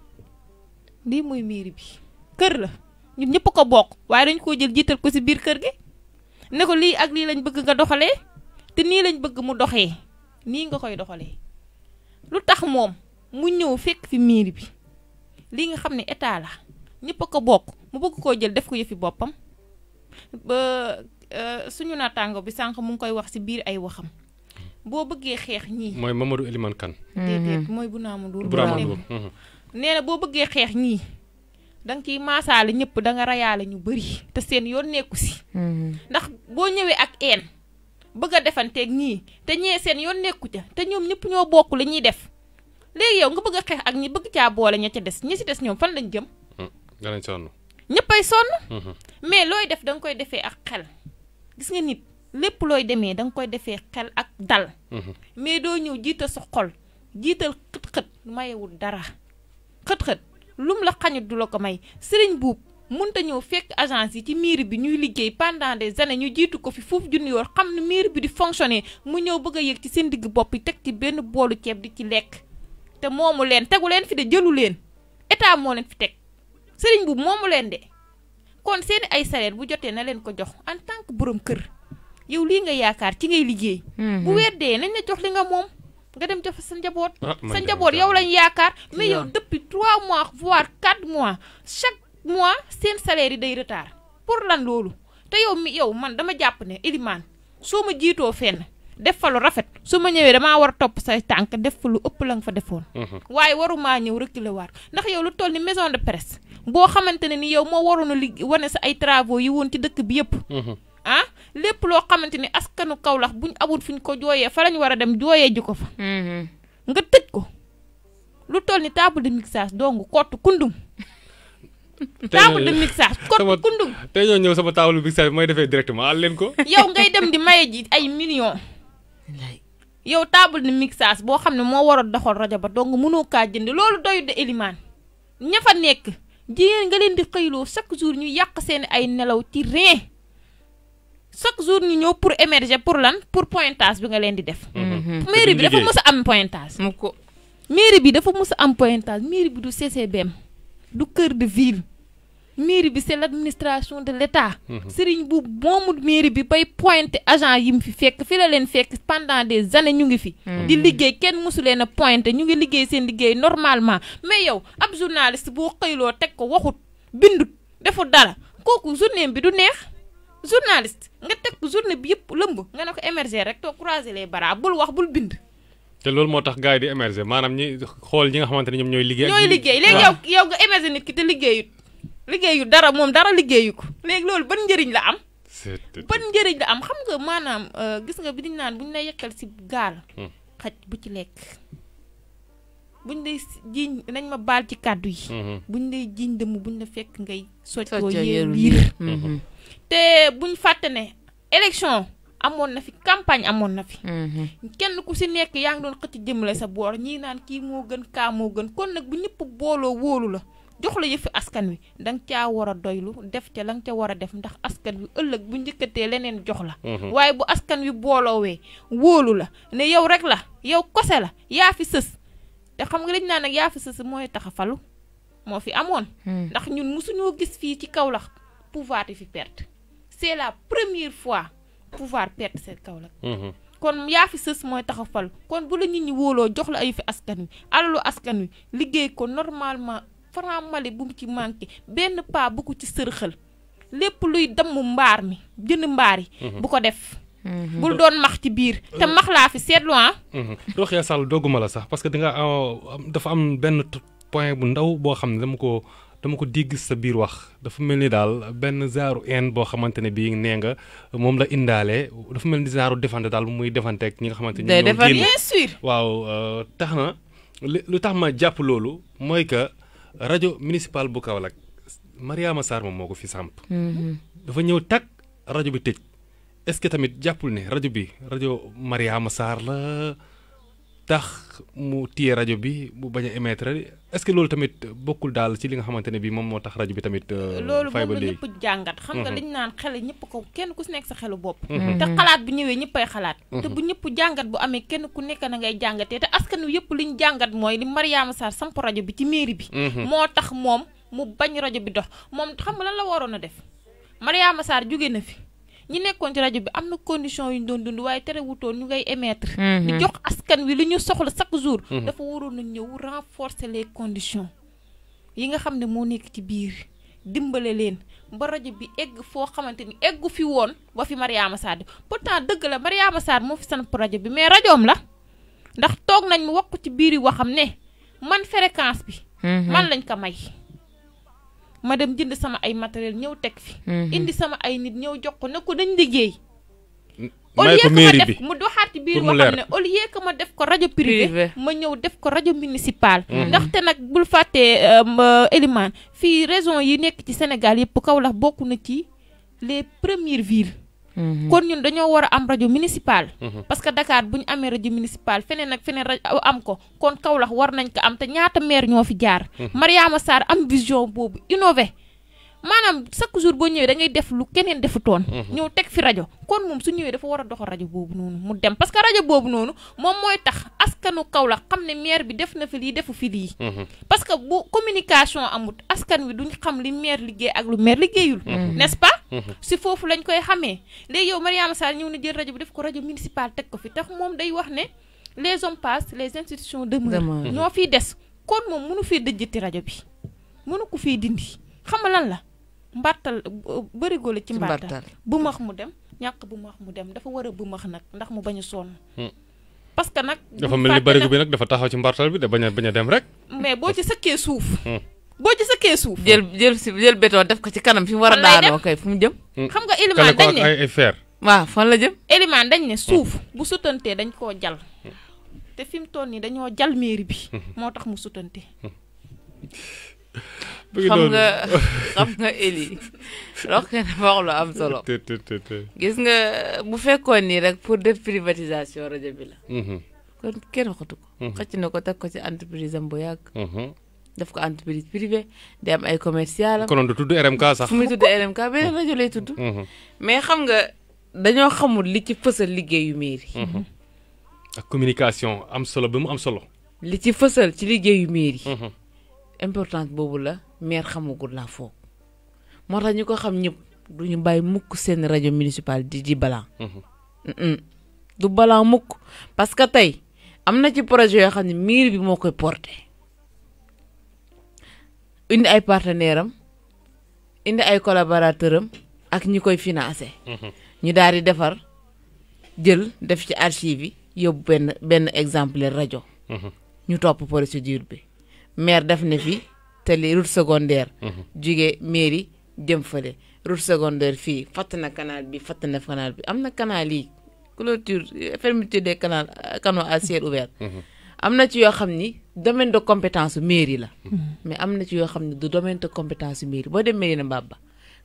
lii muy mairie bi. kër la ñun ñëpp ko bokk waaye dañ koo jël jiital ko si biir kër gi ne ko lii ak lii lañ bëgg nga doxalee te nii lañ bëgg mu doxee nii nga koy doxalee lu tax moom mu ñëw fekk fi mairie bi li nga xam ne état la ñëpp ko bokk mu bëgg koo jël def ko yëfi boppam ba euh, suñu naataango bi sànq mu ngi koy wax si biir ay waxam boo bëggee xeex ñii. mooy Mamadou eliman kan déedéet mhm. mooy bu naamu dur bu naamu nee na boo bëggee xeex ñii da nga maasaale ñëpp da nga rayaale ñu bëri te seen yoon nekku si. Mhm. ndax boo ñëwee ak een bëgg a defanteeg ñii te ñee seen yoon nekku ca te ñoom ñëpp ñoo bokk li ñuy def. léegi yow nga bëgg a xeex ak ñi bëgg caa boole ña ca des ñi si des ñoom fan lañ jëm. danañ hmm, sonn. ñëppay sonn. Hmm, hmm. mais looy def danga koy defee ak xel gis nga nit lépp looy demee da nga koy defee xel ak dal. mais doo ñëw jiital sa xol jiital xët-xët mayewul dara xët-xët lum la xañut du la ko may sëriñ buub te ñëw fekk agence yi ci miir bi ñuy liggéey pendant des années ñu jiitu ko fi foofu junior xam ne miir bi di fonctionner mu ñëw bëgg a yëg ci seen digg bopp yi teg ci benn boolu ceeb di ci lekk. te momu len tegu len fi de jelu len état mo len fi tek serigne bu momu len de kon seeni ay salaire bu joté na len ko jox en tant que borom keur yow li nga yaakaar ci ngay liggéey. Mhm. bu weer nañ la jox li nga mom nga dem jox sa njabot ah, sa njabot yow lañ yaakaar. mais yow depuis 3 mois voire 4 mois chaque mois seen salaire yi day retard pour lan lolu te yow mi yow man dama japp ne iliman soo jito fenn. def fa lu rafet su ma ñëwee damaa war a topp say tànk def fa lu ëpp la nga fa defoon. Mhm. waaye warumaa ñëw reculer waar ndax yow lu toll ni maison de presse boo xamante ne nii yow moo waroon a li wane sa ay travaux yi woon ci dëkk bi yëpp. Mhm. ah lépp loo xamante ni askanu Kaolack buñ amul ñu ko jooyee fa lañ war a dem jooyee ji ko fa. Mhm. nga tëj ko lu toll ni taabu de mixage dong kottu kundum. table de mixage kottu kundum. tey ñoo ñëw sama table de mixage defee directement leen ko. dem di maye ji ay millions. yow table ni mixage boo xam ne moo war a doxal rajo ba dong mënoo kaa jënd loolu doyul de Elimane ña fa nekk jigéen nga leen di xëyloo chaque jour ñu yàq seen ay nelaw ci rin chaque jour ñu ñëw pour émerger pour lan pour pointage bi nga leen di def. Mhm. mairie bi dafa mës a am pointage. mu ko mairie bi dafa mës a am pointage mairie bi du CCBM du kër de ville. mairie bi c'est l'administration de l'État. Mhm. sëriñ bu moomul mairie bi bay pointé agent yi mu fi fekk fi la leen fekk pendant des années ñu ngi fi. Mhm. di liggéey kenn mosu leen a ñu ngi liggéey seen liggéey normalement mais yow ab journaliste boo xëyloo teg ko waxut bindut defut dara kooku journée bi du neex. journaliste nga teg journée bi yëpp lëmb nga ne ko émerger rek toog croiser les bras bul wax bul bind. te loolu moo tax gars yi di émerger maanaam ñi xool ñi nga xamante ne ñoom ñooy. liggéey ñooy liggéey léegi yow yow nga émerger nit ki te liggéeyut. liggéeyu dara moom dara liggéeyu ko léegi loolu ban njëriñ la am. ban njëriñ la am xam nga maanaam euh, gis nga bi ñu naan bu ñu la yekkal si gaal. Hmm. xaj bu ci lekk. buñ lay jiiñ nañ ma baal ci kàddu yi. Hmm. buñ lay jiiñ dëmm buñ la fekk ngay. soccoo yee liir hmm. te buñ fàtte ne élection amoon na fi campagne amoon na fi. kenn ku si nekk yaa ngi doon xëcc jëmale sa boor ñii naan kii moo gën kaa moo gën kon nag bu ñépp booloo wóolu la. jox la yëfi askan wi danga caa war a doylu def ca la nga ca war a def ndax askan wi ëllëg bu njëkkatee leneen jox la. Mhm. waaye bu askan wi booloowee wóolu la ne yow rek la yow kose la yaa fi sës te xam nga dañ naa nag yaa fi sës mooy tax a falu moo fi amoon. Hmm. ndax ñun mosuñoo gis fii ci Kaolack pouvoir di fi la première fois pouvoir perte seen Kaolack. Mhm. kon mooy tax kon bu la nit ñi wóoloo jox la ay fi askan wi alalu askan wi liggéey ko normalement. franc mali bu mu ci manqué benn pa bu ko ci sërxal lepp luy damm mbar mi jeun mbar yi. Mhm. bu ko def. Mhm. bul doon max ci biir te max la fi seetlu ah. Mhm. ya sal doguma la sax parce que dinga euh, dafa am benn point bu ndaw bo xamne dama ko dama ko dig sa biir wax dafa melni dal benn en xamantene bi ne momla nga mom la indalé dafa melni zaru zaaru defante daal muy defante ak ñi nga xamante ne. waaw euh, taxna lu tax ma japp lolu moy que. rajo municipal bu Kaolack Mariama Sarr moom moo ko fi samp mm-hmm. dafa ñëw tag rajo bi tëj est-ce que tamit jàppul ne rajo bi rajo Mariama Sarr la tax mu téye rajo bi bu bañ a émettre est que loolu tamit bokkul daal ci li nga xamante ne bi moom moo tax rajo bi tamit. Euh, loolu moom la ñëpp jàngat. xam nga dañu mhm. naan xel ñëpp ko kenn ku si nekk sa xelu bopp. Mhm. te xalaat bu ñëwee ñëppay xalaat. Mhm. te bu ñëpp jàngat bu amee kenn ku nekk na ngay jàngatee te askan wi yëpp li ñu jàngat mooy li Mariama Sarr samp rajo bi ci mairie bi. moo tax moom mu bañ rajo bi dox moom xam nga lan la waroon a def Mariama saar jóge na fi. ñi nekkoon ci rajo bi am na condition yu ñu doon dund waaye terewutoon ñu ngay émettre. Mhm. di jox askan wi li ñu soxla chaque jour. Mhm. dafa waroon a ñëw renforcer les condition yi nga xam ne moo nekk ci biir dimbale leen ba rajo bi egg foo xamante ni eggu fi woon ba fi Mariama Sarr di pourtant dëgg la Mariama Sarr moo fi samp rajo bi mais rajoom la ndax toog nañ mu wax ci biir yi waxam ne man fréquence bi. Mhm. man lañ ko may. ma dem jënd sama ay matériel ñëw teg fi. Mhm. indi sama ay nit ñëw jox ko ne ko dañ liggéey. may ko mairie bi mu doxaati biir boo xam ne au lieu que ma def ko rajo privé ma ñëw def ko rajo municipal mhm. ndaxte nag bul fàttee euh, Elimane fii région yi nekk ci Sénégal yëpp lax bokk na ci les premières villes Mhm. kon ñun dañoo war a am rajo municipal. Mhm. parce que Dakar bu ñu amee rajo municipal feneen ak feneen rajo am ko kon Kaolack war nañ ko am te ñaata meer ñoo fi jaar. Mhm. Mariama Sarr am vision boobu innové. maanaam chaque jour boo ñëwee da def lu keneen defutoon. Mhm. ñëw teg fi rajo kon moom su ñëwee dafa war a doxal rajo boobu noonu mu dem parce que rajo boobu noonu moom mooy tax askanu kaw la xam ne maire bi def na fi lii defu fi lii. Mhm. parce que bu communication amut askan wi duñ xam li maire liggéey ak lu maire liggéeyul. Mhm. nest pa si foofu lañ koy xamee léegi yow Mariama saa ñëw na jël rajo bi def ko rajo municipal teg ko fi tax moom day wax ne les hommes passent les institutions demeurent. ñoo fiy des kon moom mënu fii dëjjati rajo bi mënu ko fii dindi xam lan la. mbartal bërigo la ci mbartal bu max mu dem ñàkk bu max mu dem dafa war a bu max nag ndax mu bañ a sonn hmm. parce que nag dafa mel ni bërigo bi nag dafa taxaw ci mbartal bi da bañ a a dem rek mais boo ci sëkkee suuf hmm. boo ci sëkkee suuf jël jël si jël béton def ko ci kanam fi mu war a daanoo kay fu mu jëm hmm. xam nga élément dañ ne ay fer waaw fan la jëm élément dañ suuf bu sutantee dañ koo jal te fi mu toll nii dañoo jal mairie bi moo tax mu sutante xam nga xam nga Eli roqe na wax lu gis nga bu fekkoon nii rek pour def privatisation rajo bi la mhm. kon kenn waxatu ko mhm. xëcc na ko teg ko ci entreprise bu yàgg mhm. daf ko entreprise privée ay commercial am konoon du tudd sax fu muy tudd RMK beneen mais xam nga dañoo xamul li ci fësal liggéeyu mairie ak communication am solo ba mu am solo li ci fësal ci liggéeyu mairie importance boobu la maire xamugul laa foog moo tax ñu ko xam ñëpp du ñu bàyyi mukk seen rajo municipal di di balaa. Mhm. du balaa mukk parce que tey am na ci projet yoo xam ne mairie bi moo koy porté indi ay partenaire am indi ay collaborateur am ak ñi koy financé. Mhm. ñu daal di defar jël def ci archive yi yóbbu benn benn exemplaire rajo. Mhm. ñu topp procédure bi maire def na fi. tali route secondaire. Mhm. jóge mairie jëm fële route secondaire fii fatt na canal bi fatt na canal bi am na canal yi clôture fermeture des canaux canaux à ouvert. Mhm. am na ci yoo xam ni domaine de compétence mairie la. Mhm. mais am na ci yoo xam ni du domaine de compétence mairie boo dem mairie na Mbaba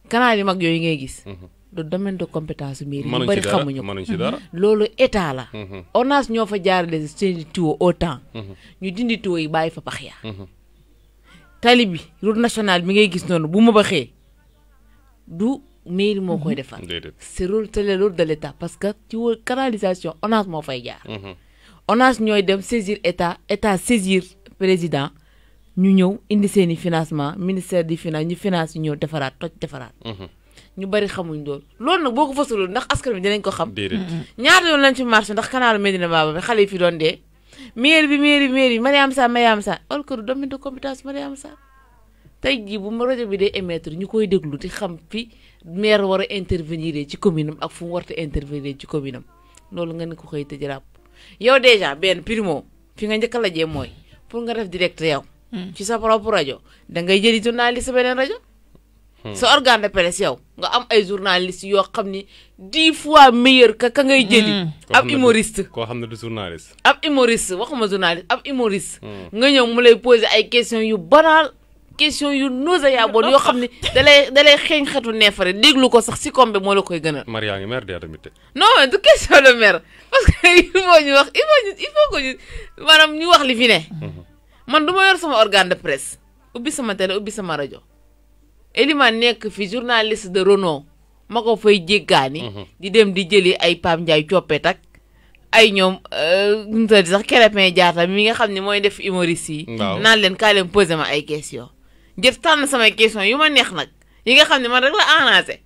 canal yi mag yooyu ngay gis. du domaine de compétence mairie. mënuñ bëri xamuñu ko loolu état la. ONAS ñoo fa jaarale seen i tuyau au temps. ñu dindi tuyau yi bàyyi fa pax ya tali bi route nationale bi ngay gis noonu bu ma baxee du mairie moo koy mhm. defar c'est rôle c'est le rôle de l'état parce que ci wàllu canalisation ONAS moo fay jaar mhm. ONAS ñooy dem saisir état état saisir président ñu ñëw indi seen i financement ministère du finance ñu finance ñu ñëw defaraat toj defaraat mhm. ñu bari xamuñ loolu loolu nag boo ko fasalul ndax askan bi dinañ ko xam ñaata yoon lañ ci marché ndax kanaalu Medina Baaba bi xale yi fi mairie bi mairie bi mairie bi Mariam Sarr Mariam Sarr or que domaine de compétence Mariam Sarr tey jii bu ma rajo bi dee émettre ñu koy déglu di xam fi maire war a intervenir ci commune am ak fu mu war a intervenir ci commune am loolu nga ne ko koy tëj ràpp yow dèjà benn primo fi nga njëkk a lajjee mooy pour nga def direct yow. Hmm. ci sa propre rajo da ngay jëli journaliste beneen rajo. Hmm. sa organe de presse yow nga am ay journaliste yoo xam ni dix fois meilleur ka ngay jëli. Hmm. ab humoriste koo xam ne du journaliste. ab humoriste waxuma journaliste ab humoriste. Hmm. nga ñëw mu lay poser ay questions yu banal question yu nauséabond yoo xam ne dalay dalay xeeñ xetu neefare déglu ko sax si kombe moo la koy gënal. Maria ngi mer de tamit. non du question de mer parce que il faut ñu wax il faut ñu il faut que ñu maanaam ñu wax li fi ne. Hmm. man ma yor sama organe de presse ubbi sama télé ubbi sama rajo Elimane nekk fi journaliste de renom. ma ko fay jéggaani mhm. di dem di jëli ay Pape Ndiaye coppet ak ay ñoom ñu euh, tëdd sax Krépin Diatta mi nga xam ne mooy def humoriste yi naan leen kaa leen posé ma ay question jël tànn samay question yu ma neex nag yi nga xam ne man rek la arrangé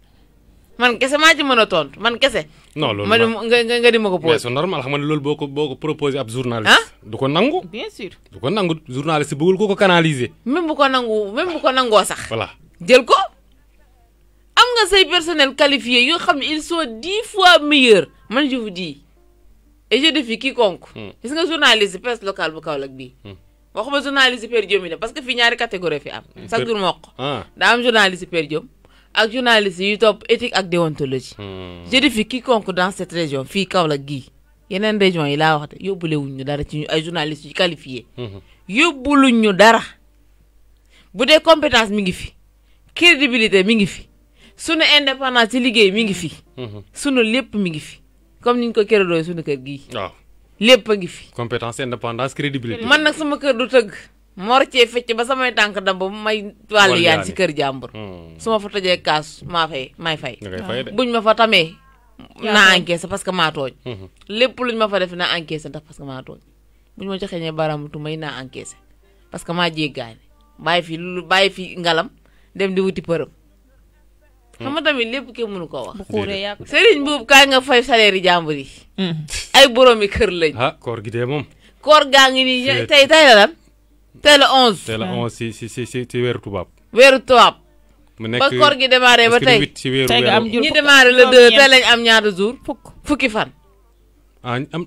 man kese maa ci mën a tontu man kese. non ma nga nga di ma ko posé. mais c'est normal xam nga ne loolu boo ko boo ko proposé ab journaliste. Ah? du ko nangu. bien sûr du ko nangu journaliste bëggul ko ko canaliser. même bu ko nangu même bu ko nangoo sax. voilà jël ko. am nga say personnel qualifié yo xam ils sont dix fois meilleurs man je vous dis et je défie quiconque. Hmm. gis nga journaliste presse locale bu Kaolack bii. Hmm. waxuma journaliste Père Diom yi parce que fi ñaari catégorie fi am. Hmm. chaque jour mok ah. da am journaliste Père Diom ak journaliste yu top éthique ak déontologie. je défie quiconque dans cette région fi Kaolack gii yenen région yi laa wax de yóbbule wuñ ñu dara ci ay journalistes yu qualifié. yóbbuluñ ñu dara bu dee compétence mi ngi fi crédibilité mi ngi fi. sunu indépendance ci liggéey mi ngi fi. Mhm. sunu lépp mi ngi fi comme niñ ko këraloo sunu kër gii. waaw lépp a ngi fi. compétence indépendance crédibilité. man nag sama kër du tëgg. Mor cee fecc ba samay tànk dam ba may. wàllu yaan ci kër jàmbur. Hmm. su ma fa tojee kaas maa fay may fay. buñ ma fa tamee. naa encaissé parce que maa tooñ. Hmm. lépp luñ ma fa def naa encaissé ndax parce que maa tooñ buñ ma joxee ñee baaraamu tuumay naa parce que maa bàyyi fi lu bàyyi fi ngalam dem di wuti përëm. xam nga tamit lépp kenn mënu ko wax. bu xóoree yàq nga fay salaire yi hmm. ay boroomi kër lañ. ah koor gi gaa ngi nii tey tey la lan. tey la 11. si weeru tubaab. weeru tubaab. mu nekk ba koor gi démarré ba tey est ce am jur ñi démarré ñaata jour fukk fukki fan. ah am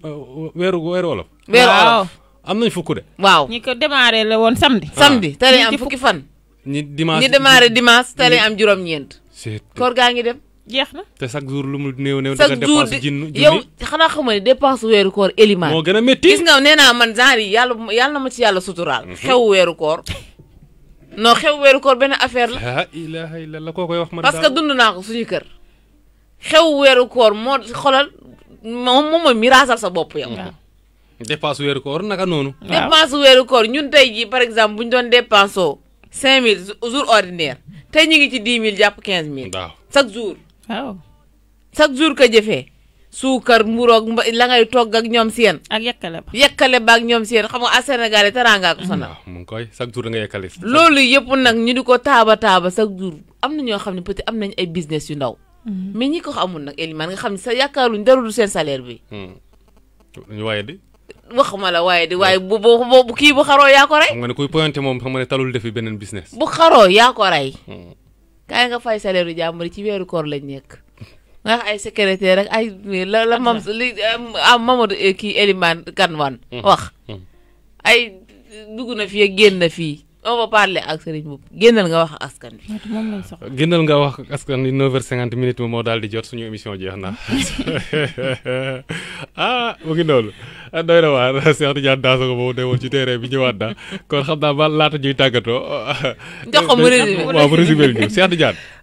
weeru weeru weeru wolof am nañ fukk de. waaw ñi ko démarré la woon samedi. samedi ah. tey lañ am fukki fan. ñi dimanche ñi démarré dimanche tey lañ am juróom-ñeent. koor gaa ngi dem jeex na te chaque jour lu mu néew néew chaque jour yow xanaa xamoo ne dépense weeru koor élimaan a métti gis nga nee naa man genre yi yàlla yàlla na ma ci yàlla suturaal mhm. xew weeru koor non xew weeru koor benn affaire la laa ilaha illallah koo koy wax man parce que naa ko suñu kër xew weeru koor moo xolal moom moom mooy sa bopp yow dépense weeru koor naka noonu dépense weeru ñun tey ji par exemple bu ñu cinq mille jour ordinaire tey ñu ngi ci dix mille jàpp quinze mille. waaw chaque jour. waaw jour ka jëfee. suukar mburoog mba la ngay togg ak ñoom seen. ak yekkale ba yekkale ba ñoom seen xam nga à Sénégal teraanga ko sonal. mu ngi koy chaque jour da nga yekkale. loolu yëpp nag ñu di ko taaba taaba chaque jour am na ñoo xam ne peut être am nañ ay business yu ndaw. Mhm. mais ñi ko amul nag Elimane nga xam ne sa yaakaaruñ dara du seen salaire bi. Hmm. wax ma la waaye di waaye bu bu bu kii bu xaroo yaa ko rey. xam nga moom xam nga ne talul defi beneen business. bu xaroo yaa ko rey. Hmm. kaay nga fay salaire jàmbur ci weeru koor lañ nekk. nga ay secrétaire rek ay la la mam li ah Mamadou eh, kii Elimane Kanwan hmm. wax hmm. ay dugg na fii génn na fii on va parler ak Serigne Mboup génnal nga wax ak askan bi génnal nga wax ak askan bi 9h50 moo daal di jot suñu émission jeex na ah noonu ah doy na waar Cheikh Tidiane Dansokho moom ne woon ci terrain bi ñëwaat na kon xam naa ba laata ñuy tàggatoo. jox ko mu résumé waaw mu résumé ñu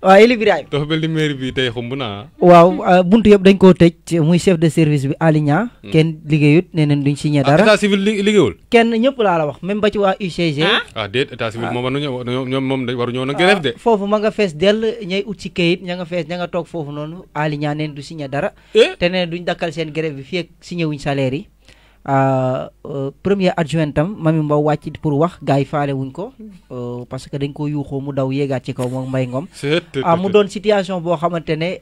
waaw ni bi tey xumb naa. waaw ah, buntu yëpp dañ koo tëj muy chef de service bi Aligna. Hmm. kenn liggéeyut nee nañ duñ signé ah, dara. état civil liggéeyul. kenn ñëpp laa la wax même ba ci waa UCG. Ah? ah déet état civil moom war moom waruñoo nag grève de. foofu ma nga fees dell ñay ut ci kayit ña nga fees ña nga toog foofu noonu Aligna neen du signé dara. Eh? te neen duñ dakkal seen grève bi fii ak signé wuñ salaire yi Euh, euh, premier adjoint tam mami Mbow wàcc pour wax gars yi faale wuñ ko euh, parce que dañ ko yuuxoo mu daw yéegaat ci kaw moom Mbaye ngoom ah mu doon situation boo xamante ne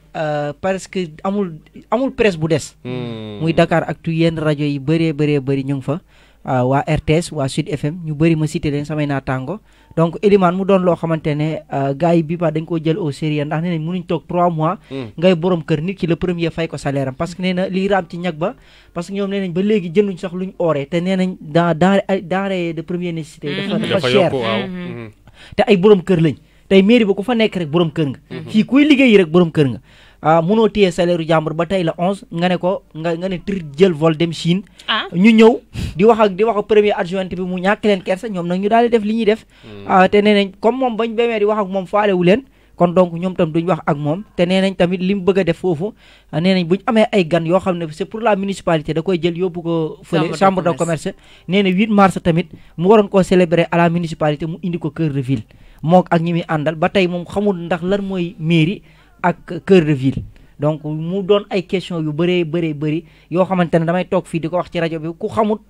parce que amul amul presse bu des hmm. muy Dakar ak tu yenn rajo yi bëree bëree bëri ñu ngi fa waa RTS waa Sud FM ñu bëri ma cité leen samay naataango donc Elimane mu doon loo xamante ne euh, gars yi bi ba koo jël au sérieux ndax nee nañ mënuñ toog 3 mois. Hmm. ngay borom kër nit ki la premier fay ko salaire am parce que nee na lii raam ci ñag ba parce que ñoom nee nañ ba léegi jënduñ sax luñ ooree te nee nañ dans denrée de première nécessité. Hmm. dafa dafa cher hmm. te ay borom kër lañ tey mairie ba ku fa nekk rek borom kër nga. fii kuy liggéey rek borom kër nga. Ah, munoo téye salaire u jàmbur ba tey la onze nga ne ko nga nga ne tri jël vol dem Chine. Ah. ñu ñëw di wax ak di wax ak premier adjoint bi mu ñàkk leen kersa ñoom nag ñu daal di def li ñuy def. Hmm. Ah, te nee nañ comme moom bañ demee di wax ak moom faale wu leen. kon donc ñoom tam duñ wax ak moom te nee nañ tamit li mu bëgg a def foofu nee nañ bu ñu amee ay gan yoo xam ne c'est pour la municipalité da koy jël yóbbu ko fële chambre de commerce nee na 8 mars tamit mu waroon koo célébrer la municipalité mu indi ko cœur de ville mook ak ñi àndal ba tey moom xamul ndax lan mooy mairie ak kër de ville donc mu doon ay question yu bëree bëree bëri yoo xamante ne damay toog fii di ko wax ci rajo bi ku xamut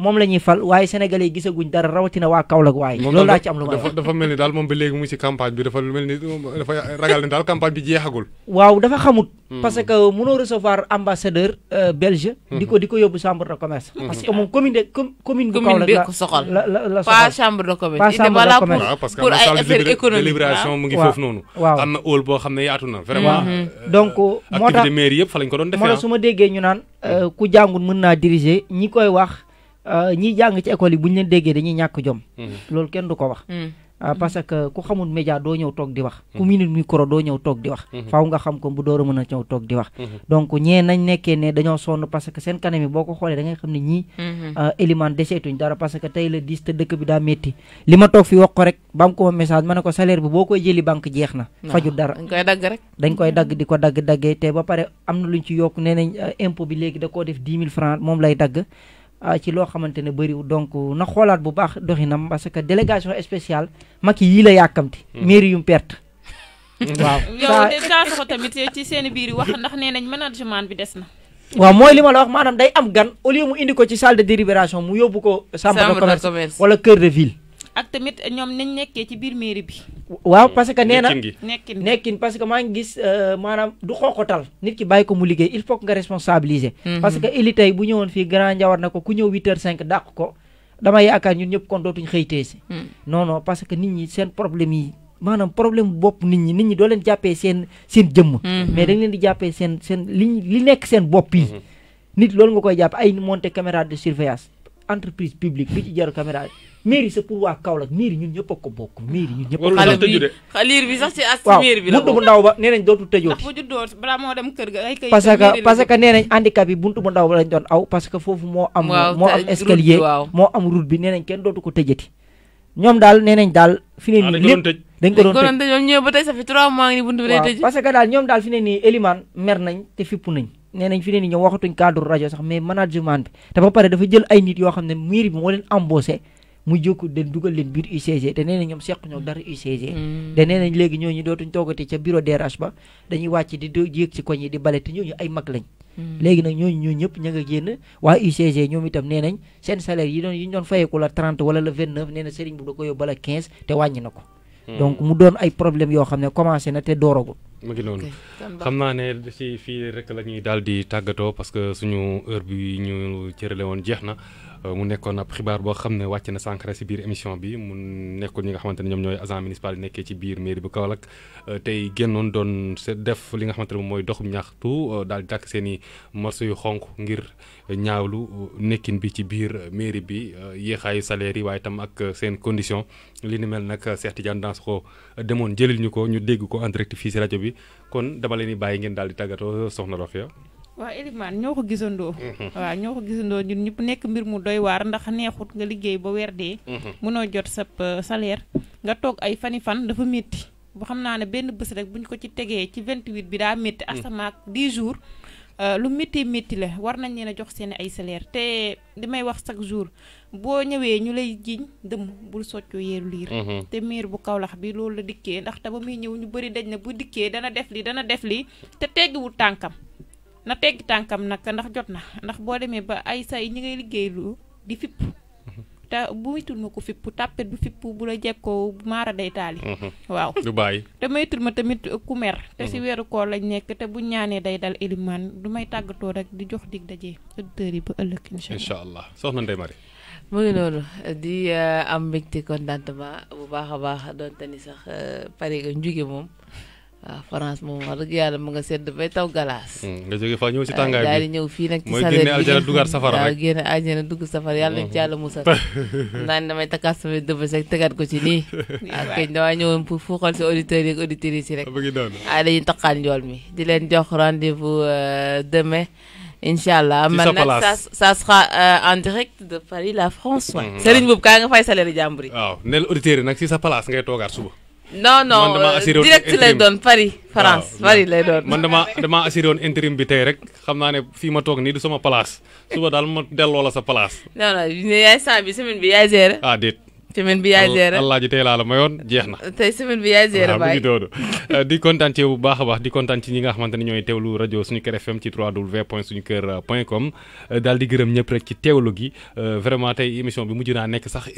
moom la ñuy fal waaye sénégalais gisaguñ dara rawatina waa Kaolack waaye loolu laa ci am lu ma dafa dafa mel ni daal moom ba léegi mu ngi foofu hmm. noonu euh, hmm. hmm. ah, am na ah. boo xam ne yaatu na vraiment euh, donc moo tax activité mairie yëpp fa lañ ko doon defee moo tax ah. su ma déggee ñu naan euh, ku jàngul mën naa diriger ñi koy wax Euh, ñiy jàng ci école yi bu ñu leen déggee dañuy ñàkk jom. Mm-hmm. loolu kenn du ko wax. Mm. Euh, parce que ku xamul média doo ñëw toog di wax. Mm-hmm. ku minute micro doo ñëw toog di wax. Mm-hmm. faaw nga xam ko bu door mën a ñëw toog di wax. donc ñee nañ nekkee ne dañoo sonn parce que seen kanam yi boo ko xoolee da ngay xam ne ñii. élément euh, deseetuñ dara parce que tey la diis te dëkk bi daa métti. li ma toog fi wax rek ba am message ma ne ko salaire bi boo koy jëli banque jeex na. fajul dara dañ koy dagg rek. dañ koy dagg di ko dagg daggee te ba pare am na luñ ci yokk nee nañ impôt bi léegi da koo def 10 000 francs moom lay dagg. Euh, ci loo xamante ne bëriwul donc na xoolaat bu baax doxinam parce que délégation espéciale Macky yii la yàkkamti. Hmm. mairie yum perte. waaw yow de taatu ko tamit ci seen biir wax ndax nee nañ management bi des na. waaw mooy li ma la wax maanaam day am gan au lieu mu indi ko ci salle de délibération mu yóbbu ko. chambre de commerce wala cœur de ville. ak tamit ñoom nañ nekkee ci biir mairie bi. waaw parce que nee na nekkin nekkin parce que maa ngi gis euh, maanaam du xooxotal nit ki bàyyi ko mu liggéey il faut que nga responsabiliser. Mhm. parce que élite yi bu fii grand njawar na ko ku ñëw 8 h ko dama yaakaar ñun ñëpp kon dootuñ xëytee si. Mhm. non parce que nit ñi seen problème yi. maanaam problème bopp nit ñi nit ñi doo leen jàppee seen jëmm mhm. mais da leen di jàppee seen seen li li nekk seen bopp yi nit loolu nga koy jàpp ay monte caméra de surveillance entreprise publique lu ci jaru caméra mairie c'est pour waa Kaolack mairie ñun ñëpp a ko bokk mairie ñun ñëpp a ko bokk xaliir bi sax ci as mairie bi la buntu bu ndaw ba nee nañ dootul tëjooti bu juddoo balaa moo dem kër ga ay kay parce que parce que nee nañ handicap yi buntu bu ndaw ba lañ doon aw parce que foofu moo am moo am escalier moo am route bi nee nañ kenn dootu ko tëjati ñoom daal nee nañ daal fi ne nii lépp ah, dañ ko doon tëj ñoom ñëw ba tey ça fait trois mois ni buntu bi lay tëj parce que daal ñoom daal fi ne nii Eliman mer nañ te fippu nañ nee nañ fi ne nii ñoom waxatuñ cadre rajo sax mais management bi te ba pare dafa jël ay nit yoo xam ne mairie bi moo leen embauché mu jóg de dugal leen biir UCG te nee na ñoom seq ñoo dara UCG. Mm. te nee nañ léegi ñooñu dootuñ toogati ca bureau DRH ba dañuy wàcc di yéeg ci koñ yi di bale te ñooñu ay mag lañ. Mm. léegi nag ñooñu ñoo ñëpp ña nga génn waa UCG ñoom itam nee nañ seen salaire yi doon yi ñu doon fayeeku la 30 wala la 29 nee na sëriñ bu da ko yóbbu la 15 te wàññi na ko. Mm. donc mu doon ay problème yoo xam ne commencé na te dooragul. mu ngi noonu xam naa ne si fii rek la ñuy daal di tàggatoo parce que suñu heure bi ñu cërale woon jeex na Euh, mu nekkoon ab xibaar boo xam ne wàcc na sànq rek si biir émission bi mu nekkoon ñi nga xamante ne ñoom ñooy agent municipal yi nekkee ci biir mairie bu Kaolack euh, tey génnoon doon def li nga xamante ne moom mooy doxum ñaxtu euh, daal di tàkk seen i yu xonq ngir ñaawlu nekkin bi ci biir mairie bi yéexaayu salaire yi waaye tam ak seen condition li ni mel nag Cheikh Tidiane ko demoon jëlil ñu ko ñu dégg ko en direct fii si rajo bi kon dama leen di bàyyi ngeen daal di tàggatoo soxna Rokhaya waaw Elimane ñoo ko gisandoo. Mm-hmm. waaw ñoo ko gisandoo ñu ñëpp nekk mbir mu doy waar ndax neexut nga liggéey ba weer dee. mënoo mm-hmm. jot sa uh, salaire nga toog ay fani fan dafa métti. bu xam naa ne benn bés rek bu ñu ko ci tegee ci 28 bi daa métti. Mm-hmm. asamaak 10 jours uh, lu métti métti war nañ leen a jox seen ay salaire te li may wax chaque jours boo ñëwee ñu lay jiiñ dëmm bul soccu yeeru liir. te maire bu kawlax bi loolu la dikkee ndax te ba muy ñëw ñu bëri daj na bu dikkee dana def li dana def li te teggiwul tànkam. na teggi tànkam nag ndax jot na ndax boo demee ba ay say ñu ngay liggéeylu di fipp te bu maytul ma ko fipp tàppet bu fipp bu la jekkoo ko maara day taali mhm. waaw du bàyyi te maytul ma tamit ku mer te si mhm. weeru koor lañ nekk te bu ñaanee day dal élimaan du may tàggatoo rek di jox dig daje auditeurs yi ba ëllëg incha allah soxna Ndeye Marie mu ngi noonu di eh, am mbégte ba bu baax a baax doonte ni sax eh, pare njuge moom waaw ah, France moom wax dëgg yàlla mu nga sedd bay taw galaas. Hmm, nga jóge fa ñëw si ah, tàngaay bi daal di ñëw fii nag. ci salaire bi mooy génne aljana duggaat safara rek waaw génne aljana damay takkaat sama dëbës rek tegaat ko ci nii. ak kañ damaa ñëwoon pour fu xool si auditeurs yi ak auditrices yi rek. ah dañuy taqaat njool mi. di leen jox rendez-vous euh, incha allah man nag ça ça sera euh, en la France. Mm-hmm. Serigne boobu kaa nga fay yi. waaw si sa place ngay toogaat suba. non non euh, direct lay doon Paris France Paris lay doon. man damaa damaa assuré woon intérim bi tey rek xam naa ne fii ma toog nii du sama place suba daal ma delloo la sa place. non non yaay sant bi semaine bi yaay gérer. Ah, semaine bi yaay gérer allah ji tey euh, bu nga xamante ne ñooy teewlu rajo suñu kër FM w point suñu euh, euh, bi mujj naa nekk sax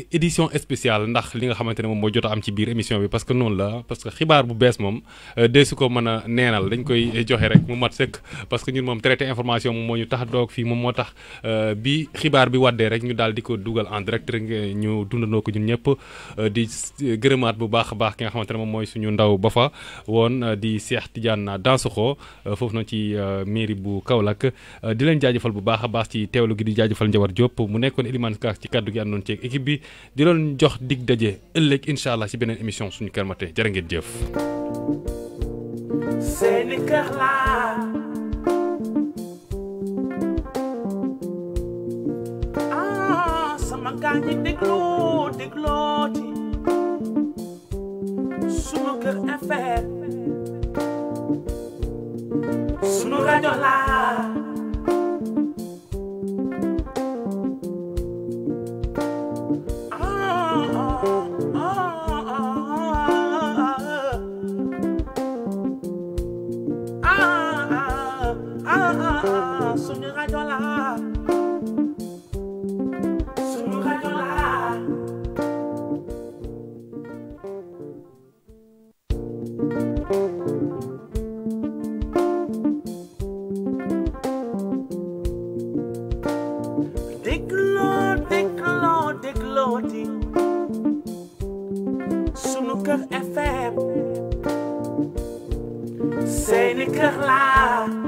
jot a am ci biir émission bi parce que noonu la parce que xibaar bu bees moom dee su ko mën neenal dañ koy joxe rek mu mat sëkk parce que ñun moom traité information moom moo ñu tax doog fii moom moo tax bi xibaar bi wàddee rek ñu daal di ko dugal en direct rek ñu dundandoo ko ñun ñëpp euh, di gërëmaat bu baax a baax ki nga xamante moom mooy suñu ndaw ba fa woon euh, di tijaan Tidiane Dansokho euh, foofu na ci mairie bu Kaolack di leen jaajëfal bu baax a baax ci teewlu gi di jaajëfal Njawar Diop mu nekkoon Elimane Ka ci kaddu gi àndoon ci équipe bi di leen jox dig daje ëllëg incha allah ci beneen émission suñu Kër Matin jërë ngeen jëf. déglooti sunu kër FM sunu rajo laa Say ni kahla